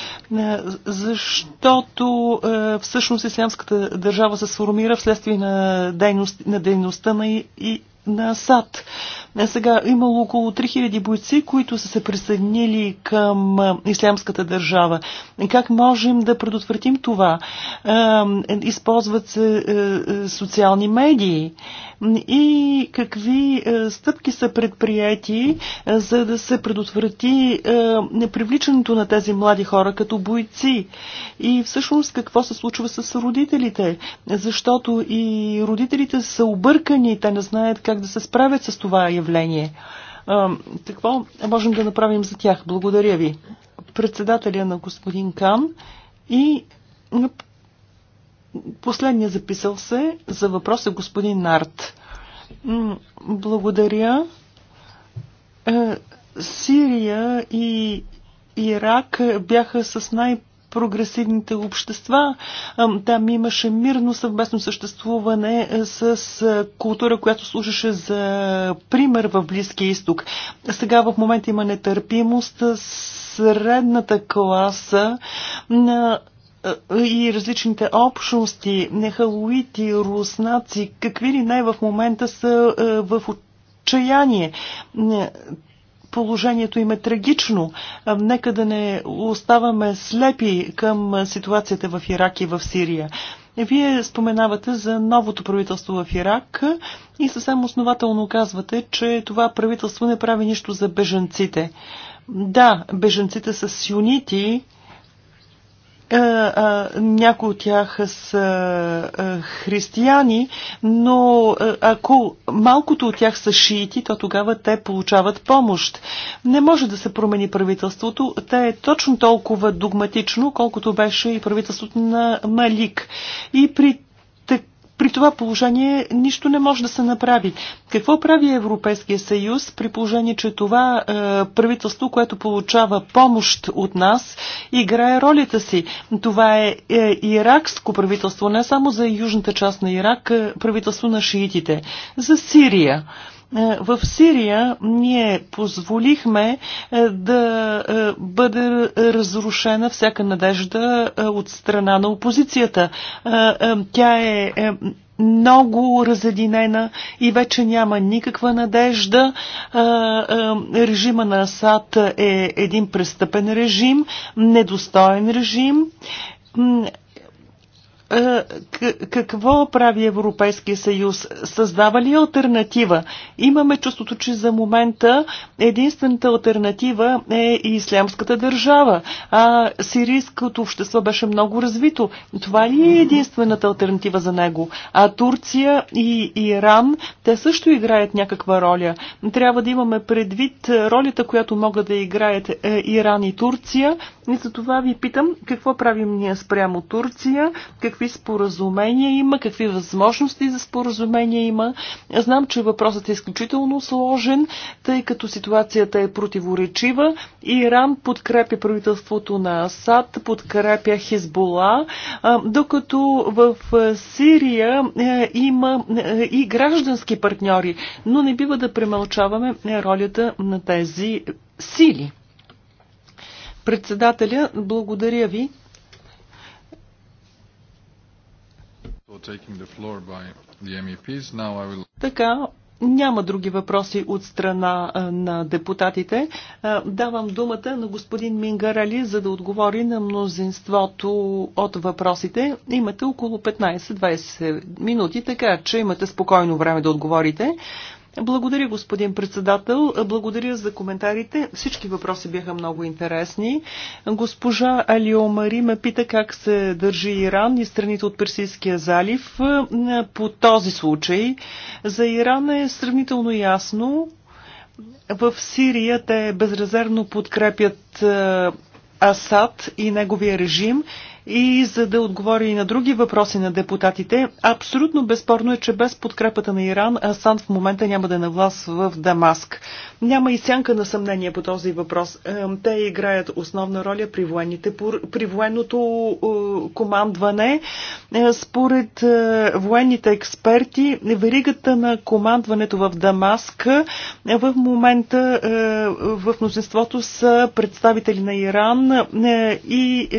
Защото всъщност ислямската държава се сформира вследствие на, дейност, на дейността на и, и на САД. Е, сега имало около 3000 бойци, които са се присъединили към е, ислямската държава. Как можем да предотвратим това? Е, използват се социални медии и какви стъпки са предприяти, за да се предотврати непривличането на тези млади хора като бойци? И всъщност какво се случва с родителите? Защото и родителите са объркани, те не знаят как как да се справят с това явление. Какво можем да направим за тях? Благодаря ви. Председателя на господин Кан и последния записал се за въпроса е господин Нарт. Благодаря. Е, Сирия и Ирак бяха с най- прогресивните общества. Там имаше мирно съвместно съществуване е, с е, култура, която служеше за пример в Близкия изток. Сега в момента има нетърпимост. Средната класа на е, и различните общности, нехалуити, руснаци, какви ли не в момента са в отчаяние. Положението им е трагично. Нека да не оставаме слепи към ситуацията в Ирак и в Сирия. Вие споменавате за новото правителство в Ирак и съвсем основателно казвате, че това правителство не прави нищо за бежанците. Да, бежанците са сюнити, е, е, някои от тях са е, християни, но ако малкото от тях са шиити, то тогава те получават помощ. Не може да се промени правителството. Те е точно толкова догматично, колкото беше и правителството на Малик. И при при това положение нищо не може да се направи. Какво прави Европейския съюз при положение, че това е, правителство, което получава помощ от нас, играе ролята си? Това е, е иракско правителство, не само за южната част на Ирак, е, правителство на шиитите. За Сирия. Е, е, в Сирия ние позволихме е, да е, бъде разрушена всяка надежда от страна на опозицията. Тя е много разединена и вече няма никаква надежда. Режима на Асад е един престъпен режим, недостоен режим какво прави Европейския съюз? Създава ли альтернатива? Имаме чувството, че за момента единствената альтернатива е ислямската държава, а сирийското общество беше много развито. Това ли е единствената альтернатива за него? А Турция и Иран, те също играят някаква роля. Трябва да имаме предвид ролята, която могат да играят е, Иран и Турция. И за това ви питам какво правим ние спрямо Турция, какви какви споразумения има, какви възможности за споразумения има. Знам, че въпросът е изключително сложен, тъй като ситуацията е противоречива. Иран подкрепя правителството на Асад, подкрепя Хизбола, докато в Сирия е, има е, и граждански партньори, но не бива да премълчаваме ролята на тези сили. Председателя, благодаря ви. Така, няма други въпроси от страна на депутатите. Давам думата на господин Мингарали, за да отговори на мнозинството от въпросите. Имате около 15-20 минути, така че имате спокойно време да отговорите. Благодаря, господин председател. Благодаря за коментарите. Всички въпроси бяха много интересни. Госпожа Алио Мари ме пита как се държи Иран и страните от Персийския залив по този случай. За Иран е сравнително ясно. В Сирия те безрезервно подкрепят Асад и неговия режим и за да отговори и на други въпроси на депутатите. Абсолютно безспорно е, че без подкрепата на Иран Асан в момента няма да е на власт в Дамаск. Няма и сянка на съмнение по този въпрос. Те играят основна роля при, военните, при военното е, командване. Е, според е, военните експерти, веригата на командването в Дамаск в момента в мнозинството са представители на Иран и,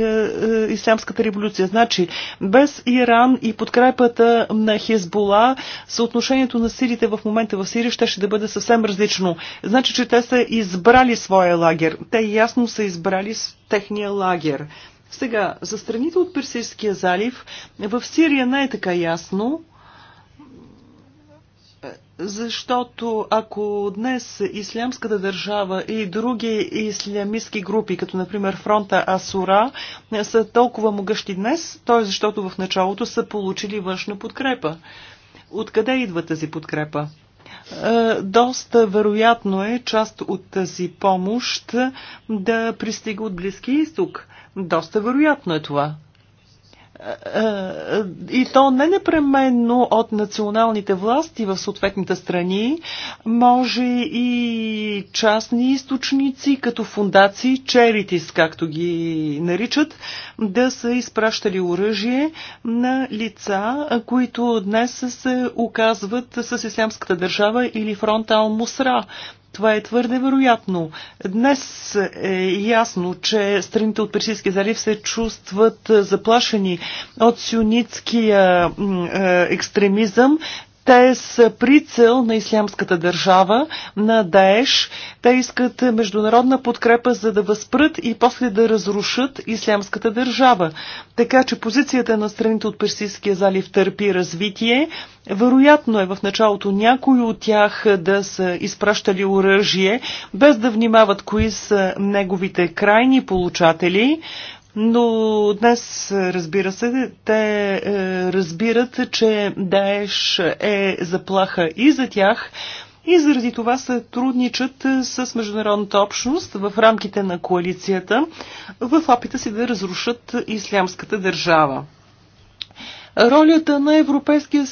и Исламската революция. Значи, без Иран и подкрепата на Хезбола, съотношението на силите в момента в Сирия ще, ще да бъде съвсем различно. Значи, че те са избрали своя лагер. Те ясно са избрали техния лагер. Сега, за страните от Персийския залив, в Сирия не е така ясно. Защото ако днес ислямската държава и други ислямистски групи, като например фронта Асура, са толкова могъщи днес, то е защото в началото са получили външна подкрепа. Откъде идва тази подкрепа? Е, доста вероятно е част от тази помощ да пристига от Близки изток. Доста вероятно е това. Е, е, и то не непременно от националните власти в съответните страни, може и частни източници, като фундации, черитис, както ги наричат, да са изпращали оръжие на лица, които днес се оказват с Ислямската държава или фронтал мусра това е твърде вероятно. Днес е ясно, че страните от Персийския залив се чувстват заплашени от сионитския е, екстремизъм, те са прицел на ислямската държава, на Даеш. Те искат международна подкрепа, за да възпрат и после да разрушат ислямската държава. Така че позицията на страните от Персийския залив търпи развитие. Вероятно е в началото някои от тях да са изпращали оръжие, без да внимават кои са неговите крайни получатели. Но днес, разбира се, те е, разбират, че Даеш е заплаха и за тях, и заради това се трудничат с международната общност в рамките на коалицията в опита си да разрушат ислямската държава. Ролята на Европейския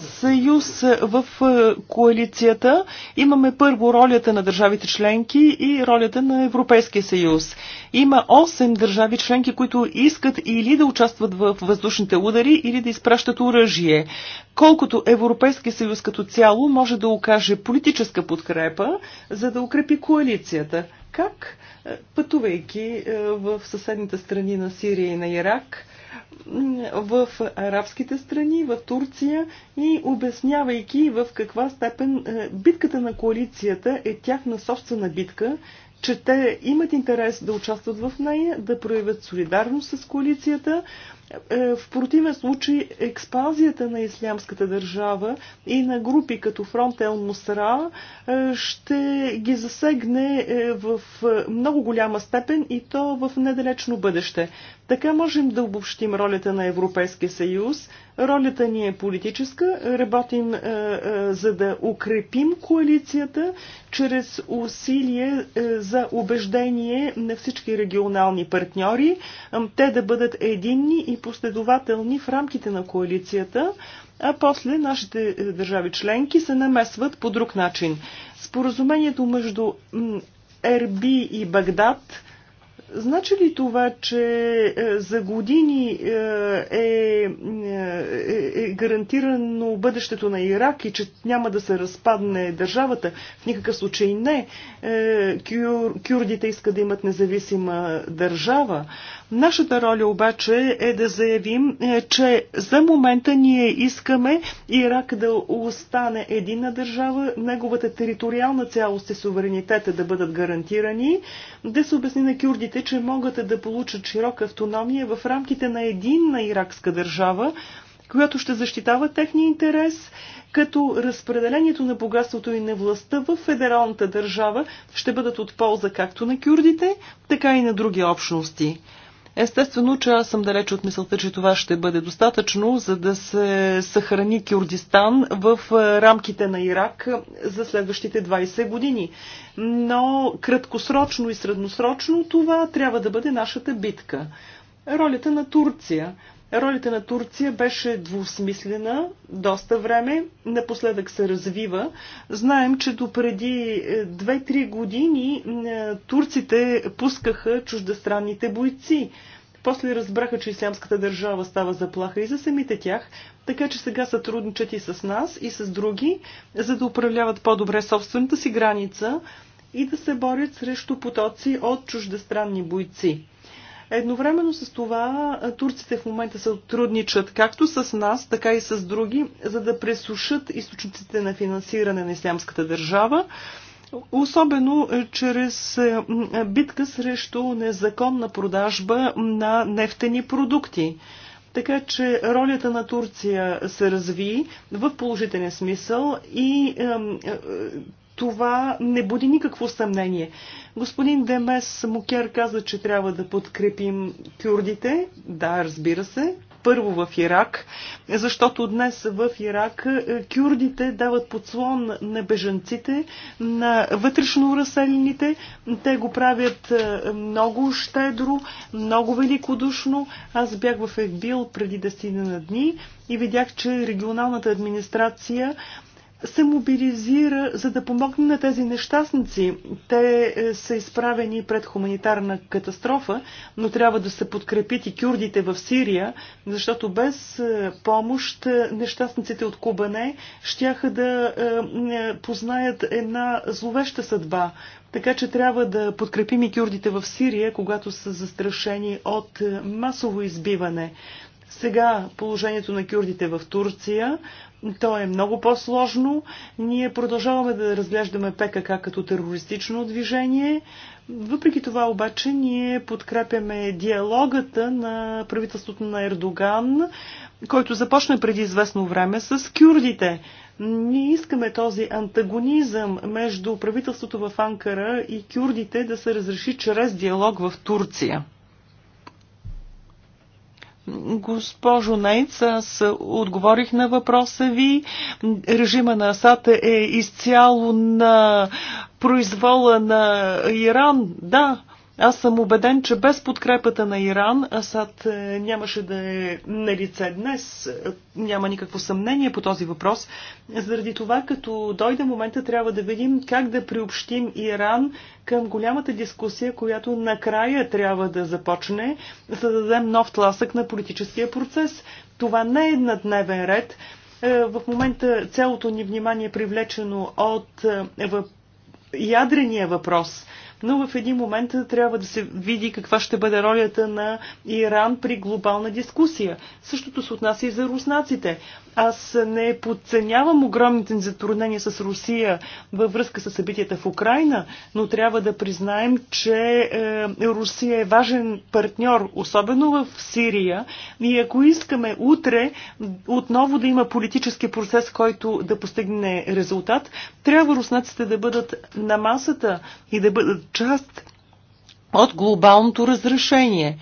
съюз е, в е, коалицията имаме първо ролята на държавите членки и ролята на Европейския съюз. Има 8 държави членки, които искат или да участват в въздушните удари, или да изпращат оръжие. Колкото Европейския съюз като цяло може да окаже политическа подкрепа, за да укрепи коалицията. Как? Е, пътувайки в съседните страни на Сирия и на Ирак – в арабските страни, в Турция и обяснявайки в каква степен е, битката на коалицията е тяхна собствена битка, че те имат интерес да участват в нея, да проявят солидарност с коалицията, е, в противен случай експанзията на ислямската държава и на групи като Фронт Ел Мусра е, ще ги засегне е, в много голяма степен и то в недалечно бъдеще. Така можем да обобщим ролята на Европейския съюз. Ролята ни е политическа. Работим за да укрепим коалицията чрез усилие за убеждение на всички регионални партньори, те да бъдат единни и последователни в рамките на коалицията, а после нашите е, държави членки се намесват по друг начин. Споразумението между Ерби и Багдад Значи ли това, че е, за години е, е, гарантирано бъдещето на Ирак и че няма да се разпадне държавата? В никакъв случай не. Кюр, кюрдите искат да имат независима държава. Нашата роля обаче е да заявим, е, че за момента ние искаме Ирак да остане единна държава, неговата териториална цялост и суверенитета да бъдат гарантирани, да се обясни на кюрдите, че могат да получат широка автономия в рамките на единна иракска държава, която ще защитава техния интерес, като разпределението на богатството и на властта в федералната държава ще бъдат от полза както на кюрдите, така и на други общности. Естествено, че аз съм далеч от мисълта, че това ще бъде достатъчно, за да се съхрани Кюрдистан в е, рамките на Ирак е, за следващите 20 години. Но краткосрочно и средносрочно това трябва да бъде нашата битка. Ролята на Турция. Ролята на Турция беше двусмислена доста време, напоследък се развива. Знаем, че допреди 2-3 е, години е, турците пускаха чуждестранните бойци. После разбраха, че ислямската държава става заплаха и за самите тях, така че сега сътрудничат и с нас, и с други, за да управляват по-добре собствената си граница и да се борят срещу потоци от чуждестранни бойци. Едновременно с това турците в момента се трудничат както с нас, така и с други, за да пресушат източниците на финансиране на ислямската държава особено чрез битка срещу незаконна продажба на нефтени продукти. Така че ролята на Турция се разви в положителен смисъл и това не буди никакво съмнение. Господин Демес Мукер каза, че трябва да подкрепим кюрдите. Да, разбира се. Първо в Ирак, защото днес в Ирак е, кюрдите дават подслон на бежанците, на вътрешно разселените. Те го правят е, много щедро, много великодушно. Аз бях в Екбил преди десетина дни и видях, че регионалната администрация се мобилизира, за да помогне на тези нещастници. Те е, са изправени пред хуманитарна катастрофа, но трябва да се подкрепят и кюрдите в Сирия, защото без е, помощ е, нещастниците от Кубане щяха да познаят една зловеща съдба. Така че трябва да подкрепим и кюрдите в Сирия, когато са застрашени от масово избиване. Сега положението на кюрдите в Турция, то е много по-сложно. Ние продължаваме да разглеждаме ПКК като терористично движение. Въпреки това обаче ние подкрепяме диалогата на правителството на Ердоган, който започна преди известно време с кюрдите. Ние искаме този антагонизъм между правителството в Анкара и кюрдите да се разреши чрез диалог в Турция. Госпожо Нейц, аз отговорих на въпроса ви. Режима на Асад е изцяло на произвола на Иран. Да, аз съм убеден, че без подкрепата на Иран Асад е, нямаше да е на лице днес. Няма никакво съмнение по този въпрос. Заради това, като дойде момента, трябва да видим как да приобщим Иран към голямата дискусия, която накрая трябва да започне, за да дадем нов тласък на политическия процес. Това не е дневен ред. Е, в момента цялото ни внимание е привлечено от е, ядрения въпрос – но в един момент трябва да се види каква ще бъде ролята на Иран при глобална дискусия. Същото се отнася и за руснаците. Аз не подценявам огромните затруднения с Русия във връзка с събитията в Украина, но трябва да признаем, че е, Русия е важен партньор, особено в Сирия. И ако искаме утре отново да има политически процес, който да постигне резултат, трябва руснаците да бъдат на масата и да бъдат част от глобалното разрешение.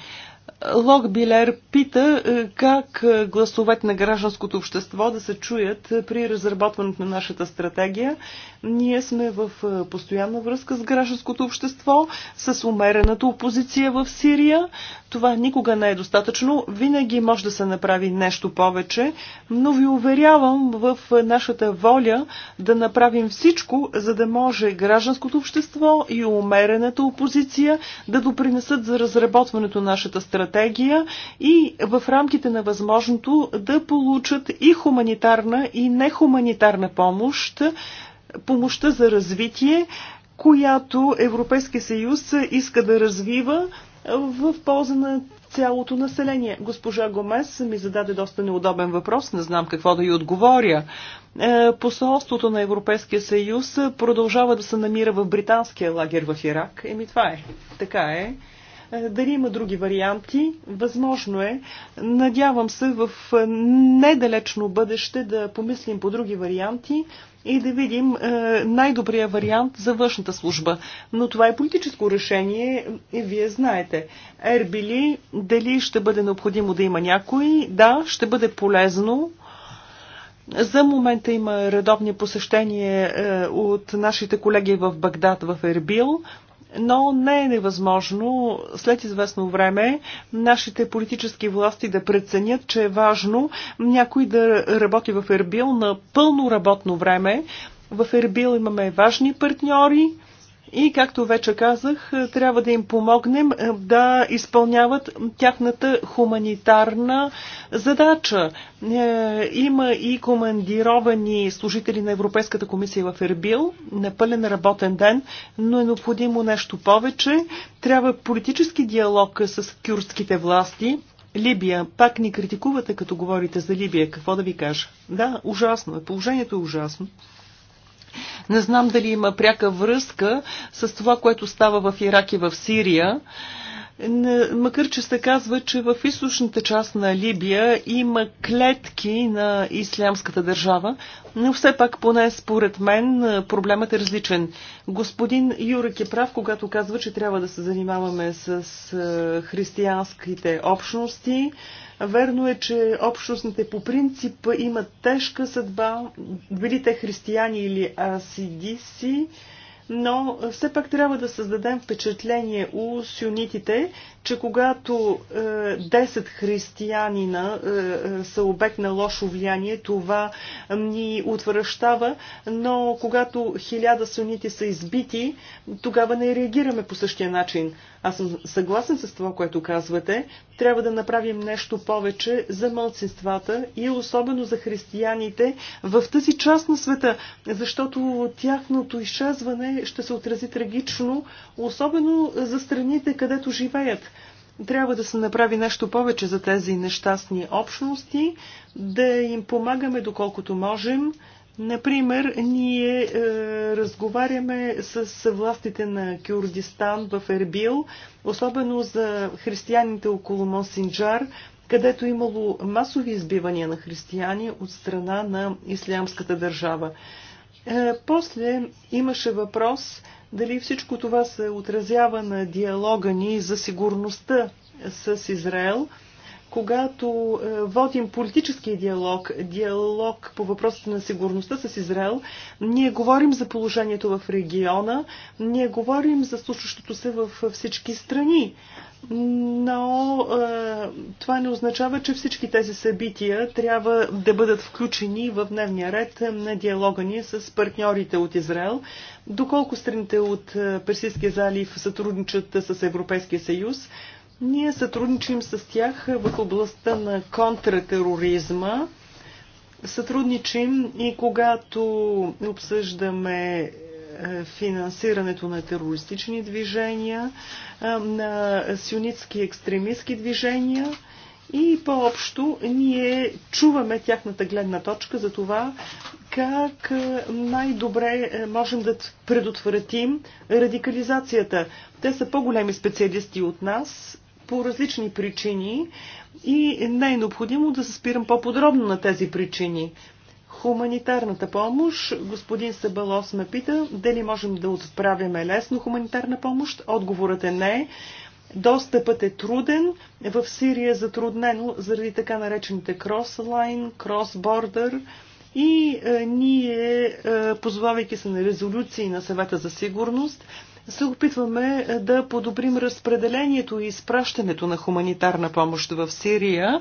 Лок Билер пита е, как е, гласовете на гражданското общество да се чуят при разработването на нашата стратегия ние сме в е, постоянна връзка с гражданското общество, с умерената опозиция в Сирия. Това никога не е достатъчно. Винаги може да се направи нещо повече, но ви уверявам в нашата воля да направим всичко, за да може гражданското общество и умерената опозиция да допринесат за разработването на нашата стратегия и в рамките на възможното да получат и хуманитарна и нехуманитарна помощ, помощта за развитие, която Европейския съюз иска да развива в полза на цялото население. Госпожа Гомес ми зададе доста неудобен въпрос, не знам какво да й отговоря. Е, посолството на Европейския съюз продължава да се намира в британския лагер в Ирак. Еми това е. Така е. е дали има други варианти? Възможно е. Надявам се в недалечно бъдеще да помислим по други варианти и да видим е, най-добрия вариант за външната служба. Но това е политическо решение и вие знаете. Ербили, дали ще бъде необходимо да има някой? Да, ще бъде полезно. За момента има редовни посещения е, от нашите колеги в Багдад в Ербил но не е невъзможно след известно време нашите политически власти да преценят, че е важно някой да работи в Ербил на пълно работно време. В Ербил имаме важни партньори, и, както вече казах, трябва да им помогнем е, да изпълняват тяхната хуманитарна задача. Е, има и командировани служители на Европейската комисия в Ербил на пълен работен ден, но е необходимо нещо повече. Трябва политически диалог с кюрдските власти. Либия, пак ни критикувате, като говорите за Либия. Какво да ви кажа? Да, ужасно е. Положението е ужасно. Не знам дали има пряка връзка с това, което става в Ирак и в Сирия. Макар, че се казва, че в източната част на Либия има клетки на ислямската държава, но все пак поне според мен проблемът е различен. Господин Юрик е прав, когато казва, че трябва да се занимаваме с е, християнските общности. Верно е, че общностните по принцип имат тежка съдба, били те християни или асидиси но все пак трябва да създадем впечатление у сюнитите, че когато 10 е, християнина е, е, са обект на лошо влияние, това ни отвръщава, но когато хиляда сунити са избити, тогава не реагираме по същия начин. Аз съм съгласен с това, което казвате. Трябва да направим нещо повече за мълцинствата и особено за християните в тази част на света, защото тяхното изчезване ще се отрази трагично, особено за страните, където живеят трябва да се направи нещо повече за тези нещастни общности, да им помагаме доколкото можем, Например, ние е, разговаряме с властите на Кюрдистан в Ербил, особено за християните около Мосинджар, където е имало масови избивания на християни от страна на ислямската държава. Е, после имаше въпрос дали всичко това се отразява на диалога ни за сигурността с Израел когато е, водим политически диалог, диалог по въпросите на сигурността с Израел, ние говорим за положението в региона, ние говорим за случващото се във всички страни. Но е, това не означава, че всички тези събития трябва да бъдат включени в дневния ред на диалога ни с партньорите от Израел, доколко страните от е, Персийския залив сътрудничат с Европейския съюз, ние сътрудничим с тях в областта на контратероризма. Сътрудничим и когато обсъждаме е, финансирането на терористични движения, е, на сионитски екстремистски движения и по-общо ние чуваме тяхната гледна точка за това как е, най-добре можем да предотвратим радикализацията. Те са по-големи специалисти от нас по различни причини и не е необходимо да се спирам по-подробно на тези причини. Хуманитарната помощ. Господин Сабалос ме пита дали можем да отправяме лесно хуманитарна помощ. Отговорът е не. Достъпът е труден. В Сирия е затруднено заради така наречените крослайн, кросбордър. И е, ние, е, позовавайки се на резолюции на съвета за сигурност, се опитваме е, да подобрим разпределението и изпращането на хуманитарна помощ в Сирия.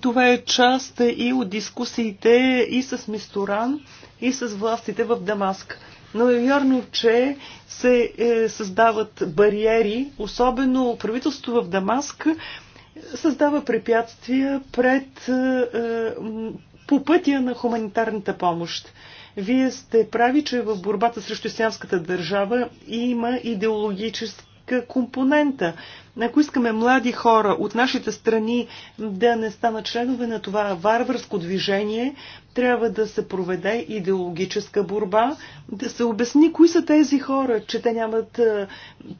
Това е част и от дискусиите и с Мисторан, и с властите в Дамаск. Но е вярно, че се е, създават бариери, особено правителството в Дамаск е, създава препятствия пред, е, по пътя на хуманитарната помощ. Вие сте прави, че в борбата срещу ислямската държава има идеологическа компонента. Ако искаме млади хора от нашите страни да не станат членове на това варварско движение, трябва да се проведе идеологическа борба, да се обясни кои са тези хора, че те нямат е,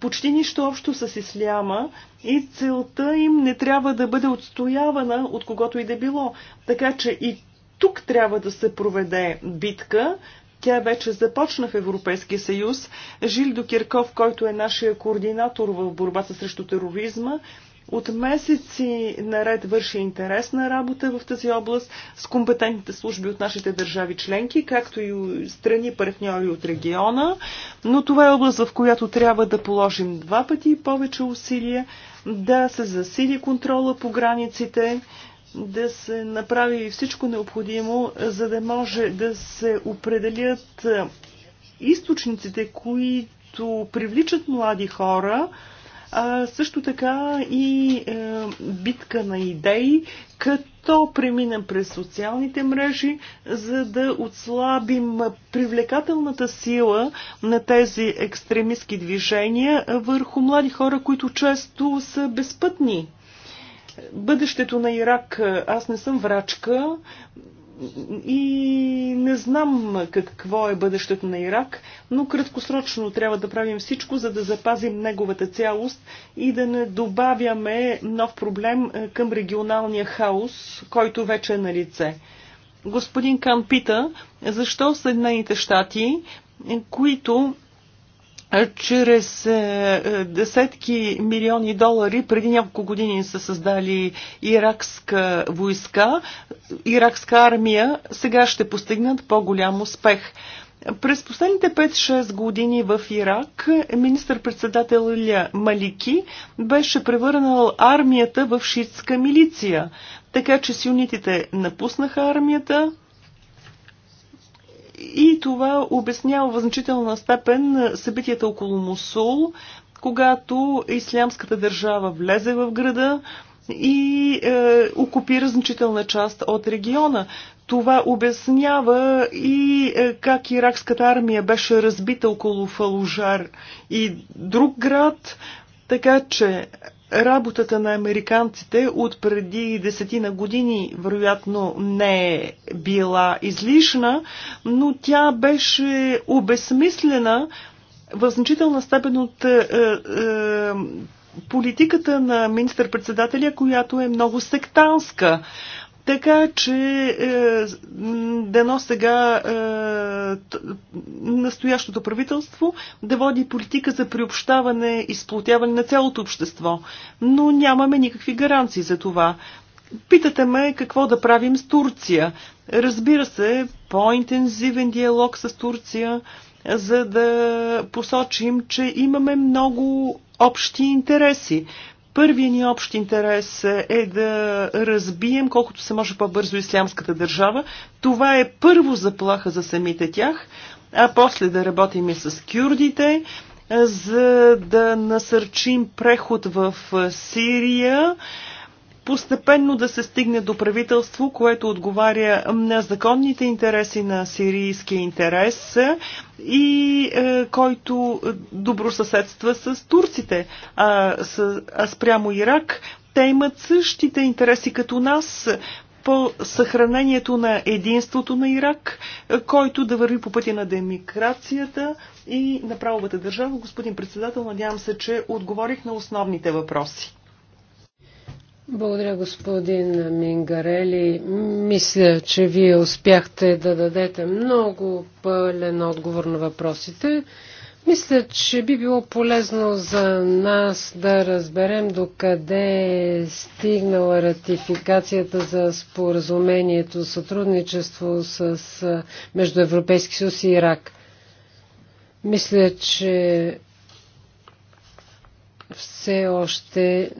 почти нищо общо с исляма и целта им не трябва да бъде отстоявана от когото и да било. Така че и тук трябва да се проведе битка. Тя вече започна в Европейския съюз. Жилдо Кирков, който е нашия координатор в борбата срещу тероризма, от месеци наред върши интересна работа в тази област с компетентните служби от нашите държави членки, както и страни партньори от региона, но това е област, в която трябва да положим два пъти повече усилия, да се засили контрола по границите, да се направи всичко необходимо, за да може да се определят е, източниците, които привличат млади хора, а също така и е, битка на идеи, като преминем през социалните мрежи, за да отслабим привлекателната сила на тези екстремистски движения върху млади хора, които често са безпътни бъдещето на Ирак, аз не съм врачка и не знам какво е бъдещето на Ирак, но краткосрочно трябва да правим всичко, за да запазим неговата цялост и да не добавяме нов проблем към регионалния хаос, който вече е на лице. Господин Кан пита, защо Съединените щати, които чрез е, е, десетки милиони долари преди няколко години са създали иракска войска, иракска армия, сега ще постигнат по-голям успех. През последните 5-6 години в Ирак министър-председател Малики беше превърнал армията в шитска милиция, така че сюнитите напуснаха армията, и това обяснява в значителна степен събитията около Мусул, когато Ислямската държава влезе в града и е, окупира значителна част от региона. Това обяснява и е, как иракската армия беше разбита около Фалужар и друг град, така че работата на американците от преди десетина години вероятно не е била излишна, но тя беше обесмислена в значителна степен от е, е, политиката на министър-председателя, която е много сектанска. Така че е, дано сега е, настоящото правителство да води политика за приобщаване и сплотяване на цялото общество. Но нямаме никакви гаранции за това. Питате ме какво да правим с Турция. Разбира се, по-интензивен диалог с Турция, за да посочим, че имаме много общи интереси. Първият ни общ интерес е да разбием колкото се може по-бързо ислямската държава. Това е първо заплаха за самите тях, а после да работим и с кюрдите, за да насърчим преход в Сирия постепенно да се стигне до правителство, което отговаря на законните интереси на сирийския интерес и е, който добросъседства с турците, а, с, а спрямо Ирак. Те имат същите интереси като нас по съхранението на единството на Ирак, който да върви по пътя на демокрацията и на правовата държава. Господин председател, надявам се, че отговорих на основните въпроси. Благодаря, господин Мингарели. Мисля, че вие успяхте да дадете много пълен отговор на въпросите. Мисля, че би било полезно за нас да разберем докъде е стигнала ратификацията за споразумението сътрудничество с, между Европейски съюз и Ирак. Мисля, че все още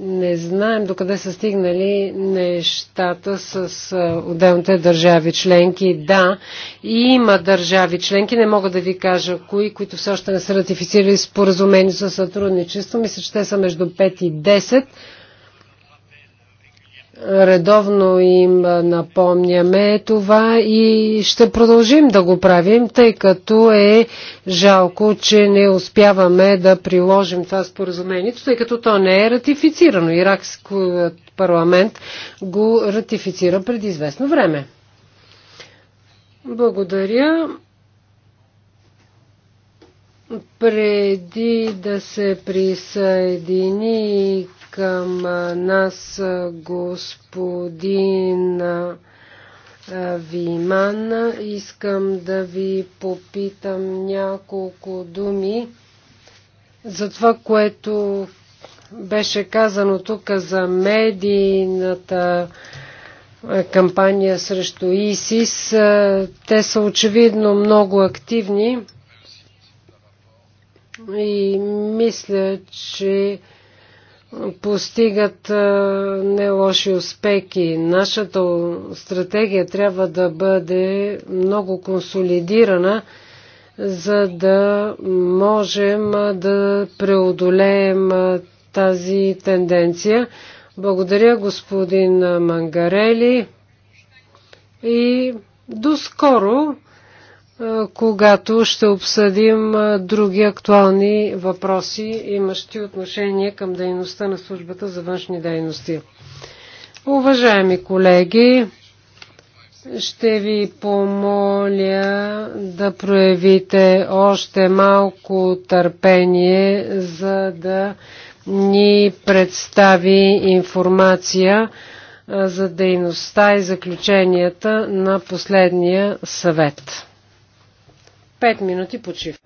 не знаем докъде са стигнали нещата с отделните държави членки. Да, има държави членки, не мога да ви кажа кои, които все още не са ратифицирали споразумение за сътрудничество. Мисля, че те са между 5 и 10 редовно им напомняме това и ще продължим да го правим, тъй като е жалко, че не успяваме да приложим това споразумението, тъй като то не е ратифицирано. Иракският парламент го ратифицира преди известно време. Благодаря. Преди да се присъедини към нас господин Виман. Искам да ви попитам няколко думи за това, което беше казано тук за медийната кампания срещу ИСИС. Те са очевидно много активни и мисля, че постигат не лоши успехи. Нашата стратегия трябва да бъде много консолидирана, за да можем да преодолеем тази тенденция. Благодаря господин Мангарели и до скоро! когато ще обсъдим други актуални въпроси, имащи отношение към дейността на службата за външни дейности. Уважаеми колеги, ще ви помоля да проявите още малко търпение, за да ни представи информация за дейността и заключенията на последния съвет. 5 минути почивка.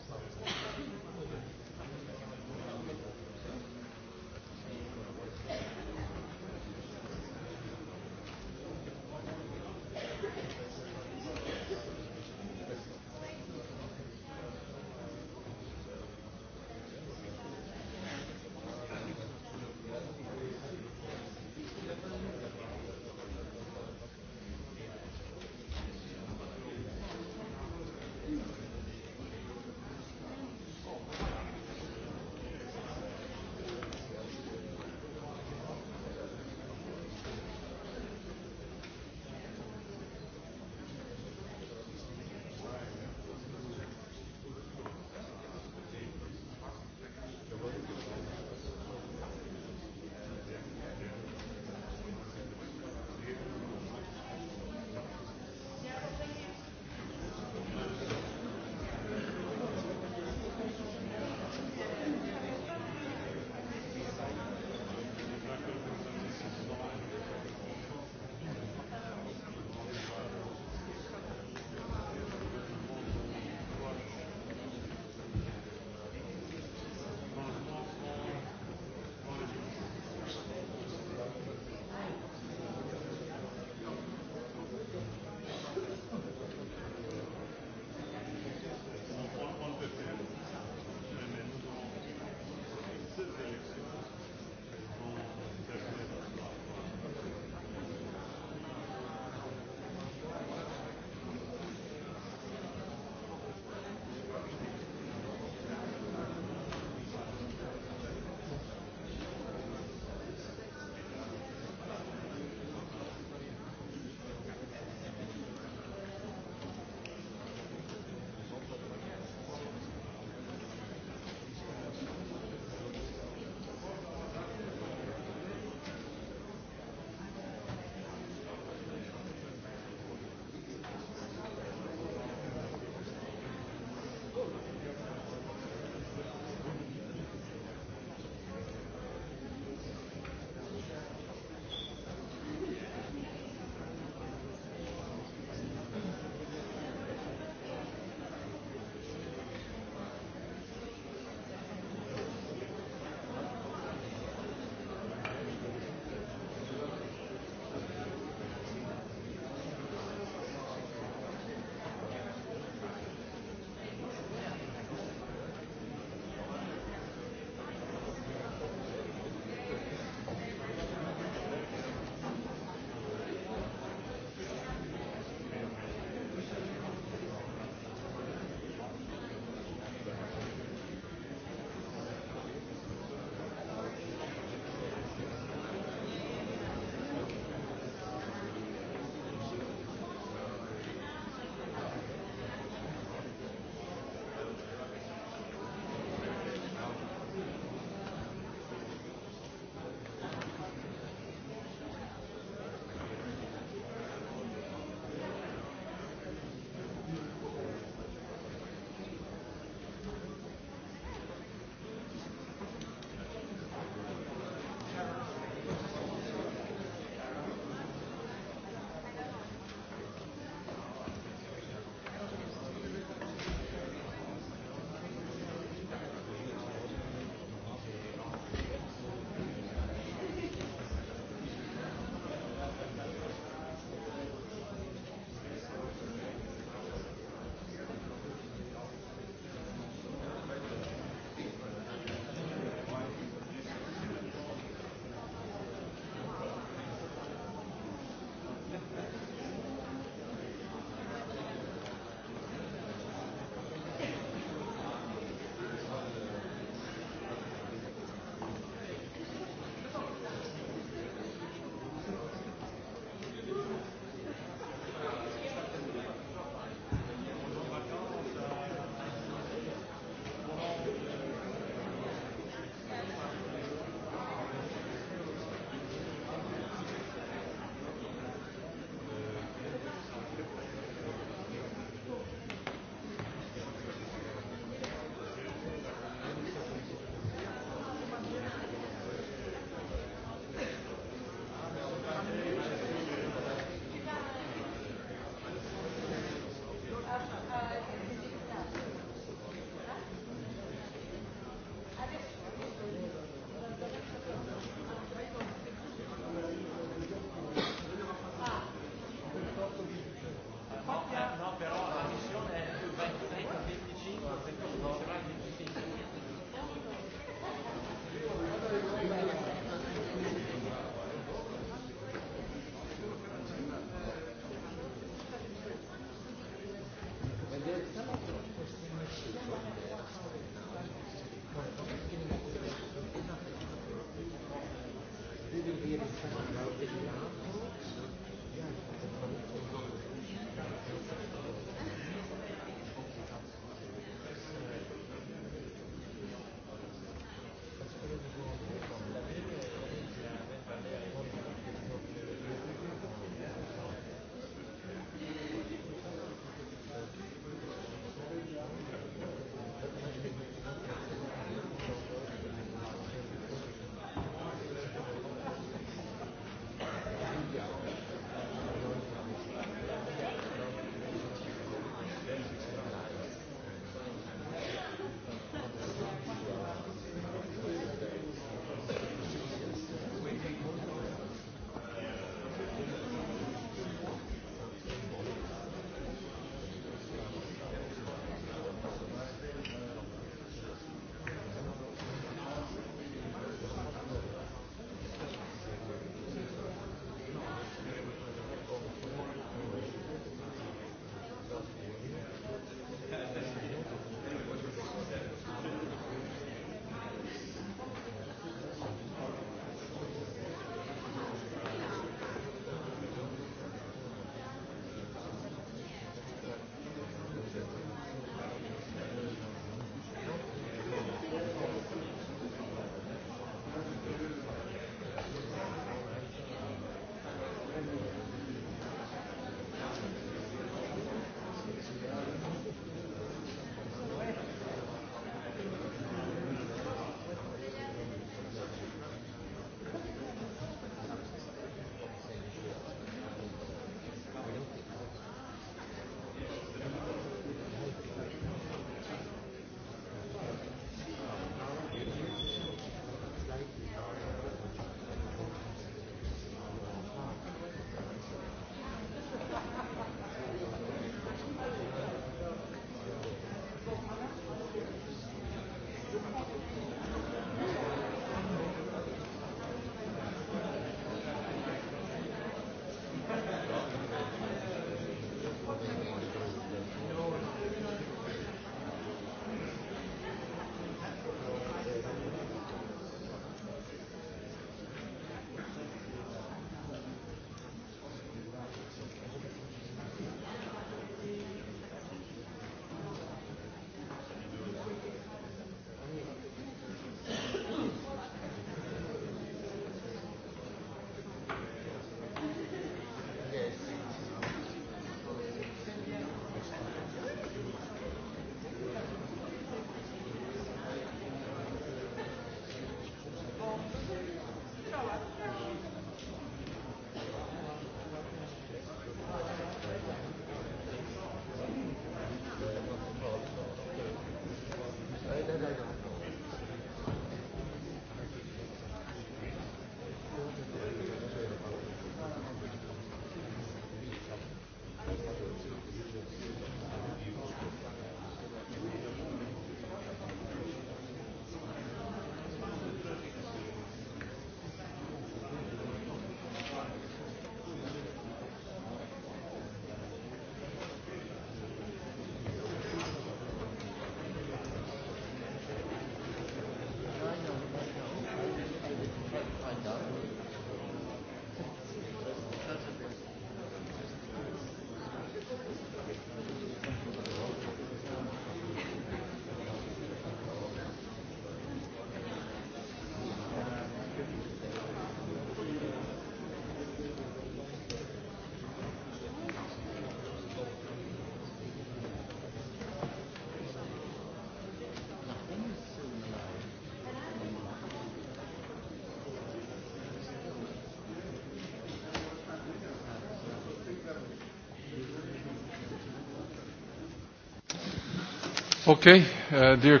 Okay, uh, dear...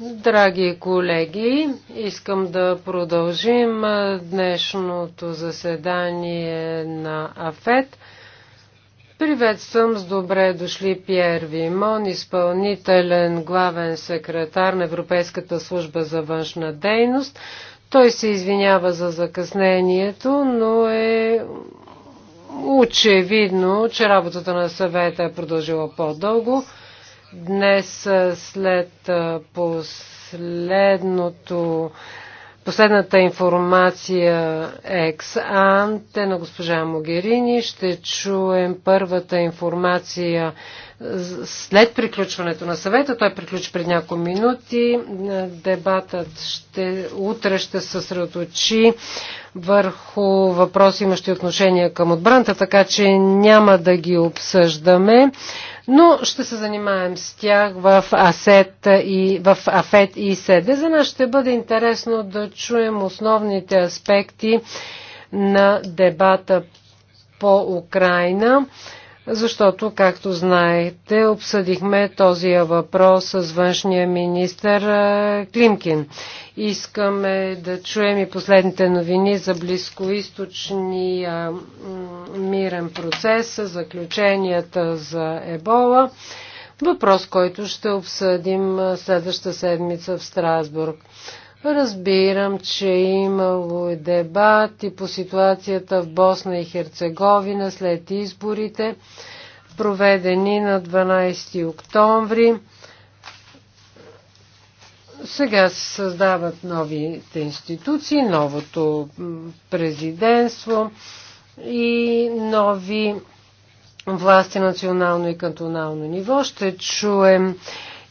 Драги колеги, искам да продължим днешното заседание на АФЕД. Приветствам с добре дошли Пьер Вимон, изпълнителен главен секретар на Европейската служба за външна дейност. Той се извинява за закъснението, но е Очевидно, че работата на съвета е продължила по-дълго. Днес след последното Последната информация е екс-анте на госпожа Могерини. Ще чуем първата информация след приключването на съвета. Той приключи пред няколко минути. Дебатът ще, утре ще се съсредоточи върху въпроси, имащи отношение към отбраната, така че няма да ги обсъждаме но ще се занимаем с тях в, АСЕТ и, в АФЕТ и СЕДЕ. За нас ще бъде интересно да чуем основните аспекти на дебата по Украина защото, както знаете, обсъдихме този въпрос с външния министр Климкин. Искаме да чуем и последните новини за близкоисточния мирен процес, заключенията за Ебола. Въпрос, който ще обсъдим следваща седмица в Страсбург. Разбирам, че е имало дебати по ситуацията в Босна и Херцеговина след изборите, проведени на 12 октомври. Сега се създават новите институции, новото президентство и нови власти национално и кантонално ниво. Ще чуем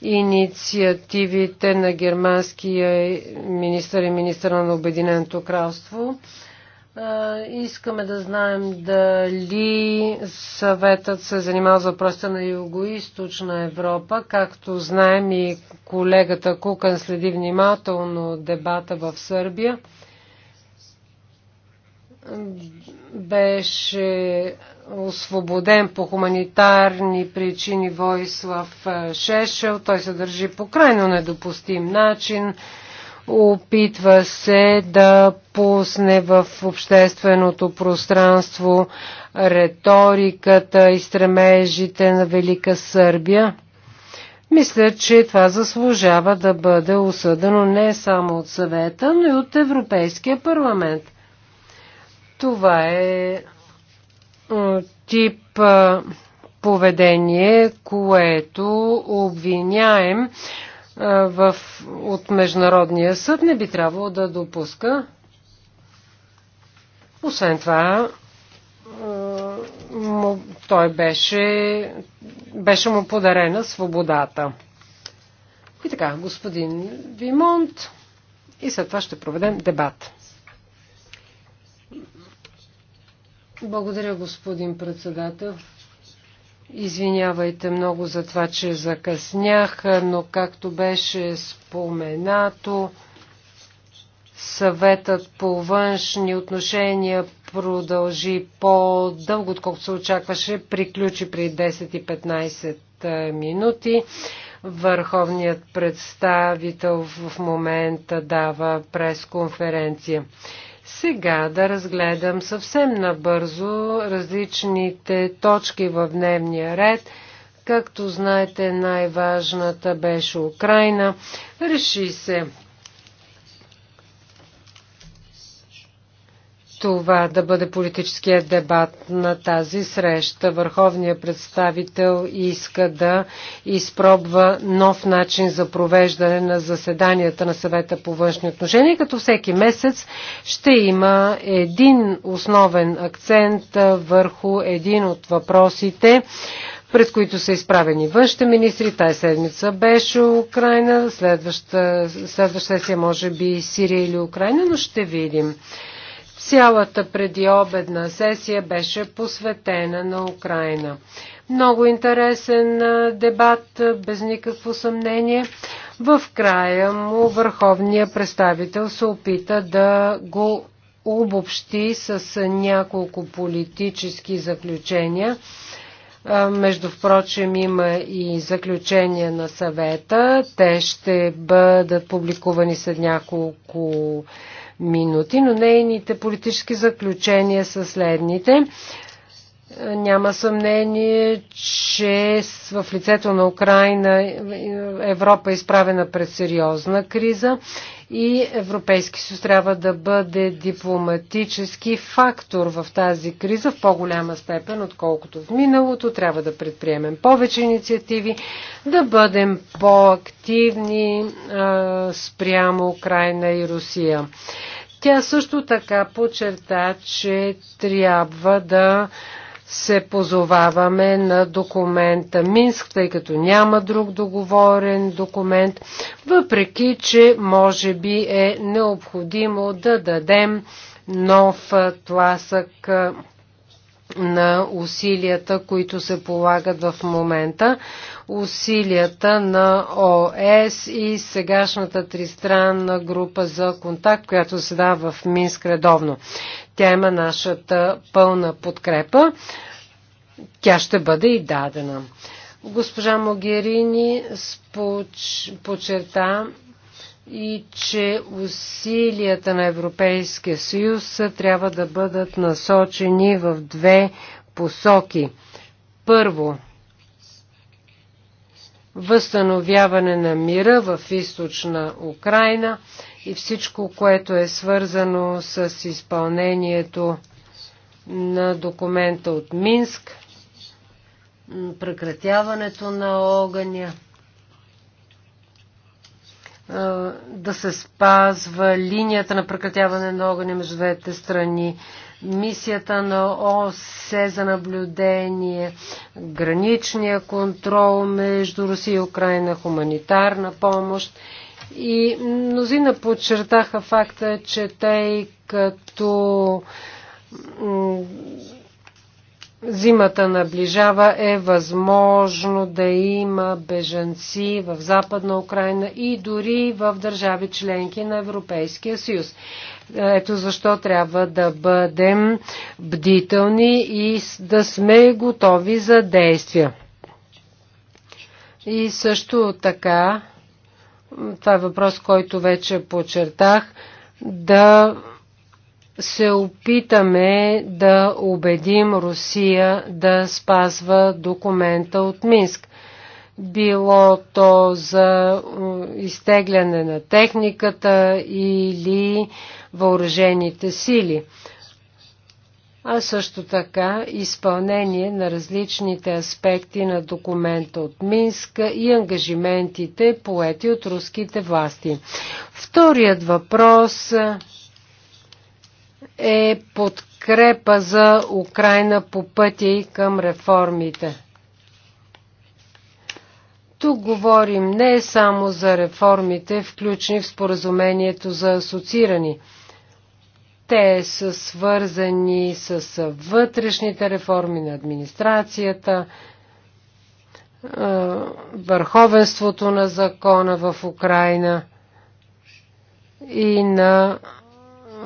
инициативите на германския министър и министър на Обединеното кралство. Искаме да знаем дали съветът се е занимава за въпроса на Юго-Источна Европа. Както знаем и колегата Кукан следи внимателно дебата в Сърбия беше освободен по хуманитарни причини Войслав Шешел. Той се държи по крайно недопустим начин. Опитва се да пусне в общественото пространство риториката и стремежите на Велика Сърбия. Мисля, че това заслужава да бъде осъдено не само от съвета, но и от Европейския парламент. Това е тип поведение, което обвиняем в, от Международния съд не би трябвало да допуска. Освен това, му, той беше, беше му подарена свободата. И така, господин Вимонт, и след това ще проведем дебат. Благодаря, господин председател. Извинявайте много за това, че закъснях, но както беше споменато, съветът по външни отношения продължи по-дълго, отколкото се очакваше, приключи при 10 и 15 минути. Върховният представител в момента дава пресконференция. конференция сега да разгледам съвсем набързо различните точки в дневния ред. Както знаете, най-важната беше Украина. Реши се това да бъде политическия дебат на тази среща. Върховният представител иска да изпробва нов начин за провеждане на заседанията на съвета по външни отношения, като всеки месец ще има един основен акцент върху един от въпросите, пред които са изправени външните министри. Тая седмица беше Украина, следваща, следваща сесия може би Сирия или Украина, но ще видим. Цялата предиобедна сесия беше посветена на Украина. Много интересен дебат, без никакво съмнение. В края му върховният представител се опита да го обобщи с няколко политически заключения. Между впрочем има и заключения на съвета. Те ще бъдат публикувани след няколко минути, но нейните политически заключения са следните. Няма съмнение, че в лицето на Украина Европа е изправена пред сериозна криза и Европейски съюз трябва да бъде дипломатически фактор в тази криза в по-голяма степен, отколкото в миналото. Трябва да предприемем повече инициативи, да бъдем по-активни спрямо Украина и Русия. Тя също така подчерта, че трябва да се позоваваме на документа Минск, тъй като няма друг договорен документ, въпреки че може би е необходимо да дадем нов тласък на усилията, които се полагат в момента. Усилията на ОС и сегашната тристранна група за контакт, която се дава в Минск редовно. Тя има нашата пълна подкрепа. Тя ще бъде и дадена. Госпожа Могерини поч... почерта и че усилията на Европейския съюз трябва да бъдат насочени в две посоки. Първо, възстановяване на мира в източна Украина и всичко, което е свързано с изпълнението на документа от Минск, прекратяването на огъня да се спазва линията на прекратяване на огъня между двете страни, мисията на ОСЕ за наблюдение, граничния контрол между Русия и Украина, хуманитарна помощ. И мнозина подчертаха факта, че тъй като зимата наближава, е възможно да има бежанци в Западна Украина и дори в държави членки на Европейския съюз. Ето защо трябва да бъдем бдителни и да сме готови за действия. И също така, това е въпрос, който вече подчертах, да се опитаме да убедим Русия да спазва документа от Минск. Било то за изтегляне на техниката или въоръжените сили, а също така изпълнение на различните аспекти на документа от Минск и ангажиментите поети от руските власти. Вторият въпрос е подкрепа за Украина по пътя и към реформите. Тук говорим не само за реформите, включени в споразумението за асоциирани. Те са свързани с вътрешните реформи на администрацията, върховенството на закона в Украина и на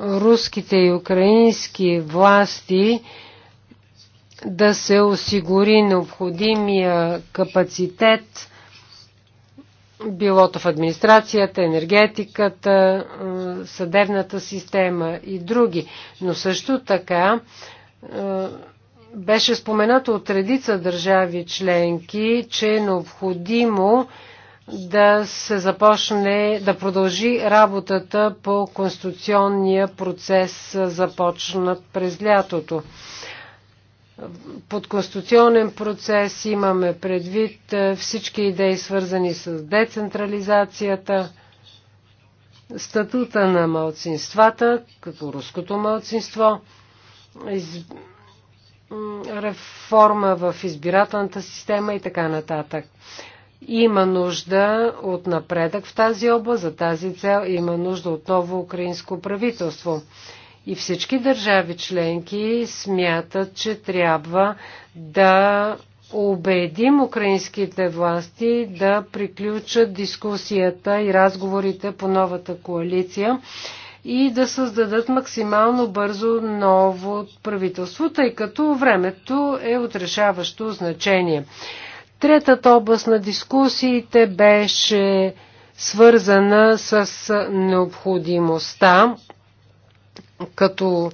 руските и украински власти да се осигури необходимия капацитет, билото в администрацията, енергетиката, съдебната система и други. Но също така беше споменато от редица държави членки, че е необходимо да се започне, да продължи работата по конституционния процес, започнат през лятото. Под конституционен процес имаме предвид е, всички идеи, свързани с децентрализацията, статута на малцинствата, като руското малцинство, из... реформа в избирателната система и така нататък. Има нужда от напредък в тази област, за тази цел има нужда от ново украинско правителство. И всички държави членки смятат, че трябва да убедим украинските власти да приключат дискусията и разговорите по новата коалиция и да създадат максимално бързо ново правителство, тъй като времето е отрешаващо значение. Третата област на дискусиите беше свързана с необходимостта като,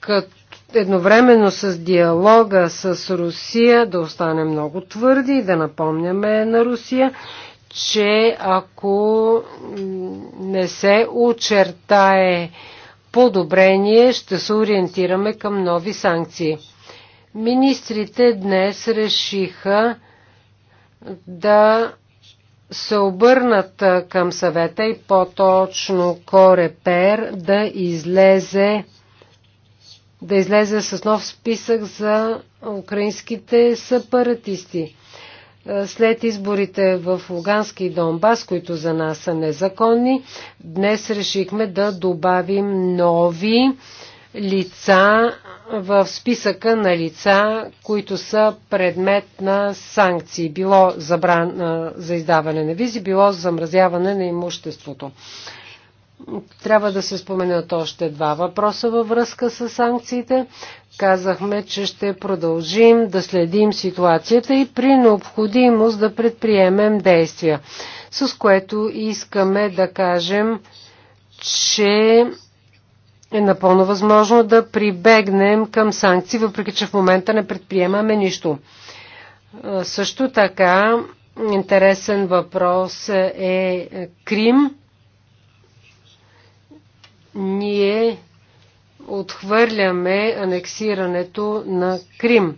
като едновременно с диалога с Русия да остане много твърди и да напомняме на Русия, че ако не се очертае подобрение, ще се ориентираме към нови санкции. Министрите днес решиха да се обърнат към съвета и по-точно Корепер да излезе да излезе с нов списък за украинските сепаратисти. След изборите в Лугански и Донбас, които за нас са незаконни, днес решихме да добавим нови лица в списъка на лица, които са предмет на санкции, било забран, за издаване на визи, било за замразяване на имуществото. Трябва да се споменят още два въпроса във връзка с санкциите. Казахме, че ще продължим да следим ситуацията и при необходимост да предприемем действия, с което искаме да кажем, че е напълно възможно да прибегнем към санкции, въпреки че в момента не предприемаме нищо. Също така, интересен въпрос е Крим. Ние отхвърляме анексирането на Крим.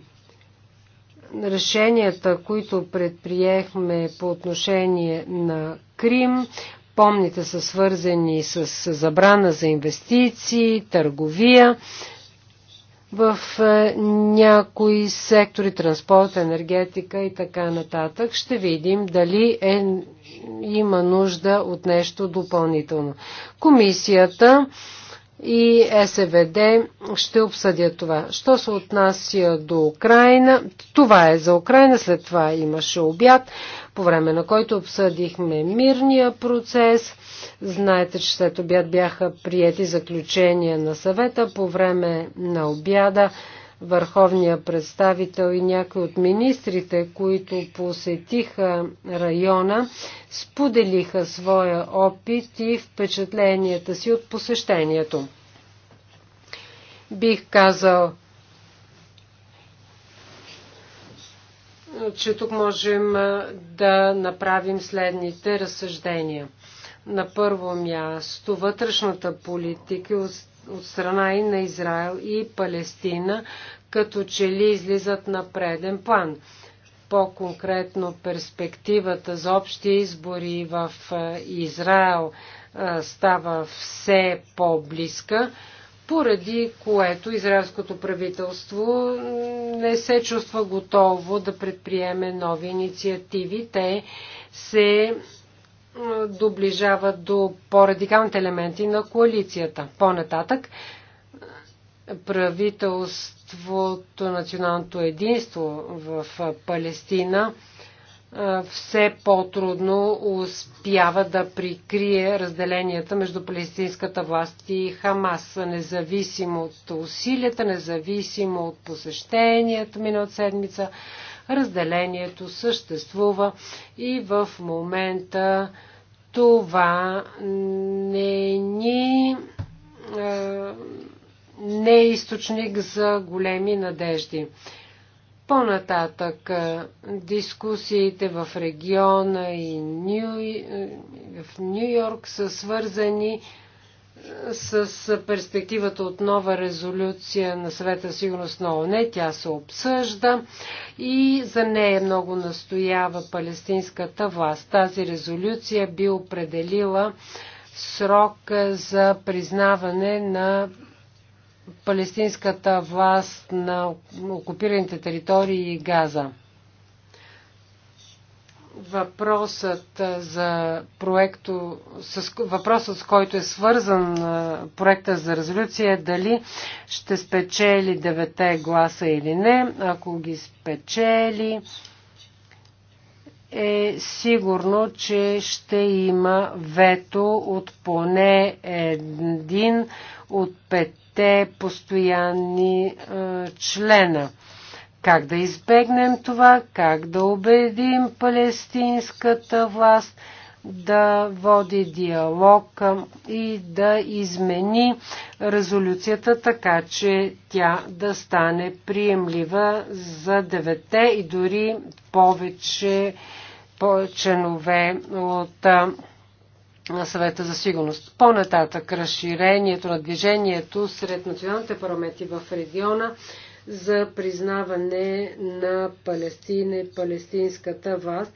Решенията, които предприехме по отношение на Крим, помните, са свързани с забрана за инвестиции, търговия в е, някои сектори, транспорт, енергетика и така нататък. Ще видим дали е, има нужда от нещо допълнително. Комисията и СВД ще обсъдят това. Що се отнася до Украина? Това е за Украина, след това имаше обяд по време на който обсъдихме мирния процес. Знаете, че след обяд бяха приети заключения на съвета по време на обяда. Върховния представител и някои от министрите, които посетиха района, споделиха своя опит и впечатленията си от посещението. Бих казал, че тук можем да направим следните разсъждения. На първо място, вътрешната политика е от, от страна и на Израел и Палестина, като че ли излизат на преден план. По-конкретно перспективата за общи избори в Израел става все по-близка поради което израелското правителство не се чувства готово да предприеме нови инициативи. Те се доближават до по-радикалните елементи на коалицията. По-нататък правителството Националното единство в Палестина – все по-трудно успява да прикрие разделенията между палестинската власт и Хамас, независимо от усилията, независимо от посещенията миналата седмица. Разделението съществува и в момента това не ни не е източник за големи надежди. По-нататък дискусиите в региона и Нью, е, в Нью Йорк са свързани е, с перспективата от нова резолюция на съвета сигурност на ОНЕ. Тя се обсъжда и за нея много настоява палестинската власт. Тази резолюция би определила срок е, за признаване на палестинската власт на окупираните територии и Газа. Въпросът за проекто, с, въпросът с който е свързан проекта за резолюция е дали ще спечели девете гласа или не. Ако ги спечели, е сигурно, че ще има вето от поне един от петте постоянни е, члена. Как да избегнем това? Как да убедим палестинската власт да води диалог и да измени резолюцията така, че тя да стане приемлива за девете и дори повече членове от съвета за сигурност. По-нататък разширението на движението сред националните парламенти в региона за признаване на Палестина и палестинската власт,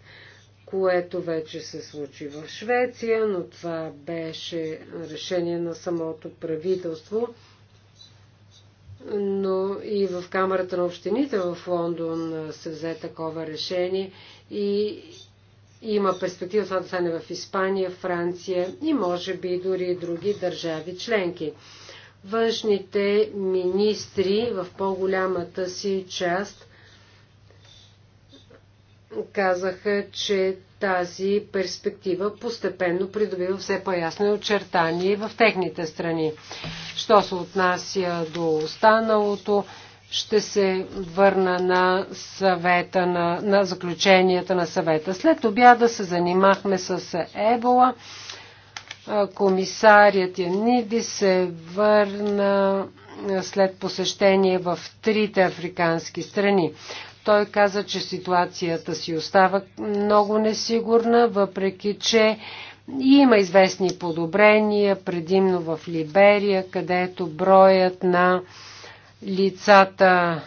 което вече се случи в Швеция, но това беше решение на самото правителство. Но и в Камерата на общините в Лондон се взе такова решение и има перспектива това да стане в Испания, Франция и може би дори и други държави членки. Външните министри в по-голямата си част казаха, че тази перспектива постепенно придобива все по ясно очертания в техните страни. Що се отнася до останалото, ще се върна на, съвета, на, на заключенията на съвета. След обяда се занимахме с Ебола. Комисарият Яниди се върна след посещение в трите африкански страни. Той каза, че ситуацията си остава много несигурна, въпреки че има известни подобрения, предимно в Либерия, където броят на лицата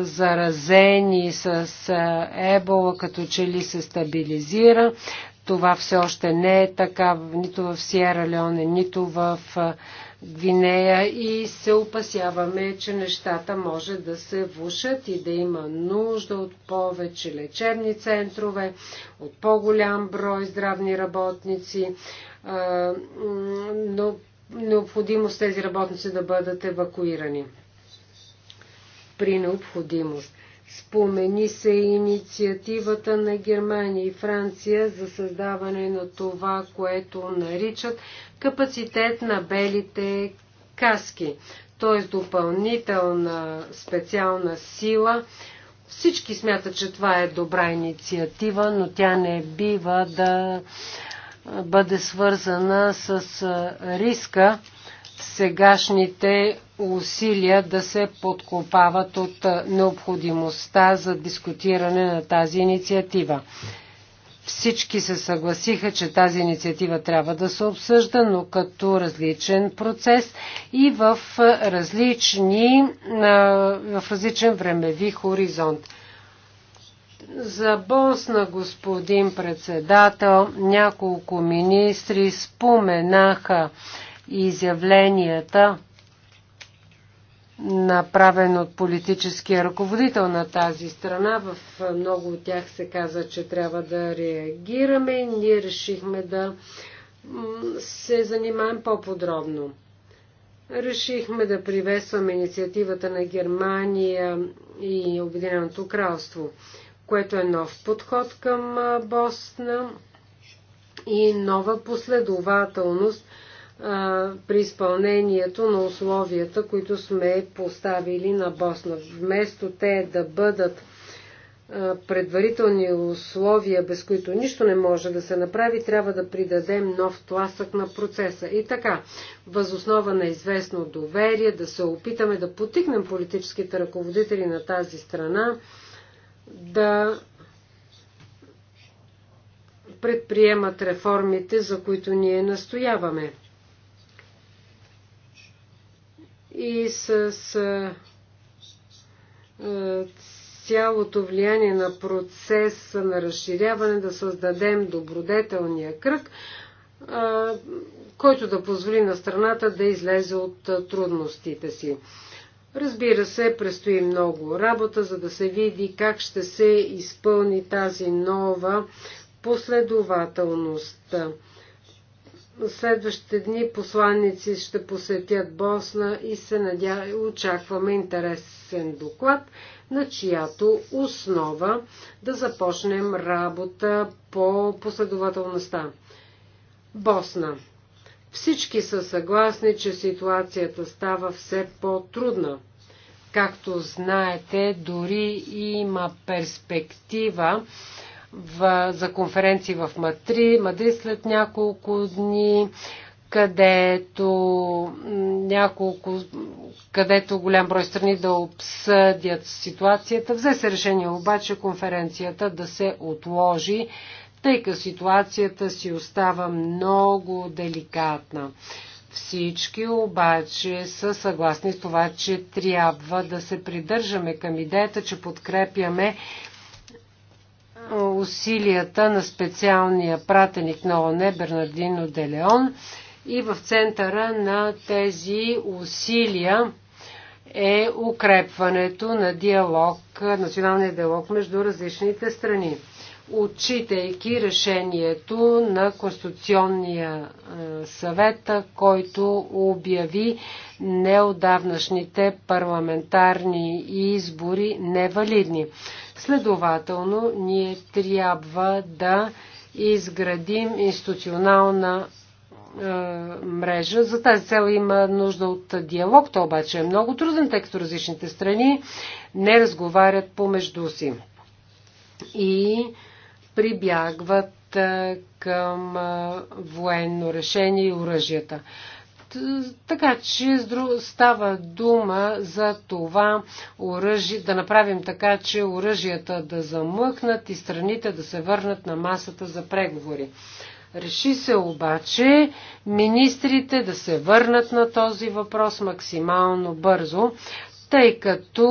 заразени с ебола като че ли се стабилизира. Това все още не е така нито в Сиера Леоне, нито в Гвинея и се опасяваме, че нещата може да се влушат и да има нужда от повече лечебни центрове, от по-голям брой здравни работници, но необходимост тези работници да бъдат евакуирани при необходимост. Спомени се инициативата на Германия и Франция за създаване на това, което наричат капацитет на белите каски, т.е. допълнителна специална сила. Всички смятат, че това е добра инициатива, но тя не бива да бъде свързана с риска сегашните усилия да се подкопават от необходимостта за дискутиране на тази инициатива. Всички се съгласиха, че тази инициатива трябва да се обсъжда, но като различен процес и в, различни, в различен времеви хоризонт. За бонс на господин председател няколко министри споменаха изявленията, направен от политическия ръководител на тази страна. В много от тях се каза, че трябва да реагираме. и Ние решихме да се занимаем по-подробно. Решихме да приветстваме инициативата на Германия и Обединеното кралство, което е нов подход към Босна и нова последователност – при изпълнението на условията, които сме поставили на Босна. Вместо те да бъдат предварителни условия, без които нищо не може да се направи, трябва да придадем нов тласък на процеса. И така, възоснова на известно доверие, да се опитаме да потикнем политическите ръководители на тази страна, да предприемат реформите, за които ние настояваме. и с цялото влияние на процеса на разширяване да създадем добродетелния кръг, който да позволи на страната да излезе от трудностите си. Разбира се, предстои много работа, за да се види как ще се изпълни тази нова последователност следващите дни посланници ще посетят Босна и се надя... очакваме интересен доклад, на чиято основа да започнем работа по последователността. Босна. Всички са съгласни, че ситуацията става все по-трудна. Както знаете, дори има перспектива в, за конференции в Матри, Мадрид след няколко дни, където, няколко, където голям брой страни да обсъдят ситуацията. Взе се решение обаче конференцията да се отложи, тъй като ситуацията си остава много деликатна. Всички обаче са съгласни с това, че трябва да се придържаме към идеята, че подкрепяме усилията на специалния пратеник на ОНЕ Бернардино Делеон и в центъра на тези усилия е укрепването на диалог, националния диалог между различните страни. Отчитайки решението на Конституционния съвет, който обяви неодавнашните парламентарни избори невалидни. Следователно, ние трябва да изградим институционална е, мрежа. За тази цел има нужда от диалог. То обаче е много труден, тъй като различните страни не разговарят помежду си и прибягват е, към е, военно решение и оръжията. Така че става дума за това оръжие, да направим така, че оръжията да замъкнат и страните да се върнат на масата за преговори. Реши се обаче министрите да се върнат на този въпрос максимално бързо, тъй като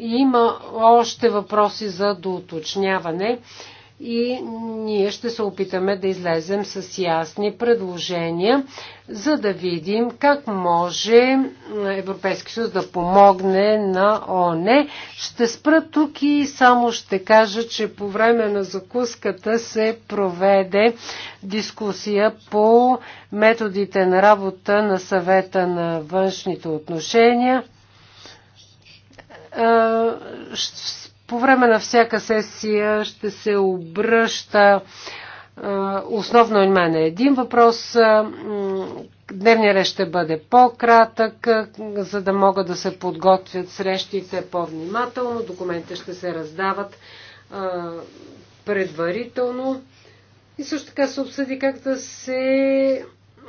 има още въпроси за доуточняване. Да и ние ще се опитаме да излезем с ясни предложения, за да видим как може Европейски съюз да помогне на ОНЕ. Ще спра тук и само ще кажа, че по време на закуската се проведе дискусия по методите на работа на съвета на външните отношения по време на всяка сесия ще се обръща основно на Един въпрос, дневният ред ще бъде по-кратък, за да могат да се подготвят срещите по-внимателно. Документите ще се раздават предварително. И също така се обсъди как да се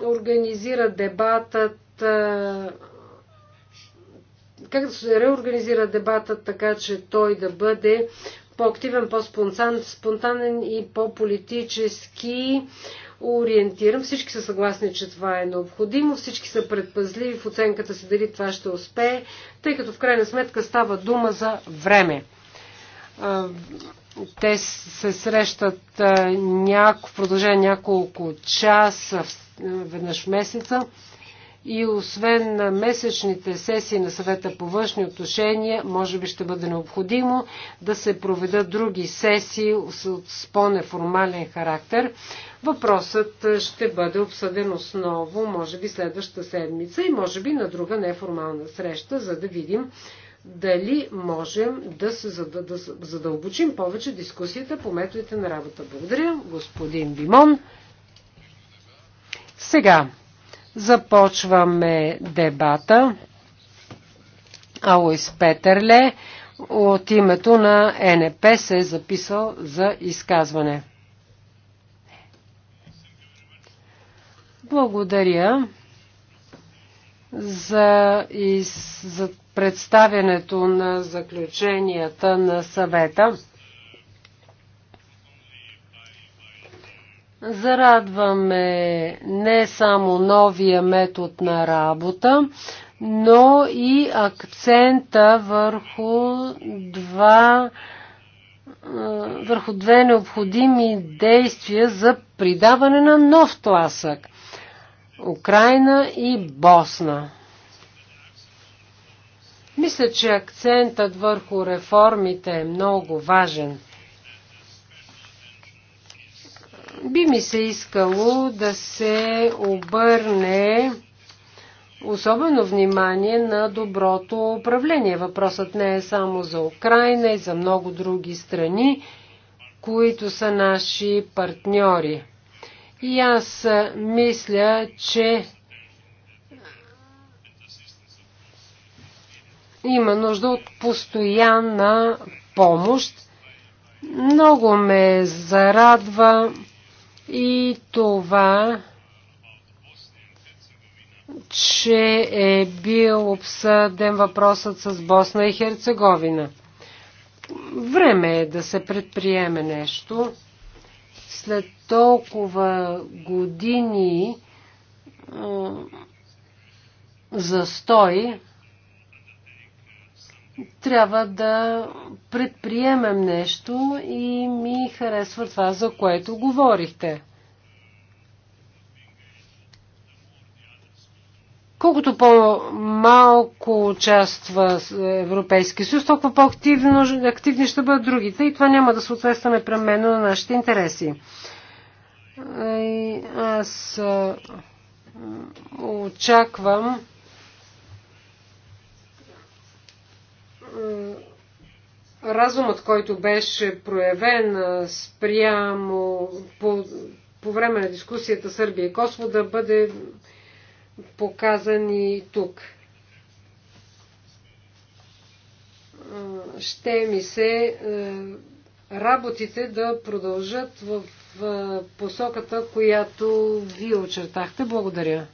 организира дебатът как да се реорганизира дебатът така, че той да бъде по-активен, по-спонтанен и по-политически ориентиран. Всички са съгласни, че това е необходимо. Всички са предпазливи в оценката си дали това ще успее, тъй като в крайна сметка става дума за време. Те се срещат в продължение няколко часа, веднъж в месеца и освен на месечните сесии на съвета по външни отношения, може би ще бъде необходимо да се проведат други сесии с по-неформален характер. Въпросът е, ще бъде обсъден основно, може би следващата седмица и може би на друга неформална среща, за да видим дали можем да, се задълбочим повече дискусията по методите на работа. Благодаря, господин Бимон. Сега Започваме дебата. Алоис Петерле от името на НП се е записал за изказване. Благодаря за, из, за представянето на заключенията на съвета. Зарадваме не само новия метод на работа, но и акцента върху два върху две необходими действия за придаване на нов тласък Украина и Босна. Мисля, че акцентът върху реформите е много важен – би ми се искало да се обърне особено внимание на доброто управление. Въпросът не е само за Украина и за много други страни, които са наши партньори. И аз мисля, че има нужда от постоянна помощ. Много ме зарадва и това, че е бил обсъден въпросът с Босна и Херцеговина. Време е да се предприеме нещо. След толкова години застой, трябва да предприемем нещо и ми харесва това, за което говорихте. Колкото по-малко участва Европейски съюз, толкова по-активни ще бъдат другите и това няма да съответства непременно на нашите интереси. Е, и аз очаквам разумът, който беше проявен спрямо по, по време на дискусията Сърбия и Косово, да бъде показан и тук. Ще ми се е, работите да продължат в посоката, която вие очертахте. Благодаря.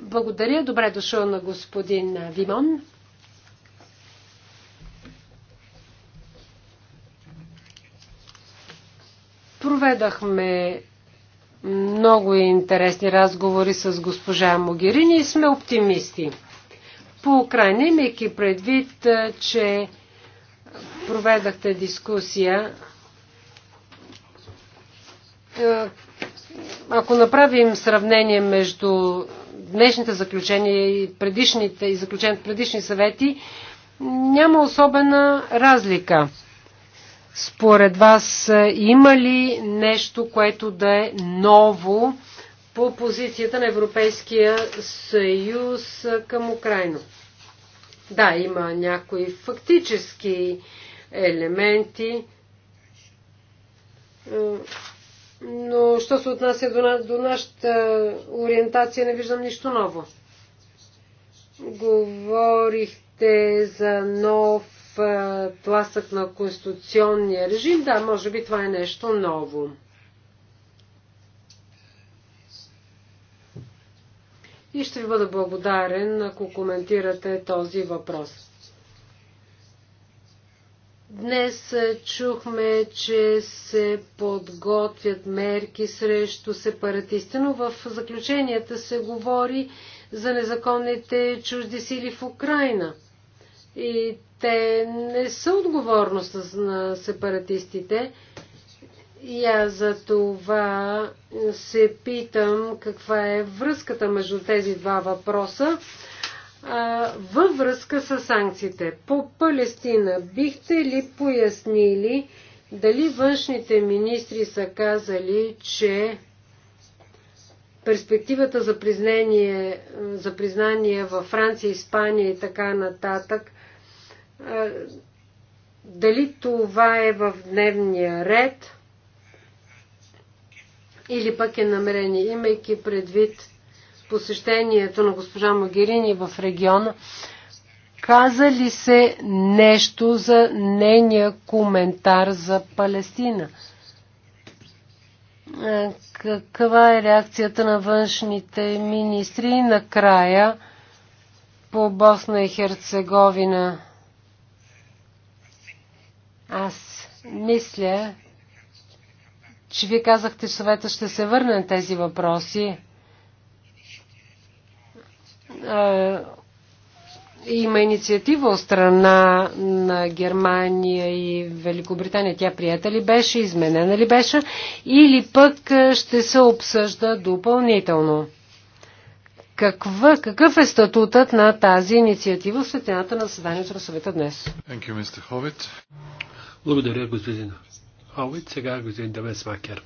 Благодаря. Добре дошъл на господин Вимон. Проведахме много интересни разговори с госпожа Могерини и сме оптимисти. По Украина, имайки предвид, че проведахте дискусия, ако направим сравнение между днешните заключения и предишните и заключения предишни съвети, няма особена разлика. Според вас е, има ли нещо, което да е ново по позицията на Европейския съюз е, към Украина? Да, има някои фактически елементи е, но, що се отнася до, до нашата ориентация, не виждам нищо ново. Говорихте за нов а, тласък на конституционния режим. Да, може би това е нещо ново. И ще ви бъда благодарен, ако коментирате този въпрос. Днес е, чухме, че се подготвят мерки срещу сепаратисти, но в заключенията се говори за незаконните чужди сили в Украина. И те не са отговорност на сепаратистите. И аз за това се питам каква е връзката между тези два въпроса във връзка с санкциите. По Палестина бихте ли пояснили дали външните министри са казали, че перспективата за признание, за признание във Франция, Испания и така нататък, дали това е в дневния ред или пък е намерение, имайки предвид посещението на госпожа Магирини в региона. Каза ли се нещо за нейния коментар за Палестина? Е, каква е реакцията на външните министри? Накрая по Босна и Херцеговина. Аз мисля, че ви казахте, че съвета ще се върне на тези въпроси има инициатива от страна на Германия и Великобритания. Тя прията ли беше, изменена ли беше или пък ще се обсъжда допълнително. Каква, какъв е статутът на тази инициатива в светлината на заседанието на съвета днес? You, Благодаря, господин Ховит. Сега господин Демес Макер.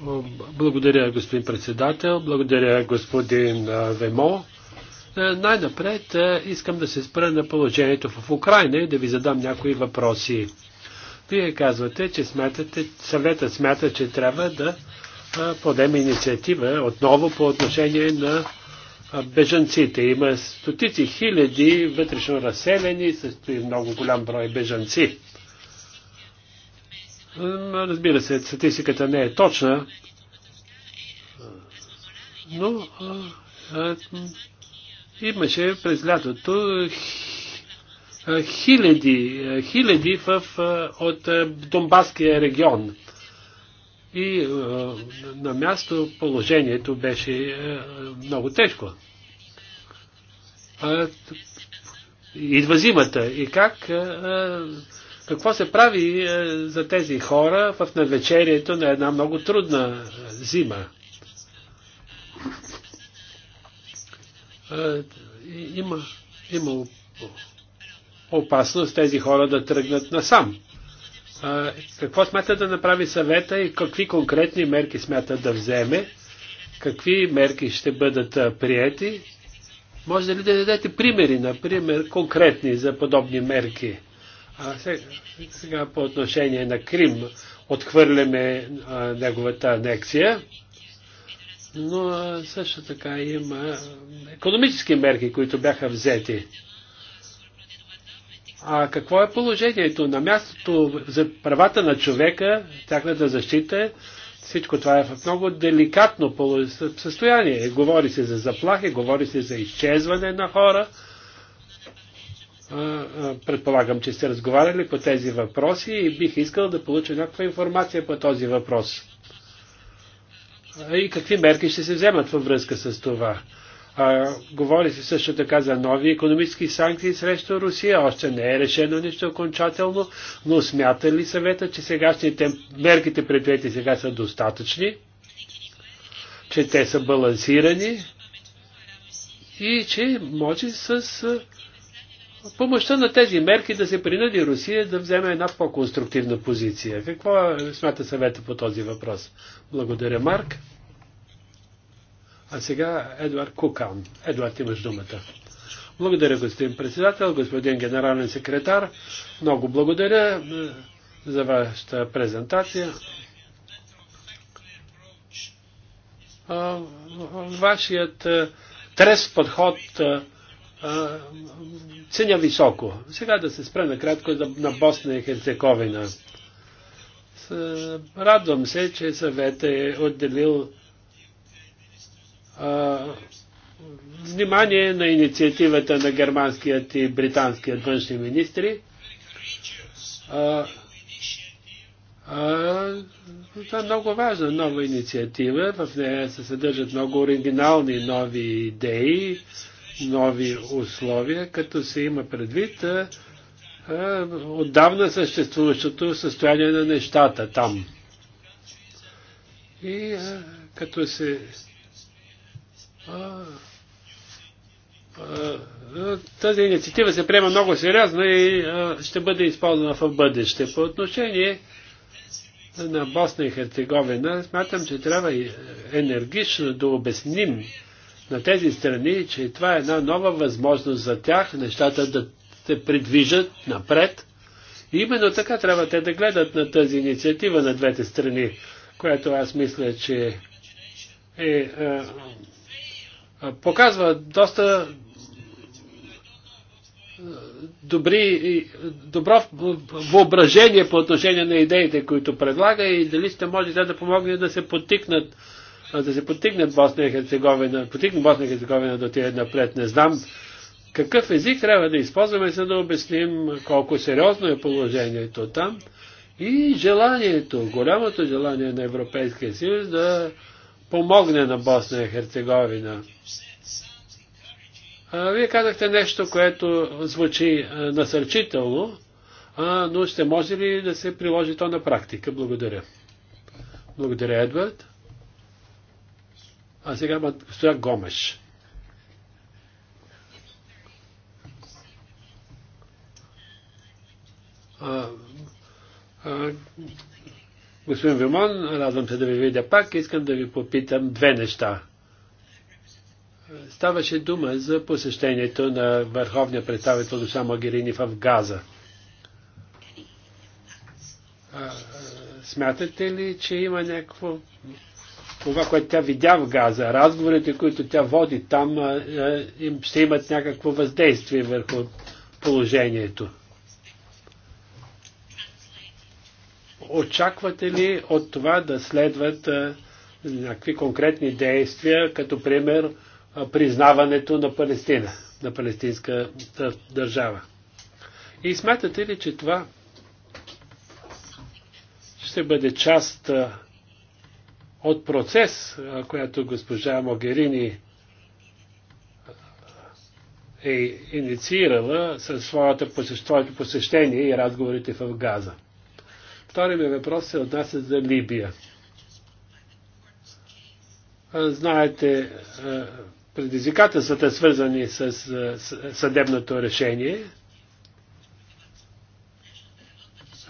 Благодаря, господин председател. Благодаря, господин Вемо. Най-напред искам да се спра на положението в Украина и да ви задам някои въпроси. Вие казвате, че смятате, съветът смята, че трябва да подем инициатива отново по отношение на бежанците. Има стотици хиляди вътрешно разселени, състои много голям брой бежанци Разбира се, статистиката не е точна, но а, имаше през лятото хиляди, хиляди в, от Донбаския регион. И а, на място положението беше а, много тежко. А, идва зимата и как а, какво се прави е, за тези хора в навечерието на една много трудна зима? Е, има, има опасност тези хора да тръгнат насам. Е, какво смята да направи съвета и какви конкретни мерки смята да вземе? Какви мерки ще бъдат приети? Може ли да дадете примери, например, конкретни за подобни мерки? А сега по отношение на Крим отхвърляме неговата анексия, но също така има економически мерки, които бяха взети. А какво е положението? На мястото за правата на човека, тяхната защита, всичко това е в много деликатно състояние. Говори се за заплахи, говори се за изчезване на хора Предполагам, че сте разговаряли по тези въпроси и бих искал да получа някаква информация по този въпрос. И какви мерки ще се вземат във връзка с това? А, говори се също така за нови економически санкции срещу Русия. Още не е решено нищо окончателно, но смята ли съвета, че сегашните мерките предприяти сега са достатъчни, че те са балансирани и че може с помощта на тези мерки да се принуди Русия да вземе една по-конструктивна позиция. Какво смята съвета по този въпрос? Благодаря, Марк. А сега Едуард Кукан. Едуард, имаш думата. Благодаря, господин председател, господин генерален секретар. Много благодаря за вашата презентация. Вашият трес подход ценя високо. Сега да се спра накратко на Босна и Херцеговина. радвам се, че съветът е отделил а, внимание на инициативата на германският и британският външни министри. А, а, това е много важна нова инициатива. В нея се съдържат много оригинални нови идеи нови условия, като се има предвид а, а, отдавна съществуващото състояние на нещата там. И а, като се а, тази инициатива се приема много сериозно и ще бъде използвана в бъдеще. По отношение на Босна и Херцеговина, смятам, че трябва енергично да обясним на тези страни, че това е една нова възможност за тях, нещата да се придвижат напред. И именно така трябва те да гледат на тази инициатива на двете страни, която аз мисля, че е, е, е показва доста е, добри, добро въображение по отношение на идеите, които предлага и дали ще може да помогне да се потикнат да се потигне Босна и Херцеговина, потигне Босна и Херцеговина да отиде напред. Не знам какъв език трябва да използваме, за да обясним колко сериозно е положението там и желанието, голямото желание на Европейския съюз да помогне на Босна и Херцеговина. А, вие казахте нещо, което звучи а, насърчително, а, но ще може ли да се приложи то на практика? Благодаря. Благодаря, Едвард. А сега стоя Гомеш. А, а, господин Вимон, радвам се да ви видя пак. Искам да ви попитам две неща. Ставаше дума за посещението на върховния представител Душа Магирини в Газа. А, смятате ли, че има някакво това, което тя видя в Газа, разговорите, които тя води там, им ще имат някакво въздействие върху положението. Очаквате ли от това да следват някакви конкретни действия, като пример признаването на Палестина, на палестинска държава? И смятате ли, че това ще бъде част от процес, която госпожа Могерини е инициирала със своята своето посещение и разговорите в Газа. Втори ми въпрос се отнася за Либия. Знаете, предизвикателствата свързани с съдебното решение.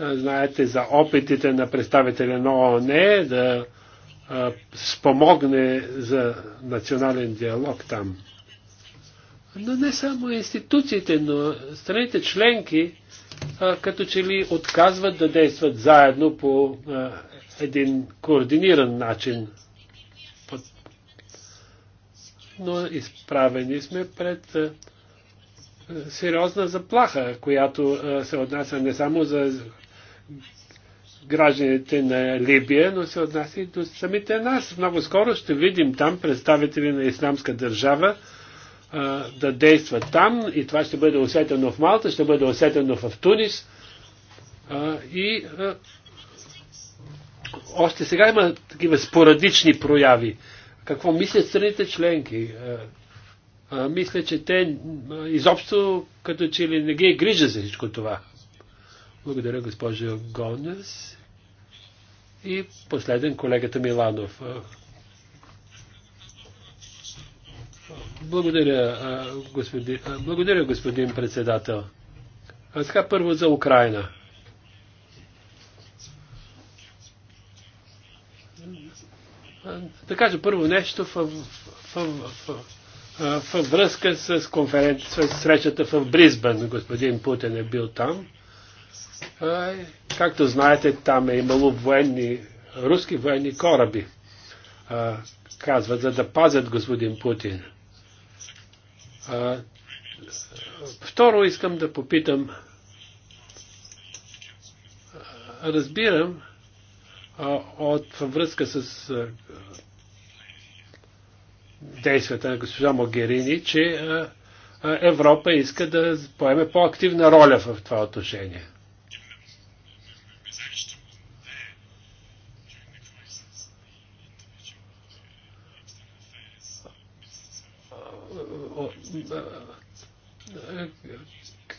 Знаете за опитите на представителя на ООН да спомогне за национален диалог там. Но не само институциите, но страните членки като че ли отказват да действат заедно по един координиран начин. Но изправени сме пред сериозна заплаха, която се отнася не само за гражданите на Либия, но се отнася и до самите нас. Много скоро ще видим там представители на исламска държава а, да действат там и това ще бъде усетено в Малта, ще бъде усетено в Тунис. А, и а, още сега има такива спорадични прояви. Какво мислят страните членки? мисля, че те изобщо като че ли не ги е грижа за всичко това. Благодаря, госпожа Гонес. И последен колегата Миланов. Благодаря, господин, благодаря, господин председател. А сега първо за Украина. Да кажа първо нещо в, в, в, в връзка с, с срещата в Бризбен. Господин Путин е бил там. Както знаете, там е имало военни, руски военни кораби. Казват, за да пазят господин Путин. Второ искам да попитам. Разбирам от, връзка с действията на госпожа Могерини, че Европа иска да поеме по-активна роля в това отношение.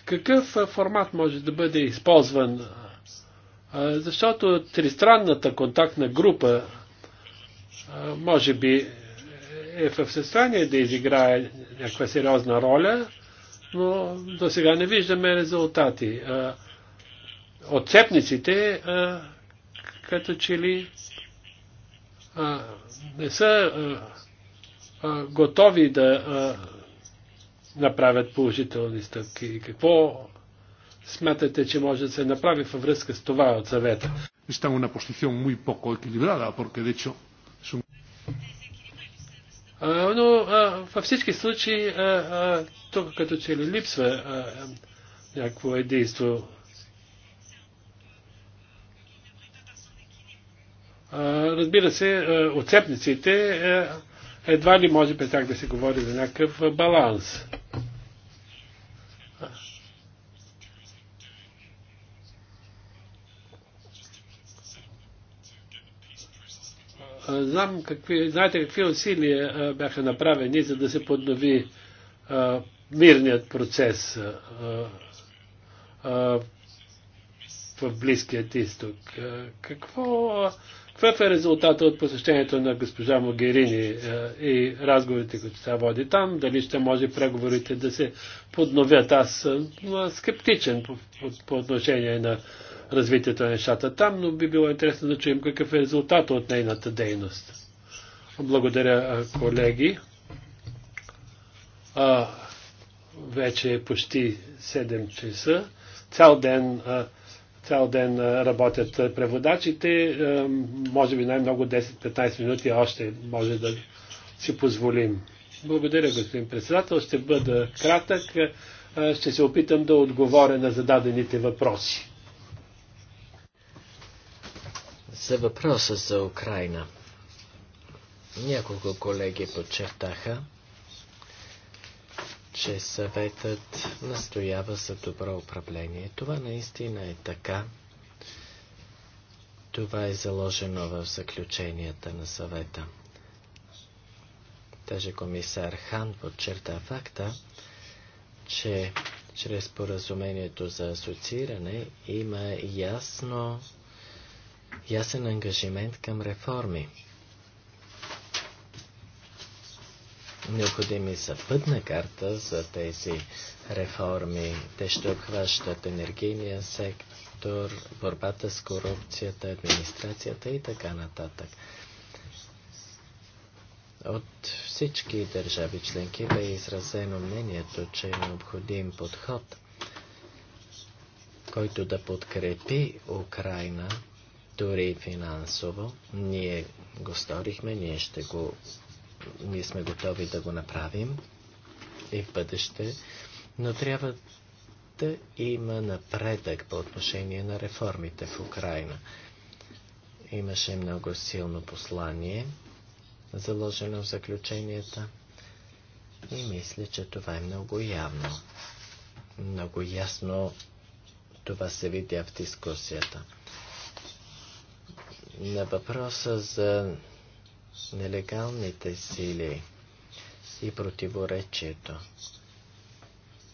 какъв формат може да бъде използван? Защото тристранната контактна група може би е в състояние да изиграе някаква сериозна роля, но до сега не виждаме резултати. Отцепниците като че ли не са готови да направят положителни стъпки? Какво смятате, че може да се направи във връзка с това от съвета? una posición muy poco equilibrada, porque de hecho es un... но във всички случаи тук като че ли липсва някакво единство. разбира се, отцепниците а, едва ли може при тях да се говори за някакъв баланс. Знам какви, знаете какви усилия бяха направени, за да се поднови мирният процес в Близкият изток. Какво какъв е резултата от посещението на госпожа Могерини е, и разговорите, които се води там? Дали ще може преговорите да се подновят? Аз съм е, е, скептичен по, отношение на развитието на нещата там, но би било интересно да чуем какъв е резултат от нейната дейност. Благодаря, колеги. вече е почти 7 часа. Цял ден а, Цял ден работят преводачите, може би най-много 10-15 минути още може да си позволим. Благодаря, господин председател. Ще бъда кратък. Ще се опитам да отговоря на зададените въпроси. За въпроса за Украина. Няколко колеги подчертаха, че съветът настоява за добро управление. Това наистина е така. Това е заложено в заключенията на съвета. Даже комисар Хан подчерта факта, че чрез поразумението за асоцииране има ясно, ясен ангажимент към реформи. Необходими са пътна карта за тези реформи. Те ще обхващат енергийния сектор, борбата с корупцията, администрацията и така нататък. От всички държави членки бе изразено мнението, че е необходим подход, който да подкрепи Украина дори финансово. Ние го сторихме, ние ще го ние сме готови да го направим и в бъдеще, но трябва да има напредък по отношение на реформите в Украина. Имаше много силно послание, заложено в заключенията, и мисля, че това е много явно. Много ясно това се видя в дискусията. На въпроса за нелегалните сили и противоречието.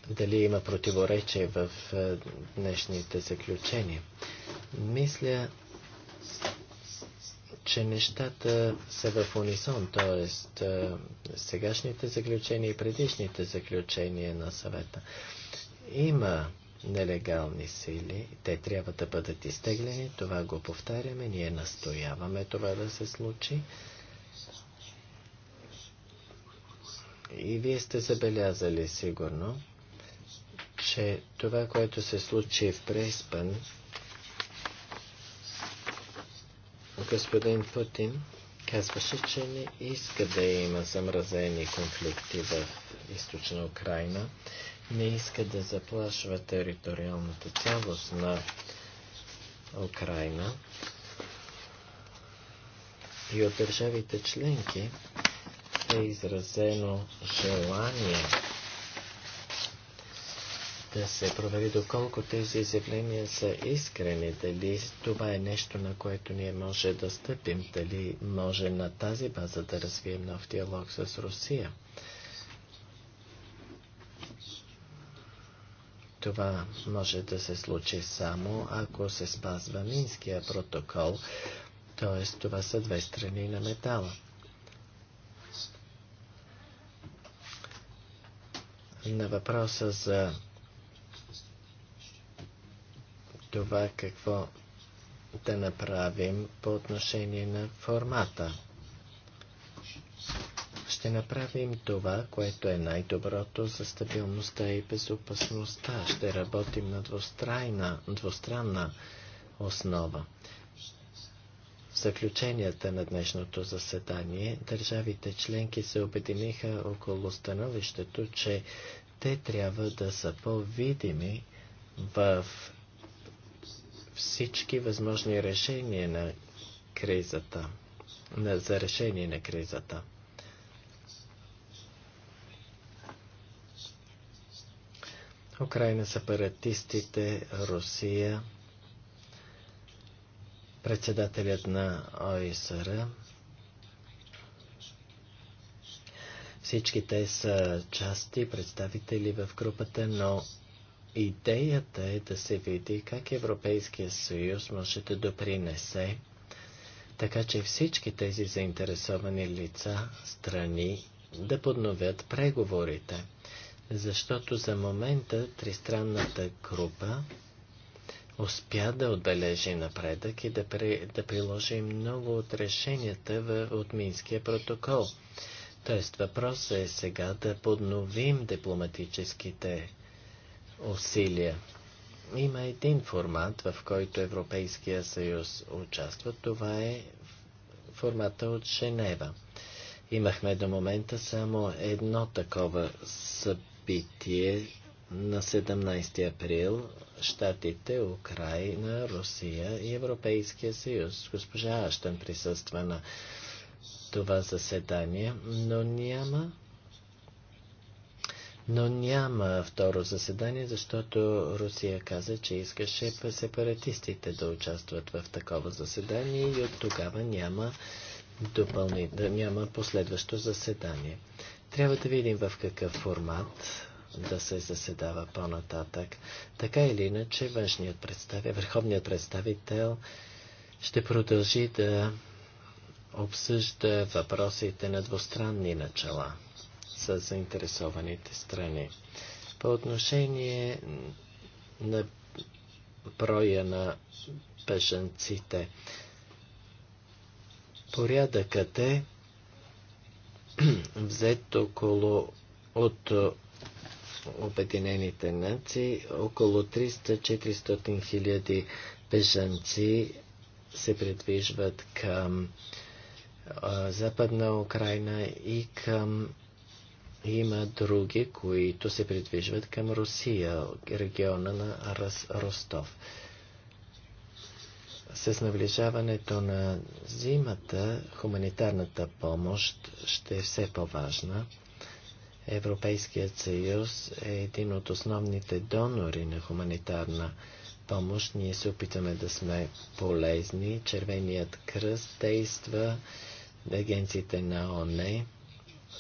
Дали има противоречие в е, днешните заключения? Мисля, че нещата са в унисон, т.е. Е, сегашните заключения и предишните заключения на съвета. Има нелегални сили, те трябва да бъдат изтеглени, това го повтаряме, ние настояваме това да се случи. И вие сте забелязали сигурно, че това, което се случи в Преспан, господин Путин казваше, че не иска да има замразени конфликти в източна Украина, не иска да заплашва териториалната цялост на Украина. И от държавите членки е изразено желание да се провери доколко тези изявления са искрени, дали това е нещо, на което ние може да стъпим, дали може на тази база да развием нов диалог с Русия. Това може да се случи само ако се спазва Минския протокол, т.е. това са две страни на метала. на въпроса за това какво да направим по отношение на формата. Ще направим това, което е най-доброто за стабилността и безопасността. Ще работим на двустранна, основа заключенията на днешното заседание, държавите членки се обединиха около становището, че те трябва да са по-видими в всички възможни решения на кризата, на, за решение на кризата. Украина, сепаратистите, Русия – председателят на ОИСР. Всички те са части, представители в групата, но идеята е да се види как Европейския съюз може да допринесе, така че всички тези заинтересовани лица, страни, да подновят преговорите. Защото за момента тристранната група успя да отбележи напредък и да, при, да приложи много от решенията в, от Минския протокол. Тоест въпросът е сега да подновим дипломатическите усилия. Има един формат, в който Европейския съюз участва. Това е формата от Женева. Имахме до момента само едно такова събитие на 17 април Штатите, Украина, Русия и Европейския съюз. Госпожа Аштън присъства на това заседание, но няма но няма второ заседание, защото Русия каза, че искаше сепаратистите да участват в такова заседание и от тогава няма, допълни... няма последващо заседание. Трябва да видим в какъв формат да се заседава по-нататък. Така или иначе, външният представител, върховният представител ще продължи да обсъжда въпросите на двустранни начала с заинтересованите страни. По отношение на броя на бежанците, порядъкът е взет около от Обединените нации. Около 300-400 хиляди бежанци се придвижват към а, Западна Украина и към има други, които се придвижват към Русия, региона на Рас, Ростов. С наближаването на зимата, хуманитарната помощ ще е все по-важна. Европейският съюз е един от основните донори на хуманитарна помощ. Ние се опитаме да сме полезни. Червеният кръст действа, агенциите на ОНЕ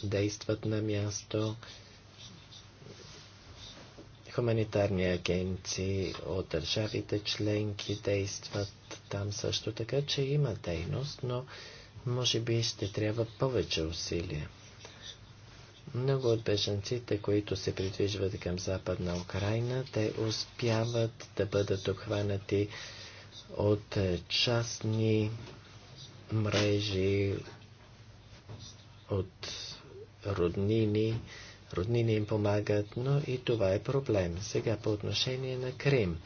действат на място, хуманитарни агенции от държавите членки действат там също, така че има дейност, но може би ще трябва повече усилия. Много от бежанците, които се придвижват към Западна Украина, те успяват да бъдат обхванати от е, частни мрежи, от роднини. Роднини им помагат, но и това е проблем. Сега по отношение на Крим.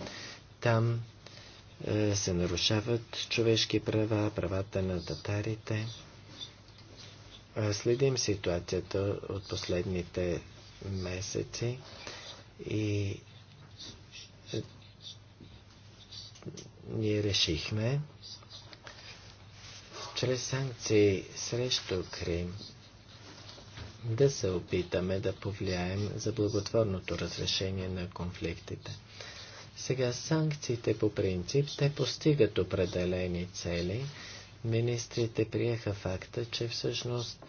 Там е, се нарушават човешки права, правата на татарите. Следим ситуацията от последните месеци и е, ние решихме чрез санкции срещу Крим да се опитаме да повлияем за благотворното разрешение на конфликтите. Сега санкциите по принцип те постигат определени цели – министрите приеха факта, че всъщност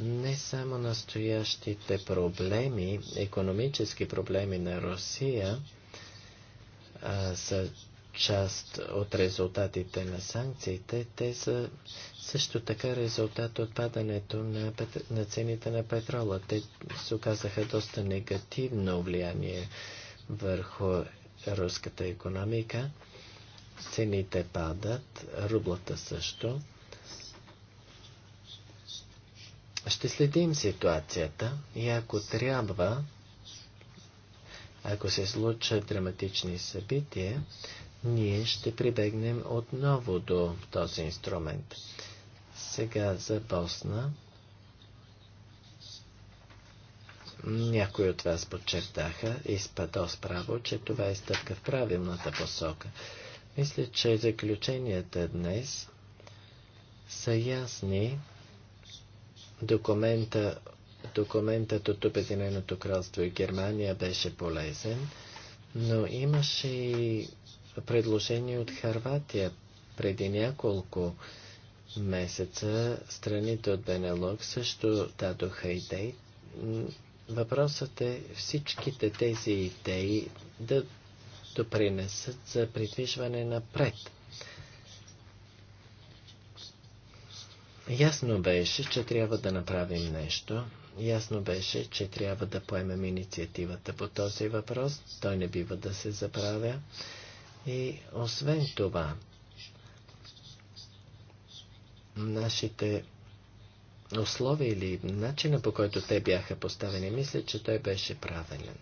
не само настоящите проблеми, економически проблеми на Русия а, са част от резултатите на санкциите, те са също така резултат от падането на, пет... на цените на петрола. Те се оказаха доста негативно влияние върху руската економика цените падат, рублата също. Ще следим ситуацията и ако трябва, ако се случат драматични събития, ние ще прибегнем отново до този инструмент. Сега за Босна. Някои от вас подчертаха, и спадо справо, че това е стъпка в правилната посока. Мисля, че заключенията днес са ясни. Документа, документът от Обединеното кралство и Германия беше полезен, но имаше и предложение от Харватия преди няколко месеца. Страните от Бенелок също дадоха идеи. Въпросът е всичките тези идеи да допринесат за придвижване напред. Ясно беше, че трябва да направим нещо. Ясно беше, че трябва да поемем инициативата по този въпрос. Той не бива да се забравя. И освен това, нашите условия или начина по който те бяха поставени, мисля, че той беше правилен.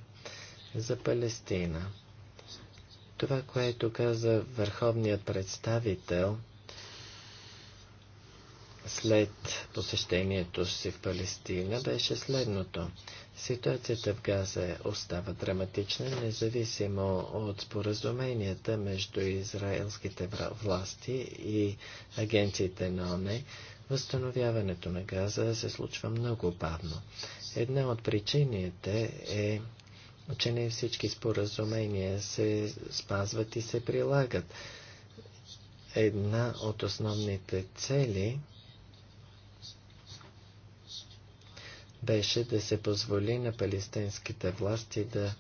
За Палестина. Това, което каза върховният представител след посещението си в Палестина, беше следното. Ситуацията в Газа остава драматична, независимо от споразуменията между израелските власти и агенциите на ОНЕ. Възстановяването на Газа се случва много бавно. Една от причините е че не всички споразумения се спазват и се прилагат. Една от основните цели беше да се позволи на палестинските власти да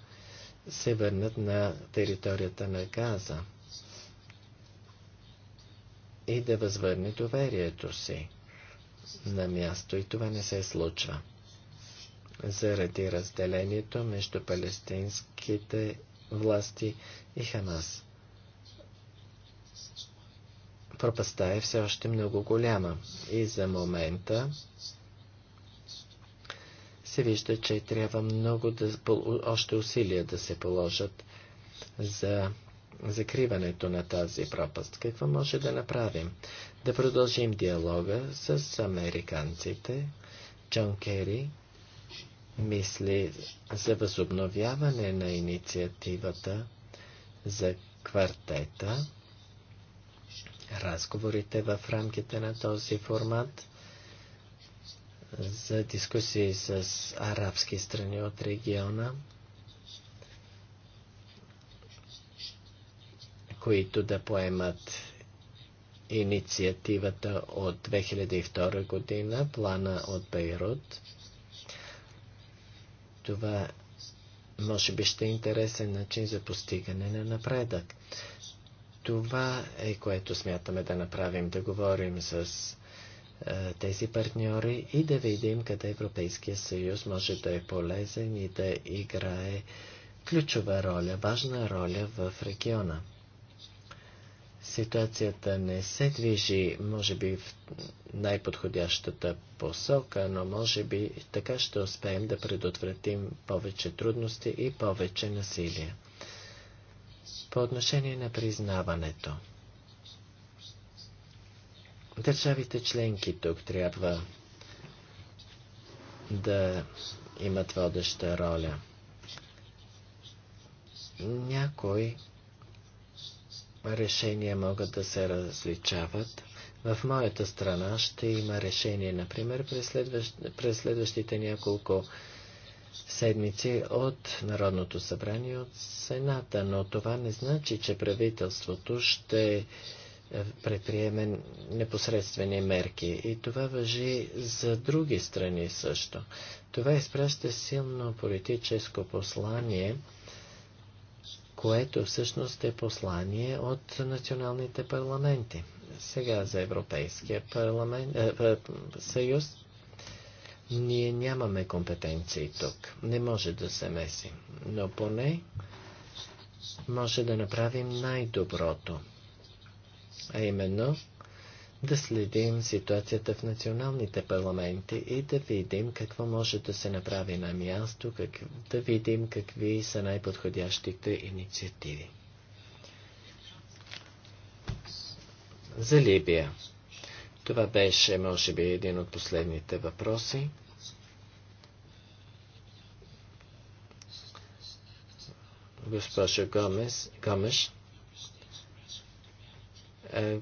се върнат на територията на Газа и да възвърне доверието си на място. И това не се случва заради разделението между палестинските власти и Хамас. Пропаста е все още много голяма и за момента се вижда, че трябва много да, още усилия да се положат за закриването на тази пропаст. Какво може да направим? Да продължим диалога с американците. Джон Кери мисли за възобновяване на инициативата за квартета, разговорите в рамките на този формат за дискусии с арабски страни от региона, които да поемат инициативата от 2002 година, плана от Бейрут – това може би ще е интересен начин за постигане на напредък. Това е което смятаме да направим, да говорим с е, тези партньори и да видим къде Европейския съюз може да е полезен и да играе ключова роля, важна роля в региона ситуацията не се движи, може би, в най-подходящата посока, но може би така ще успеем да предотвратим повече трудности и повече насилие. По отношение на признаването. Държавите членки тук трябва да имат водеща роля. Някой решения могат да се различават. В моята страна ще има решение, например, през, следващ, през следващите няколко седмици от Народното събрание от Сената, но това не значи, че правителството ще е, предприеме непосредствени мерки. И това въжи за други страни също. Това изпраща силно политическо послание което всъщност е послание от националните парламенти. Сега за Европейския парламент, е, е, съюз ние нямаме компетенции тук. Не може да се меси, но поне може да направим най-доброто. А именно да следим ситуацията в националните парламенти и да видим какво може да се направи на място, как, да видим какви са най-подходящите инициативи. За Либия. Това беше, може би, един от последните въпроси. Госпожо Гомес, Гомеш, е,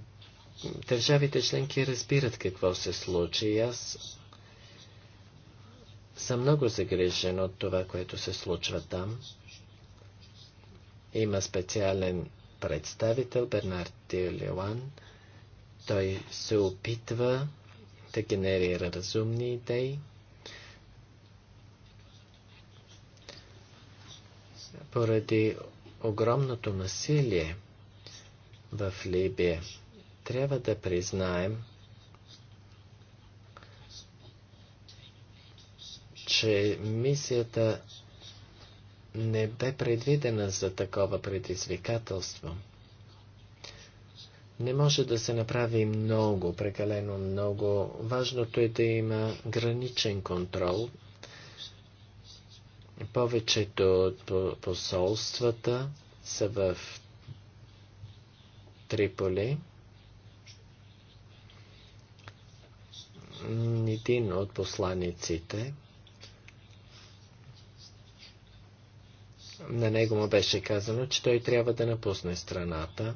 държавите членки разбират какво се случи и аз съм много загрижен от това, което се случва там. Има специален представител Бернард Тилиоан. Той се опитва да генерира разумни идеи. Поради огромното насилие в Либия, трябва да признаем, че мисията не бе предвидена за такова предизвикателство. Не може да се направи много, прекалено много. Важното е да има граничен контрол. Повечето от посолствата са в Триполи. един от посланиците, на него му беше казано, че той трябва да напусне страната.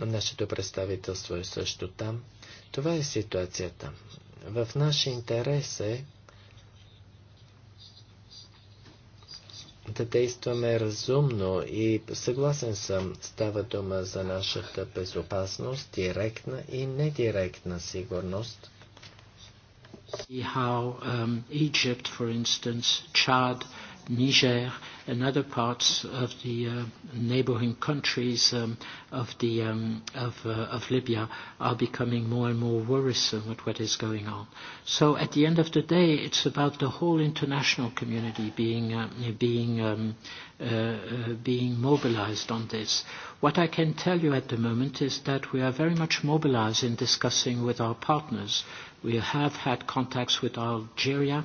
Нашето представителство е също там. Това е ситуацията. В наш интерес е да действаме разумно и съгласен съм, става дума за нашата безопасност, директна и недиректна сигурност. See How, um, Egypt, for instance, Chad, Niger, in other parts of the uh, neighboring countries um, of, the, um, of, uh, of Libya are becoming more and more worrisome with what is going on. So at the end of the day, it's about the whole international community being, uh, being, um, uh, uh, being mobilized on this. What I can tell you at the moment is that we are very much mobilized in discussing with our partners. We have had contacts with Algeria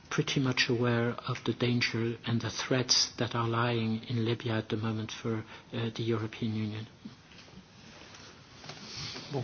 pretty much aware of the danger and the threats that are lying in Libya at the moment for uh, the European Union. Bon.